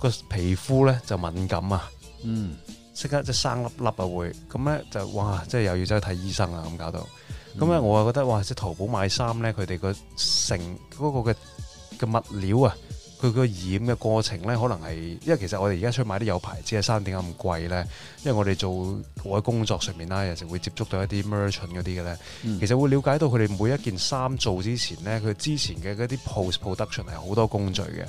Speaker 1: 個皮膚咧就敏感啊，
Speaker 3: 嗯，
Speaker 1: 即刻即生粒粒啊會，咁咧就哇，即係又要走去睇醫生啦，咁搞到，咁咧、嗯、我就覺得哇，即係淘寶買衫咧佢哋個成嗰個嘅嘅物料啊。佢個染嘅過程咧，可能係因為其實我哋而家出去買啲有牌子嘅衫點解咁貴咧？因為我哋做我喺工作上面啦，有時會接觸到一啲 merchandise 嗰啲嘅咧，嗯、其實會了解到佢哋每一件衫做之前咧，佢之前嘅嗰啲 post-production 係好多工序嘅，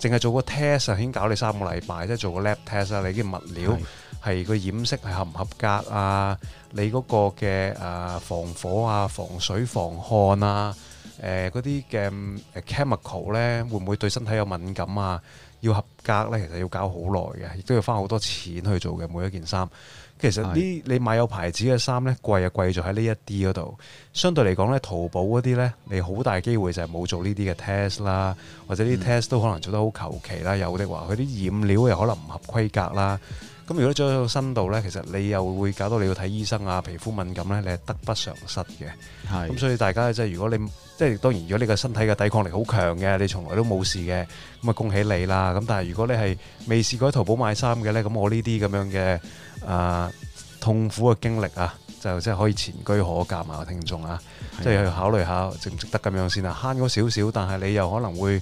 Speaker 1: 淨係做個 test 先搞你三個禮拜，嗯、即係做個 lab test 啦，你啲物料係個是染色係合唔合格啊？你嗰個嘅誒防火啊、防水、防汗啊。誒嗰啲嘅 chemical 咧，會唔會對身體有敏感啊？要合格咧，其實要搞好耐嘅，亦都要花好多錢去做嘅。每一件衫，其實啲你買有牌子嘅衫咧，貴就貴在喺呢一啲嗰度。相對嚟講咧，淘寶嗰啲咧，你好大機會就係冇做呢啲嘅 test 啦，或者啲 test 都可能做得好求其啦。有的話，佢啲染料又可能唔合規格啦。咁如果做到深度咧，其實你又會搞到你要睇醫生啊，皮膚敏感咧，你係得不償失嘅。咁的所以大家即係如果你即係當然，如果你個身體嘅抵抗力好強嘅，你從來都冇事嘅，咁啊恭喜你啦！咁但係如果你係未試過喺淘寶買衫嘅呢，咁我呢啲咁樣嘅啊、呃、痛苦嘅經歷啊，就即係可以前車可鑒啊，聽眾啊，即係去考慮下值唔值得咁樣先啊，慳咗少少，但係你又可能會。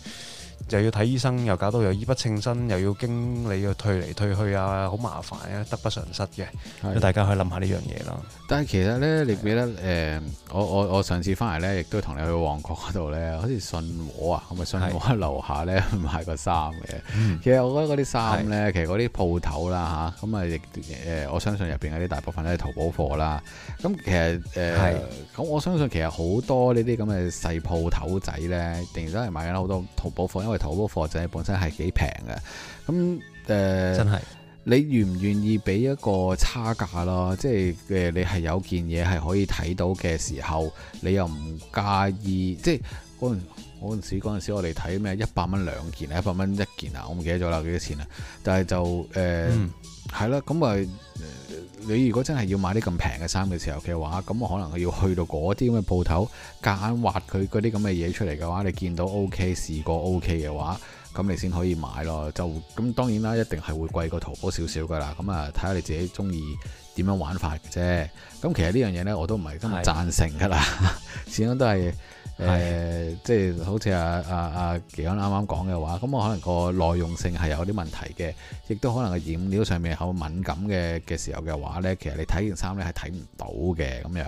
Speaker 1: 又要睇醫生，又搞到又衣不稱身，又要經理要退嚟退去啊，好麻煩啊，得不償失嘅。的大家可以諗下呢樣嘢咯。
Speaker 2: 但係其實咧，的你記得誒、呃，我我我上次返嚟咧，亦都同你去旺角嗰度咧，好似信和啊，咁啊信和樓下咧買個衫嘅。嗯、其實我覺得嗰啲衫咧，的其實嗰啲鋪頭啦吓。咁啊亦誒、呃，我相信入邊嗰啲大部分咧係淘寶貨啦。咁其實誒，咁我相信其實好多呢啲咁嘅細鋪頭仔咧，突然間係買咗好多，多淘寶貨。因為淘寶貨仔本身係幾平嘅，咁誒，呃、真係你願唔願意俾一個差價咯？即係誒，你係有件嘢係可以睇到嘅時候，你又唔介意？即係嗰陣陣時，陣時我哋睇咩？一百蚊兩件，一百蚊一件啊！我唔記得咗啦，幾多錢啊？但係就誒、是。呃嗯係啦，咁啊，你如果真係要買啲咁平嘅衫嘅時候嘅話，咁可能佢要去到嗰啲咁嘅鋪頭，夾硬挖佢嗰啲咁嘅嘢出嚟嘅話，你見到 OK，試過 OK 嘅話，咁你先可以買咯。就咁當然啦，一定係會貴過淘寶少少噶啦。咁啊，睇下你自己中意點樣玩法嘅啫。咁其實呢樣嘢呢，我都唔係真係贊成噶啦，的 (laughs) 始終都係。誒、嗯呃，即係好似阿阿阿奇安啱啱講嘅話，咁、嗯、我可能個耐用性係有啲問題嘅，亦都可能個染料上面好敏感嘅嘅時候嘅話呢。其實你睇件衫咧係睇唔到嘅咁樣。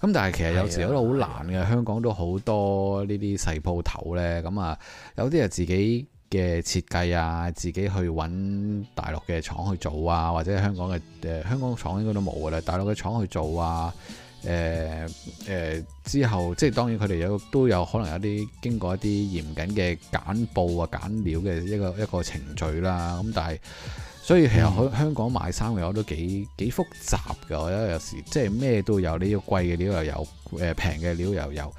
Speaker 2: 咁但係其實有時都好難嘅，的香港都好多呢啲細鋪頭呢，咁、嗯、啊、嗯、有啲係自己嘅設計啊，自己去揾大陸嘅廠去做啊，或者香港嘅誒、呃、香港廠應該都冇㗎啦，大陸嘅廠去做啊。誒誒、呃呃、之後，即係當然佢哋有都有可能有啲經過一啲嚴謹嘅揀布啊、揀料嘅一個一個程序啦。咁但係，所以其實香香港買衫嘅我都幾幾複雜㗎。我覺得有時即係咩都有，你要貴嘅料又有，誒平嘅料又有，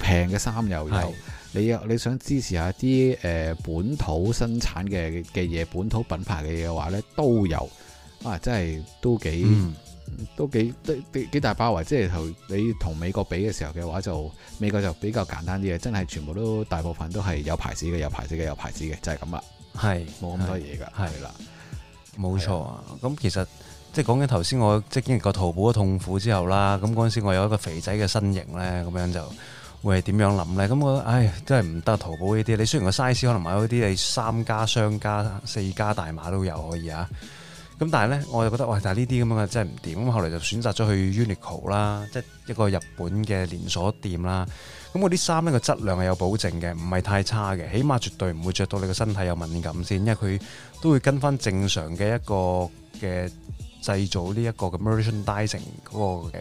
Speaker 2: 平嘅衫又有。你有你想支持一下啲誒、呃、本土生產嘅嘅嘢，本土品牌嘅嘢嘅話咧都有。哇、啊！真係都幾～、嗯都幾都幾幾大包圍，即係同你同美國比嘅時候嘅話就，就美國就比較簡單啲嘅，真係全部都大部分都係有牌子嘅，有牌子嘅，有牌子嘅，就係咁啦。係冇咁多嘢噶，係啦，冇錯啊。咁其實即係講緊頭先，我即
Speaker 1: 經歷過淘寶嘅痛苦之後啦。咁嗰陣時我有一個肥仔嘅身形咧，咁樣就會係點樣諗咧？咁我唉，真係唔得淘寶呢啲。你雖然個 size 可能買到啲，你三家商家，四家大碼都有可以啊。咁但係呢，我就覺得哇，但係呢啲咁樣嘅真係唔掂，咁後嚟就選擇咗去 Uniqlo 啦，即係一個日本嘅連鎖店啦。咁我啲衫呢個質量係有保證嘅，唔係太差嘅，起碼絕對唔會著到你個身體有敏感先，因為佢都會跟翻正常嘅一個嘅製造呢一個嘅 merchandising 嗰個嘅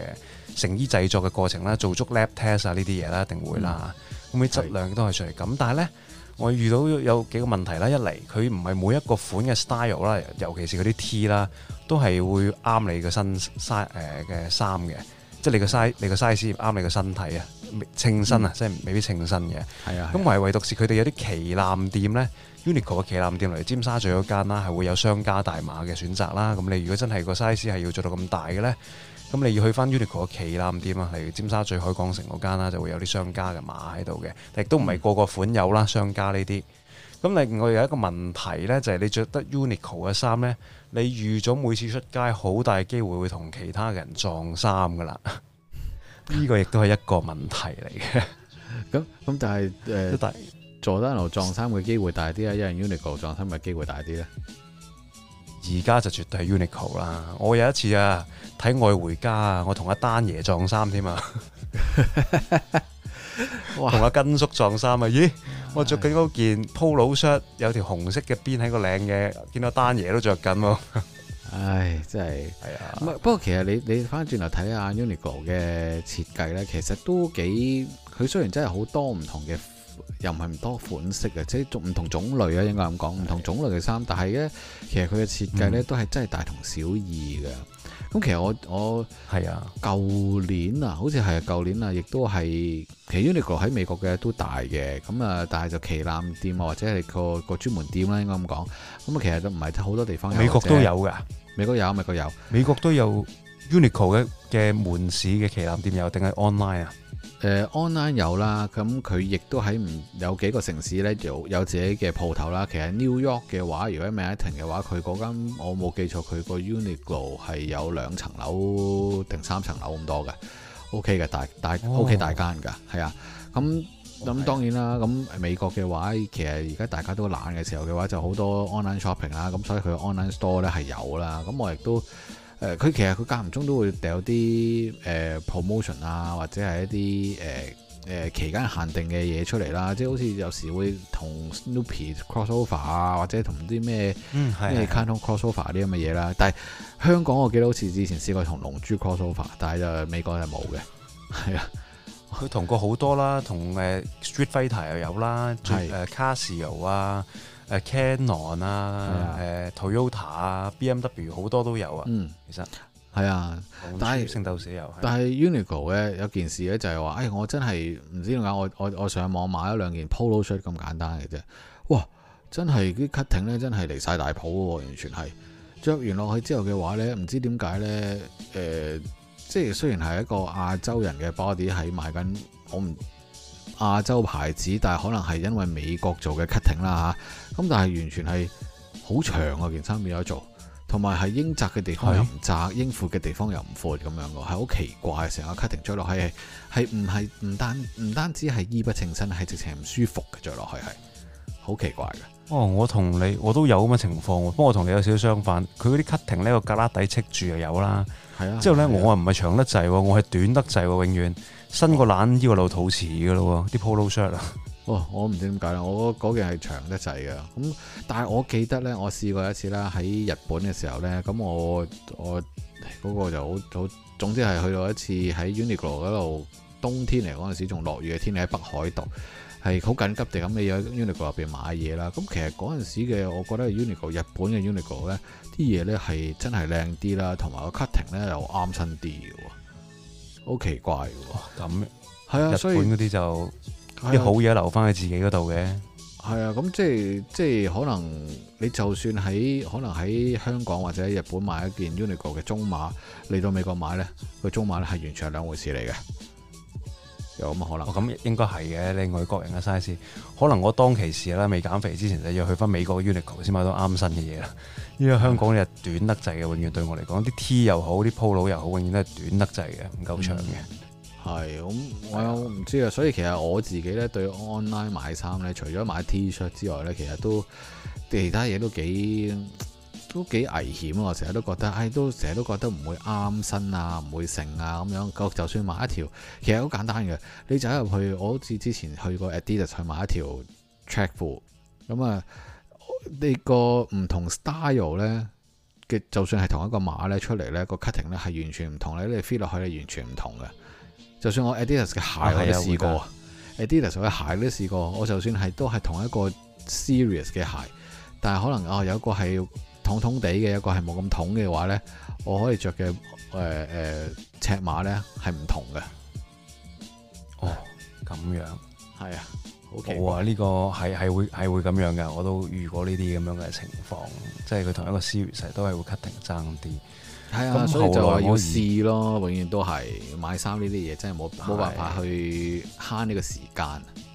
Speaker 1: 成衣製作嘅過程啦，做足 lab test 啊呢啲嘢啦，一定會啦。咁啲質量都係出嚟。咁但係呢。我遇到有幾個問題啦，一嚟佢唔係每一個款嘅 style 啦，尤其是嗰啲 T 啦，都係會啱你嘅身 size 誒嘅衫嘅，即係你嘅 size 你嘅 size 啱你嘅身體啊，稱身啊，即係未必稱身嘅。係啊，咁唯唯獨是佢哋有啲旗艦店咧，Uniqlo 嘅旗艦店嚟，尖沙咀嗰間啦，係會有雙加大碼嘅選擇啦。咁你如果真係個 size 係要做到咁大嘅咧？咁你要去翻 Uniqlo 屋企啦，咁啲啦，例如尖沙咀海港城嗰間啦，就會有啲商家嘅碼喺度嘅，亦都唔係個個款有啦。商家呢啲，咁另外有一個問題呢，就係、是、你着得 Uniqlo 嘅衫呢，你預咗每次出街好大機會會同其
Speaker 2: 他人撞衫噶啦，呢 (laughs) 個亦都係一個問題嚟嘅。咁咁但係誒，但係、呃、是佐丹奴撞衫嘅機會大啲啊，因為 Uniqlo 撞衫咪機會大啲呢？而家就絕對係 Uniqlo 啦！我有一次啊，
Speaker 1: 睇《愛回家》啊，我同阿丹爺撞衫添啊，同阿 (laughs) 哇根叔撞衫啊！咦，我着緊嗰件 Polo shirt 有條紅色嘅邊喺
Speaker 2: 個領嘅，見到丹爺都着緊、啊、喎。唉，真係係 (laughs) 啊。不過其實你你翻轉頭睇下 Uniqlo 嘅設計咧，其實都幾佢雖然真係好多唔同嘅。又唔係唔多款式嘅，即係唔同種類啊，應該咁講，唔是的 同種類嘅衫。但係咧，其實佢嘅設計咧都係真係大同小異嘅。咁其實我我係啊，舊是的 年啊，好似係舊年啊，亦都係，其實 Uniqlo 喺美國嘅都大嘅。咁啊，但係就是旗艦店啊，或者係個個專門店啦，應該咁講。咁啊，其實都唔係好多地方有。美國都有㗎。美國有，美國有，
Speaker 1: 美國都有
Speaker 2: Uniqlo 嘅嘅門市嘅旗艦店有，定係 online 啊？誒 online 有啦，咁佢亦都喺唔有幾個城市呢，有有自己嘅鋪頭啦。其實 New York 嘅話，如果 Manhattan 嘅話，佢嗰間我冇記錯，佢個 Uniqlo 係有兩層樓定三層樓咁多嘅，OK 嘅大大、哦、OK 大間㗎，係啊。咁咁、嗯、當然啦，咁的美國嘅話，其實而家大家都懶嘅時候嘅話，就好多 online shopping 啦。咁、啊、所以佢 online store 呢係有啦。咁我亦都。誒佢、呃、其實佢間唔中都會掉啲誒 promotion 啊，或者係一啲誒誒期間限定嘅嘢出嚟啦，即係好似有時會同 Snoopy crossover 啊，或者同啲咩咩 Canton crossover 啲咁嘅嘢啦。的但係香港我記得好似之前試過同龍珠 crossover，但係就美國係冇嘅，係啊，佢 (laughs) 同過好多啦，同
Speaker 1: 誒、uh, Street Fighter 又有啦，誒 Cast 油啊。誒 Canon 啊，
Speaker 2: 誒 Toyota 啊，BMW 好多都有、嗯、實啊，嗯，其實係啊，但係聖鬥士又係，但係 Uniqlo 咧有件事咧就係、是、話，誒、哎、我真係唔知點解，我我我上網買咗兩件 polo shirt 咁簡單嘅啫，哇！真係啲 cutting 咧真係嚟晒大普喎，完全係着完落去之後嘅話咧，唔知點解咧，誒、呃、即係雖然係一個亞洲人嘅 body 喺賣緊我唔亞洲牌子，但係可能係因為美國做嘅 cutting 啦嚇。咁但係完全係好長啊，件衫冇得做，同埋係應窄嘅地方又唔窄，應闊嘅地方又唔闊，咁樣嘅係好奇怪，成個 cutting 着落去係唔係唔單唔單止係衣不稱身，係直情唔舒服嘅着落去係好奇怪嘅。
Speaker 1: 哦，我同你我都有咁嘅情況喎，不過我同你有少少相反。佢嗰啲 cutting 呢個格旯底戚住又有啦，啊、之後呢，啊、我係唔係長得滯喎？我係短得滯喎，永遠伸個懶腰露肚臍噶咯喎，啲 polo shirt 啊！
Speaker 2: 哦，我唔知點解啦，我嗰件係長得滯嘅，咁但係我記得咧，我試過一次啦，喺日本嘅時候咧，咁我我嗰、嗰個就好好，總之係去到一次喺 Uniqlo 嗰度，冬天嚟嗰陣時仲落雨嘅天，喺北海道係好緊急地咁你喺 Uniqlo 入邊買嘢啦，咁其實嗰陣時嘅我覺得 Uniqlo 日本嘅 Uniqlo 咧啲嘢咧係真係靚啲啦，同埋個 cutting 咧又啱襯啲嘅喎，好奇怪喎，咁係那啊，日本嗰啲就。啲好
Speaker 1: 嘢留翻喺自己嗰度嘅，
Speaker 2: 係啊，咁即係即係可能你就算喺可能喺香港或者日本買一件 Uniqlo 嘅中碼嚟到美國買咧，個中碼咧係完全係兩回事嚟嘅，有咁可能。咁、哦、應該係
Speaker 1: 嘅，你外國人嘅 size，可能我當其時啦，未減肥之前就要去翻美國 Uniqlo 先買到啱身嘅嘢啦。因為香港嘅短得滯嘅，嗯、永遠對我嚟講，啲 T 又好，啲 POLO 又好，永遠都係短得滯嘅，唔夠長嘅。嗯
Speaker 2: 係咁，我又唔知啊。所以其實我自己咧對 online 買衫咧，除咗買 T-shirt 之外咧，其實都其他嘢都幾都幾危險啊。我成日都覺得，唉、哎，都成日都覺得唔會啱身啊，唔會成啊咁樣就。就算買一條，其實好簡單嘅，你就入去。我好似之前去過 Adidas 去買一條 track 褲咁啊。呢個唔同 style 咧嘅，就算係同一個碼咧出嚟咧，個 cutting 咧係完全唔同咧，你 fit 落去咧完全唔同嘅。就算我 Adidas、e、嘅鞋我都試過，Adidas 嘅鞋都試過。我就算係都係同一個 Serious 嘅鞋，但係可能啊有一個係筒筒地嘅，有個係冇咁筒嘅話咧，我可以着嘅誒誒尺碼咧係唔同嘅。哦，咁樣係啊。.
Speaker 1: 好啊、哦！呢、呢個係係會係會咁樣㗎，我都遇過呢啲咁樣嘅情
Speaker 2: 況，即係佢同一個思維成日都係會 cutting 爭啲，咁、哎、呀好所以就話要試以咯。永遠都係買衫呢啲嘢真係冇冇辦法去慳呢個時間。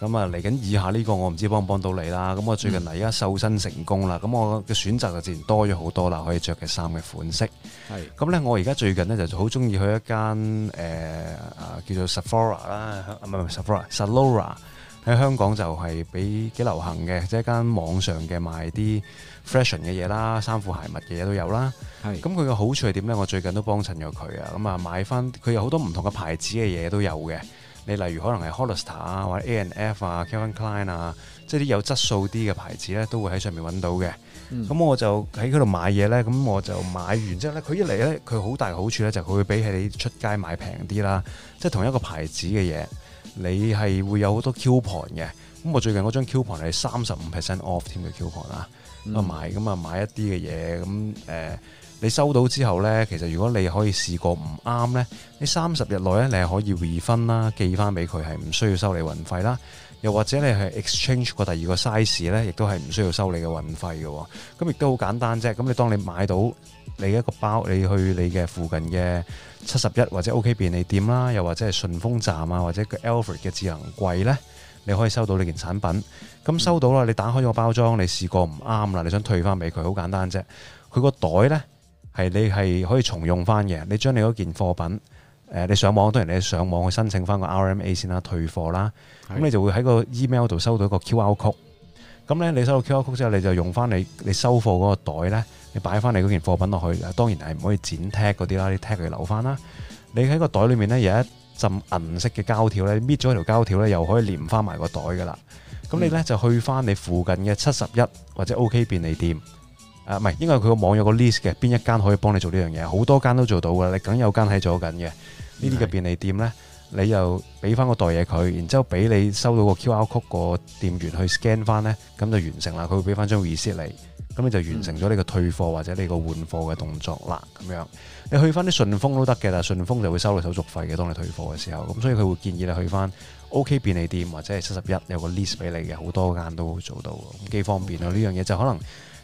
Speaker 2: 咁啊，嚟緊以下呢個我唔知幫唔幫到你啦。咁我最近啊，而家
Speaker 1: 瘦身成功啦，咁、嗯、我嘅選擇就自然多咗好多啦，可以着嘅衫嘅款式。係是。咁咧，我而家最近咧就好中意去一間誒、呃、叫做 Sephora 啦、啊，唔係唔係 Sephora，Salora 喺香港就係比幾流行嘅，即係一間網上嘅賣啲 fashion 嘅嘢啦，衫褲鞋襪嘅嘢都有啦。咁佢嘅好處係點咧？我最近都幫襯咗佢啊。咁、嗯、啊，買翻佢有好多唔同嘅牌子嘅嘢都有嘅。你例如可能係 Hollister 啊，或者 A.N.F 啊、Calvin Klein 啊，即係啲有質素啲嘅牌子咧，都會喺上面揾到嘅。咁、嗯、我就喺嗰度買嘢咧，咁我就買完之後咧，佢一嚟咧，佢好大嘅好處咧，就佢會比起你出街買平啲啦。即係同一個牌子嘅嘢，你係會有好多 coupon 嘅。咁我最近嗰張 coupon 係三十五 percent off 添嘅 coupon 啦，咁啊、嗯、買，咁啊買一啲嘅嘢，咁誒。呃你收到之後呢，其實如果你可以試過唔啱呢，你三十日內咧，你係可以 refund 啦，寄翻俾佢係唔需要收你運費啦。又或者你係 exchange 過第二個 size 呢，亦都係唔需要收你嘅運費嘅。咁亦都好簡單啫。咁你當你買到你一個包，你去你嘅附近嘅七十一或者 OK 便利店啦，又或者係順豐站啊，或者 Alfred 嘅智能櫃呢，你可以收到呢件產品。咁收到啦，你打開咗個包裝，你試過唔啱啦，你想退翻俾佢，好簡單啫。佢個袋呢。係你係可以重用翻嘅，你將你嗰件貨品，誒、呃，你上網，當然你上網去申請翻個 RMA 先啦，退貨啦，咁的你就會喺個 email 度收到一個 QR code，咁咧你收到 QR code 之後，你就用翻你你收貨嗰個袋咧，你擺翻你嗰件貨品落去，當然係唔可以剪 tag 嗰啲啦，你 tag 要留翻啦，你喺個袋裏面咧有一浸銀色嘅膠條咧，搣咗條膠條咧又可以連翻埋個袋噶啦，咁你咧、嗯、就去翻你附近嘅七十一或者 OK 便利店。啊，唔係，因為佢個網有個 list 嘅，邊一間可以幫你做呢樣嘢，好多間都做到噶，你梗有間喺做緊嘅。呢啲嘅便利店呢，你又俾翻個袋嘢佢，然之後俾你收到個 QR code 個店員去 scan 翻呢，咁就完成啦。佢會俾翻張 receipt 嚟，咁你就完成咗呢個退貨或者呢個換貨嘅動作啦。咁、嗯、樣你去翻啲順豐都得嘅，但係順豐就會收你手續費嘅，當你退貨嘅時候。咁所以佢會建議你去翻 OK 便利店或者係七十一有個 list 俾你嘅，好多間都會做到，幾方便啊！呢樣嘢就可能。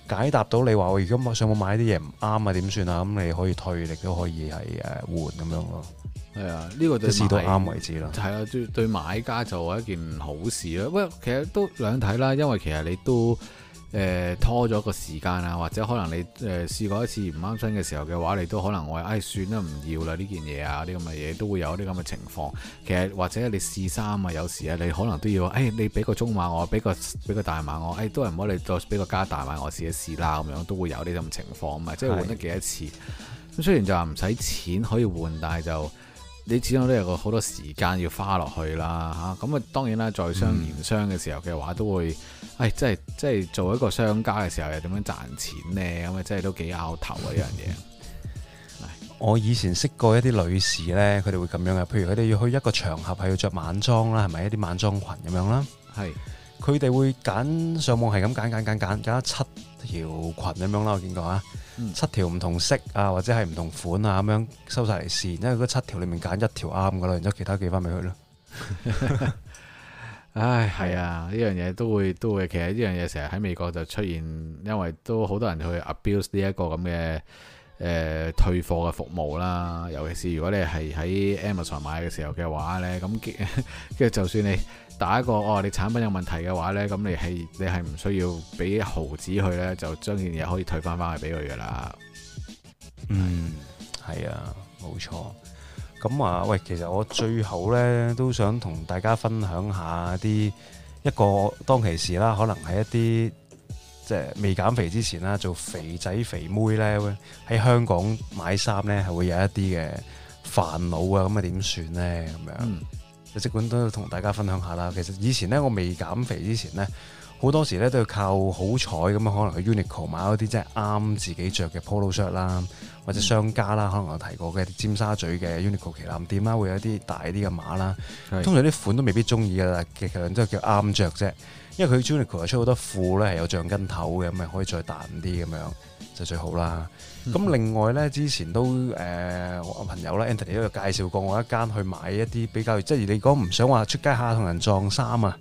Speaker 1: 解答到你話我而家買上網買啲嘢唔啱啊？點算啊？咁你可以退，
Speaker 2: 你都可以係誒換咁樣咯。係啊，呢個就試到啱為止咯。係啊，對對買家就係一件好事咯。不過其實都兩睇啦，因為其實你都。誒，拖咗個時間啊，或者可能你誒試、呃、過一次唔啱身嘅時候嘅話，你都可能我誒、哎、算啦，唔要啦，呢件嘢啊，啲咁嘅嘢都會有啲咁嘅情況。其實或者你試衫啊，有時咧你可能都要誒、哎，你俾個中碼我，俾個俾個大碼我，誒、哎、都係唔好你再俾個加大碼我試一試啦，咁樣都會有啲咁嘅情況咪，即係換得幾多次。咁是的 雖然就話唔使錢可以換，但係就你始終都有個好多時間要花落去啦吓。咁啊，當然啦，在商言商嘅時候嘅話、嗯、都會。誒、哎，即係即係做一個商家嘅時候，又點樣賺錢呢？咁啊，真係都幾拗頭啊！呢樣嘢。
Speaker 1: 我以前識過一啲女士呢，佢哋會咁樣嘅。譬如佢哋要去一個場合，係要着晚裝啦，係咪一啲晚裝裙咁樣啦？係。佢哋會揀上網係咁揀揀揀揀揀七條裙咁樣啦，我見過啊。七條唔同色啊，或者係唔同款啊，咁樣收晒嚟試。因為嗰七條裏面揀一條啱噶啦，然之後其他寄翻咪去咯。笑 Nicolas
Speaker 2: 唉，係啊！呢樣嘢都會都會，其實呢樣嘢成日喺美國就出現，因為都好多人去 abuse 呢一個咁嘅誒退貨嘅服務啦。尤其是如果你係喺 Amazon 買嘅時候嘅話呢，咁跟跟就算你打一個哦，你產品有問題嘅話呢，咁你係你係唔需要俾毫子去呢，就將件嘢可以退翻翻去俾佢㗎喇。嗯，
Speaker 1: 係啊，冇錯。咁啊，喂，其實我最好咧，都想同大家分享一下啲一,一個當其時啦，可能係一啲即係未減肥之前啦，做肥仔肥妹咧，喺香港買衫咧，係會有一啲嘅煩惱啊，咁啊點算咧？咁樣，即、嗯、管都同大家分享下啦。其實以前咧，我未減肥之前咧，好多時咧都要靠好彩咁樣，可能去 Uniqlo 買一啲即係啱自己着嘅 polo shirt 啦。或者商家啦，可能我提過嘅尖沙咀嘅 Uniqlo 旗艦店啦，會有啲大啲嘅碼啦。是通常啲款都未必中意嘅啦，其實都係叫啱着啫。因為佢 Uniqlo 又出好多褲咧，係有橡筋頭嘅，咁咪可以再彈啲咁樣就最好啦。咁、嗯、另外咧，之前都誒、呃、我朋友咧 Anthony 都有介紹過我一間去買一啲比較，即係你講唔想話出街下同人撞衫啊。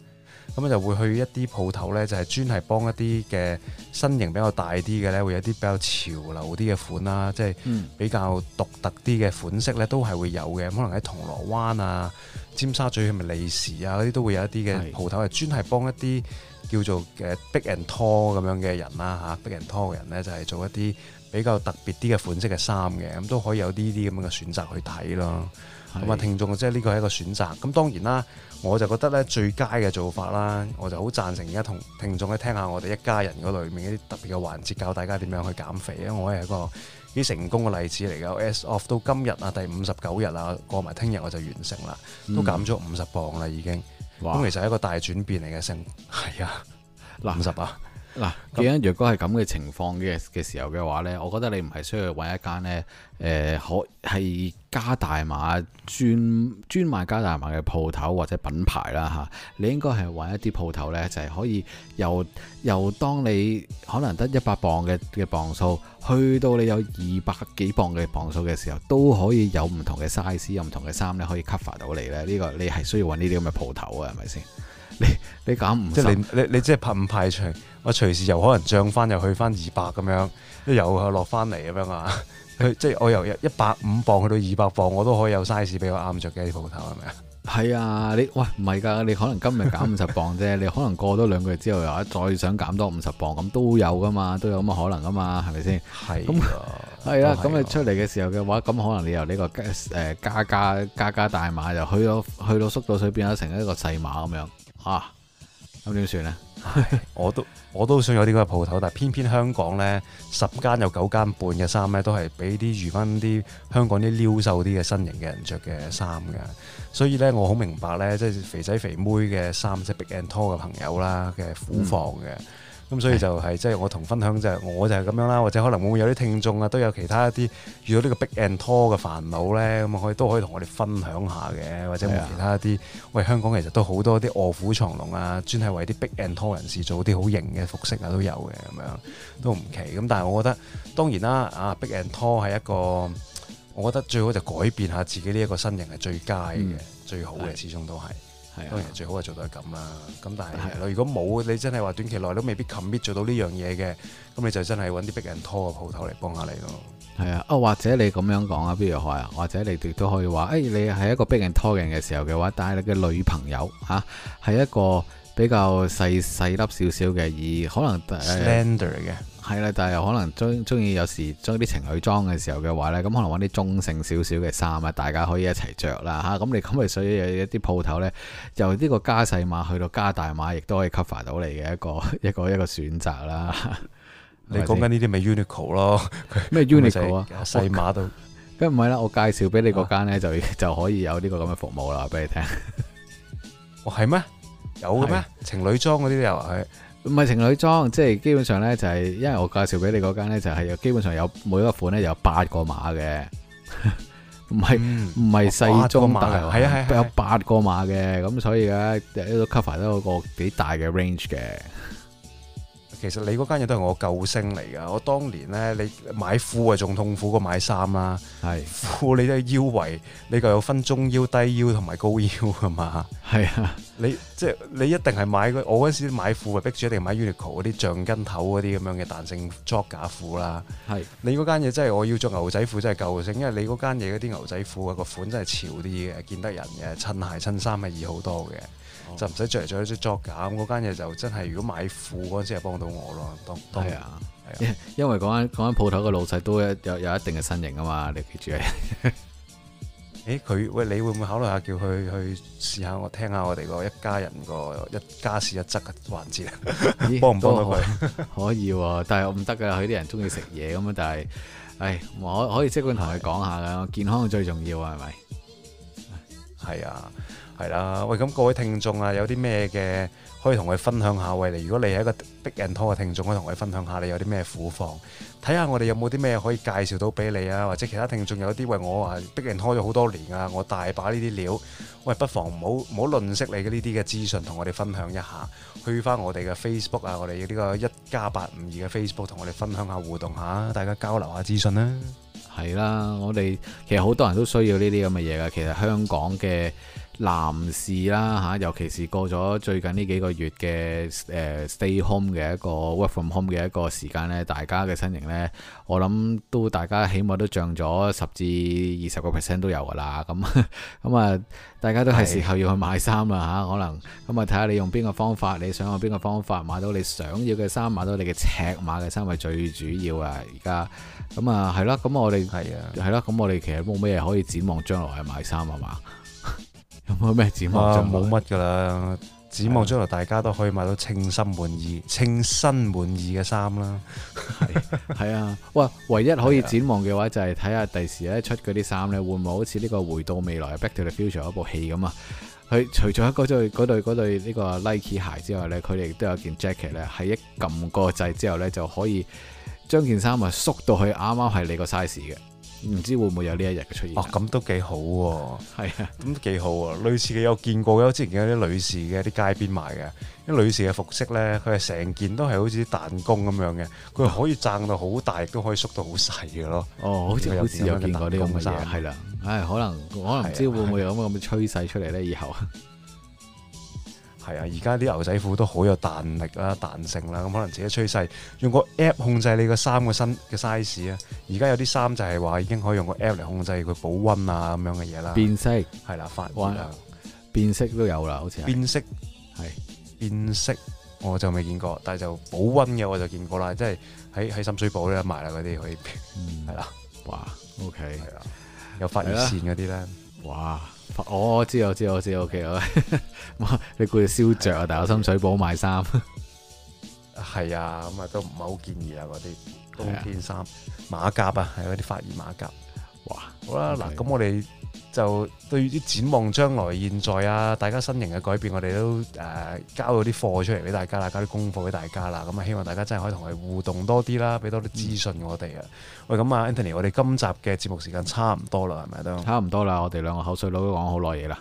Speaker 1: 咁咧就會去一啲鋪頭呢就係、是、專係幫一啲嘅身形比較大啲嘅呢，會有啲比較潮流啲嘅款啦，嗯、即係比較獨特啲嘅款式呢都係會有嘅。可能喺銅鑼灣啊、尖沙咀，係咪利時啊嗰啲都會有一啲嘅鋪頭，係是專係幫一啲叫做嘅 big and tall 咁樣嘅人啦嚇，big and tall 嘅人呢，就係、是、做一啲比較特別啲嘅款式嘅衫嘅，咁都可以有呢啲咁樣嘅選擇去睇咯。咁啊是、嗯，聽眾即係呢個係一個選擇。咁當然啦。我就覺得咧最佳嘅做法啦，我就好贊成而家同聽眾咧聽下我哋一家人嗰裏面一啲特別嘅環節，教大家點樣去減肥啊！因為我係一個幾成功嘅例子嚟㗎，S off 到今日啊，第五十九日啊，過埋聽日我就完成啦，都減咗五十磅啦
Speaker 2: 已經。咁、嗯、其實係一個大轉變嚟嘅，成係啊，五十啊！ (laughs) 嗱，咁若果係咁嘅情況嘅嘅時候嘅話呢，我覺得你唔係需要揾一間呢，誒可係加大碼專專賣加大碼嘅鋪頭或者品牌啦嚇、啊，你應該係揾一啲鋪頭呢，就係、是、可以由由當你可能得一百磅嘅嘅磅數，去到你有二百幾磅嘅磅數嘅時候，都可以有唔同嘅 size、有唔同嘅衫呢，可以 cover 到你呢。呢、這個你係需要揾呢啲咁嘅鋪頭啊，係咪先？你你減五即係你
Speaker 1: 你你即係拍唔排場，我隨時又可能漲翻，又去翻二百咁樣，又落翻嚟咁樣啊？即係我由一
Speaker 2: 百五磅去到二百磅，我都可以有 size 比較啱着嘅鋪頭，係咪啊？係啊，你喂唔係㗎？你可能今日減五十磅啫， (laughs) 你可能過多兩個月之後又再想減多五十磅咁都有㗎嘛？都有咁嘅可能㗎嘛？係咪先？係咁係啊，咁你出嚟嘅時候嘅話，咁可能你由呢、呢個誒、呃、加加加加大碼，又去到去到縮到水，變咗成一個細碼咁樣。啊，咁點算咧？我都我都想有呢個
Speaker 1: 鋪頭，但偏偏香港呢，十間有九間半嘅衫呢，都係俾啲餘翻啲香港啲撩瘦啲嘅身形嘅人着嘅衫嘅，所以呢，我好明白呢，即係肥仔肥妹嘅衫，即係 big and tall 嘅朋友啦嘅苦況嘅。咁、嗯、所以就係即係我同分享就係、是，我就係咁樣啦，或者可能會唔會有啲聽眾啊，都有其他一啲遇到呢個 big and tall 嘅煩惱呢。咁啊可以都可以同我哋分享下嘅，或者冇其他一啲，是的 喂，香港其實都好多啲臥虎藏龍啊，專係為啲 big and tall 人士做啲好型嘅服飾啊，都有嘅咁樣，都唔奇。咁但係我覺得當然啦，啊、uh, big and tall 係一個，我覺得最好就改變下自己呢一個身形係最佳嘅，嗯、最好嘅，始終都係。當然最好係做到係咁啦，咁但係的如果冇你真係話短期內都未必 commit 做到呢樣嘢嘅，咁你就真係揾啲 big and tall 嘅鋪頭嚟幫下你咯。
Speaker 2: 係啊，啊或者你咁樣講啊，譬如係啊，或者你哋都可以話，誒、哎、你係一個 big and tall 人嘅時候嘅話，但係你嘅女朋友嚇係、啊、一個比較細細粒少少嘅，而可能 slender 嘅。Sl 係啦，但係又可能中中意有時中意啲情侶裝嘅時候嘅話呢，咁可能揾啲中性少少嘅衫啊，大家可以一齊着啦，吓。咁、啊、你咁咪所以有一啲鋪頭呢，由呢個加細碼去到加大碼，亦都可以 cover 到你嘅一個一個一個選擇啦。
Speaker 1: 你講緊
Speaker 2: 呢啲咪 Uniqlo 咯？咩 Uniqlo 啊？細碼都梗唔係啦，我介紹俾你嗰間呢，就就可以有呢個咁嘅服務啦，俾你聽。哇、 (laughs) 哦，係咩？有嘅咩？的情侶裝嗰啲又係？唔係情侶裝，即係基本上呢，就係、係，因為我介紹俾你嗰間咧就係基本上有每一款有個款呢， (laughs) 是嗯、有八個碼嘅，唔係唔係細中、碼、啊，係啊係有八個碼嘅，咁、啊、所以咧、啊、都 cover 得嗰個幾大嘅 range 嘅。其實你嗰
Speaker 1: 間嘢都係我救星嚟㗎，我當年咧，你買褲啊仲痛苦過買衫啦。係是褲你都係腰圍，你就有分中腰、低腰同埋高腰㗎嘛。係啊，你即係、就是、你一定係買我嗰時買褲啊，逼住一定買 Uniqlo 嗰啲橡筋頭嗰啲咁樣嘅彈性作假褲啦。係是你嗰間嘢真係我要着牛仔褲真係救星，因為你嗰間嘢嗰啲牛仔褲、個款真係潮啲嘅，見得人嘅，襯鞋襯衫係易好多嘅。就唔使着嚟着去就作假，嗰間嘢就真係，如果買褲嗰陣時，係幫到我咯。
Speaker 2: 當係啊，係啊，因為嗰間嗰間鋪頭嘅老細都有有一定嘅身形啊嘛，你要記住啊。誒、
Speaker 1: 欸，佢喂，你會唔會考慮下叫佢去試下？我聽下
Speaker 2: 我哋個一家人個一家事一則嘅環節啊。幫唔幫到佢？可以喎，但係我唔得噶。佢啲人中意食嘢咁樣，但係，誒，我可以即管同佢講下㗎。啊、健康最重要是是啊，係咪？係啊。係啦，喂！咁各
Speaker 1: 位聽眾啊，有啲咩嘅可以同佢分享下？喂，如果你係一個逼人拖嘅聽眾，可以同佢分享下你有啲咩苦況？睇下我哋有冇啲咩可以介紹到俾你啊，或者其他聽眾有啲喂， (music) 我啊逼人拖咗好多年啊， (music) 我大把呢啲料，喂，不妨唔好唔好吝嗇你嘅呢啲嘅資訊，同我哋分享一下，去返我哋嘅 Facebook 啊，book，我哋呢個一家八
Speaker 2: 五二嘅 Facebook，同我哋分享下互動下，大家交流下資訊啦。係啦，我哋其實好多人都需要呢啲咁嘅嘢㗎。其實香港嘅男士啦嚇，尤其是過咗最近呢幾個月嘅誒 stay home 嘅一個 work from home 嘅一個時間呢，大家嘅身形呢，我諗都大家起碼都漲咗十至二十個 percent 都有噶啦。咁咁啊，大家都係時候要去買衫啦嚇，的可能咁啊，睇下你用邊個方法，你想用邊個方法買到你想要嘅衫，買到你嘅尺碼嘅衫，係最主要啊。而家咁啊，係啦，咁我哋係啊，係啦的，咁我哋其實冇咩嘢可以展望將來去買衫係嘛？有冇咩展望？就冇乜
Speaker 1: 噶啦，展望將來大家都可以買到稱心滿意、稱心滿意嘅
Speaker 2: 衫啦。係啊的，哇！ (laughs) 唯一可以展望嘅話，就係睇下第時咧出嗰啲衫咧，會唔會好似呢個回到未來 （Back to the Future） 嗰部戲咁啊？佢除咗嗰對、嗰對、嗰對呢個 Nike 鞋之外咧，佢哋都有件 jacket 咧，係一撳個掣之後咧，就可以將件衫啊縮到去啱啱係你個 size 嘅。唔知會唔會有呢一日嘅出現？哦，咁都幾好喎！係啊，咁都幾好啊！類似嘅有見過嘅，之前見
Speaker 1: 有啲女士嘅啲街邊賣嘅，啲女士嘅服飾咧，佢係成件都係好似啲彈弓咁樣嘅，佢可以撐到好大，亦都可以縮到好細嘅咯。哦，好似有時有樣見過啲咁嘅衫。係啦，
Speaker 2: 唉、哎，可能可能唔知會唔會有咁嘅趨勢出嚟咧？以後。
Speaker 1: 係啊，而家啲牛仔褲都好有彈力啦、彈性啦，咁可能自己趨勢，用個 app 控制你個衫個身嘅 size 啊。而家有啲衫就係話已經可以用個 app 嚟控制佢保溫啊咁樣嘅嘢啦。變色係啦，發光變色都有啦，好似係。變色係變色，我就未見過，但係就保溫嘅我就見過啦，即係喺喺深水埗都有賣啦嗰啲可以，係啦、嗯，的哇，OK 係
Speaker 2: 啊，有發熱線嗰啲咧，哇！我、哦、知我知我知，知，OK 好。 (laughs) 你估你燒着啊？大係深水埗買衫。係啊，咁啊都唔
Speaker 1: 係好建議啊嗰啲冬天衫、啊、馬甲啊，係嗰啲發熱馬甲。哇，好吧 OK 啦，嗱咁我哋。就對於展望將來現在啊，大家身形嘅改變，我哋都誒、呃、交咗啲貨出嚟俾大家啦，交啲功課俾大家啦。咁啊，希望大家真係可以同佢互動多啲啦，俾多啲資訊我哋啊。嗯、喂，咁啊，Anthony，我哋今集嘅節目時間差唔多啦，係咪都？差唔多啦，我哋兩個口水佬都講好耐嘢啦。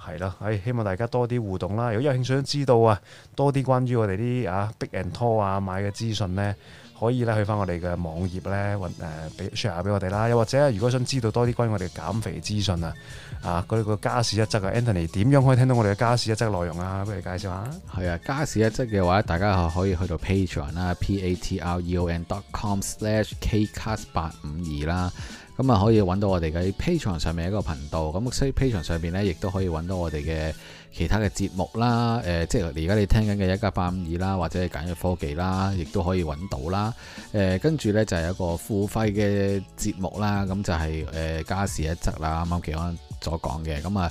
Speaker 1: 係啦， (laughs) 誒、哎，希望大家多啲互動啦。如果有興趣都知道啊，多啲關於我哋啲啊 Big and Tall 啊買嘅資訊呢。可以咧去翻我哋嘅網頁咧，揾俾 share 俾我哋啦。又或者，如果想知道多啲關於我哋嘅減肥嘅資訊啊，啊，嗰、嗰個加時一則啊，Anthony 點樣可以聽到我哋嘅加時一則內容啊？不如你介紹下。
Speaker 2: 係啊，加時一則嘅話，大家可以去到 patreon 啦，p, on, p a t r e o n dot com slash k cast 八五二啦。咁啊，52，可以揾到我哋嘅 patreon 上面一個頻道。咁所以 patreon 上面咧亦都可以揾到我哋嘅。其他嘅節目啦，誒、呃，即係而家你聽緊嘅一家八五二啦，或者係簡約科技啦，亦都可以揾到啦。誒、呃，跟住呢，就係、是、一個付費嘅節目啦，咁就係誒家事一則啦。啱啱奇安所講嘅，咁啊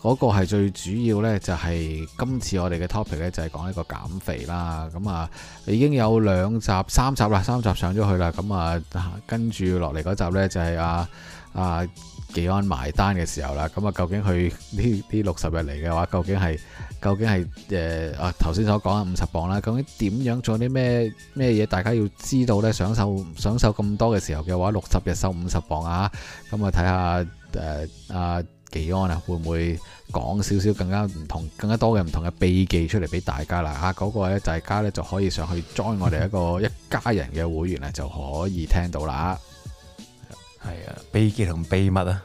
Speaker 2: 嗰個係最主要呢，就係、是、今次我哋嘅 topic 呢，就係、是、講一個減肥啦。咁啊已經有兩集、三集啦，三集上咗去啦。咁啊跟住落嚟嗰集呢，就係、是、啊啊。啊紀安埋單嘅時候啦，咁、嗯、啊，究竟佢呢呢六十日嚟嘅話，究竟係究竟係誒啊頭先所講啊五十磅啦，究竟點、呃啊、樣做啲咩咩嘢？大家要知道咧，享受享受咁多嘅時候嘅話，六十日收五十磅啊，咁、嗯呃、啊睇下誒啊紀安啊會唔會講少少更加唔同更加多嘅唔同嘅秘技出嚟俾大家啦，啊嗰、嗰個咧，就係、大家呢，就可以上去 join (laughs) 我哋一個一家人嘅會員咧，就可以聽到啦。啊係啊，秘技同秘密啊，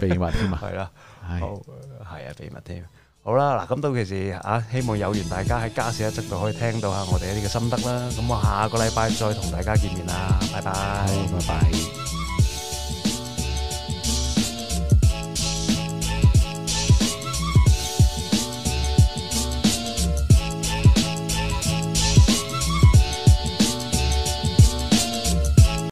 Speaker 2: 秘密添啊，係啦，係係啊，秘密添，
Speaker 1: 好啦，嗱，咁到其時啊，希望有緣大家喺家事一則度可以聽到下我哋一啲嘅心得啦，咁我下個禮拜再同大家見面啦， (laughs) 拜拜，哎，拜拜。 (music)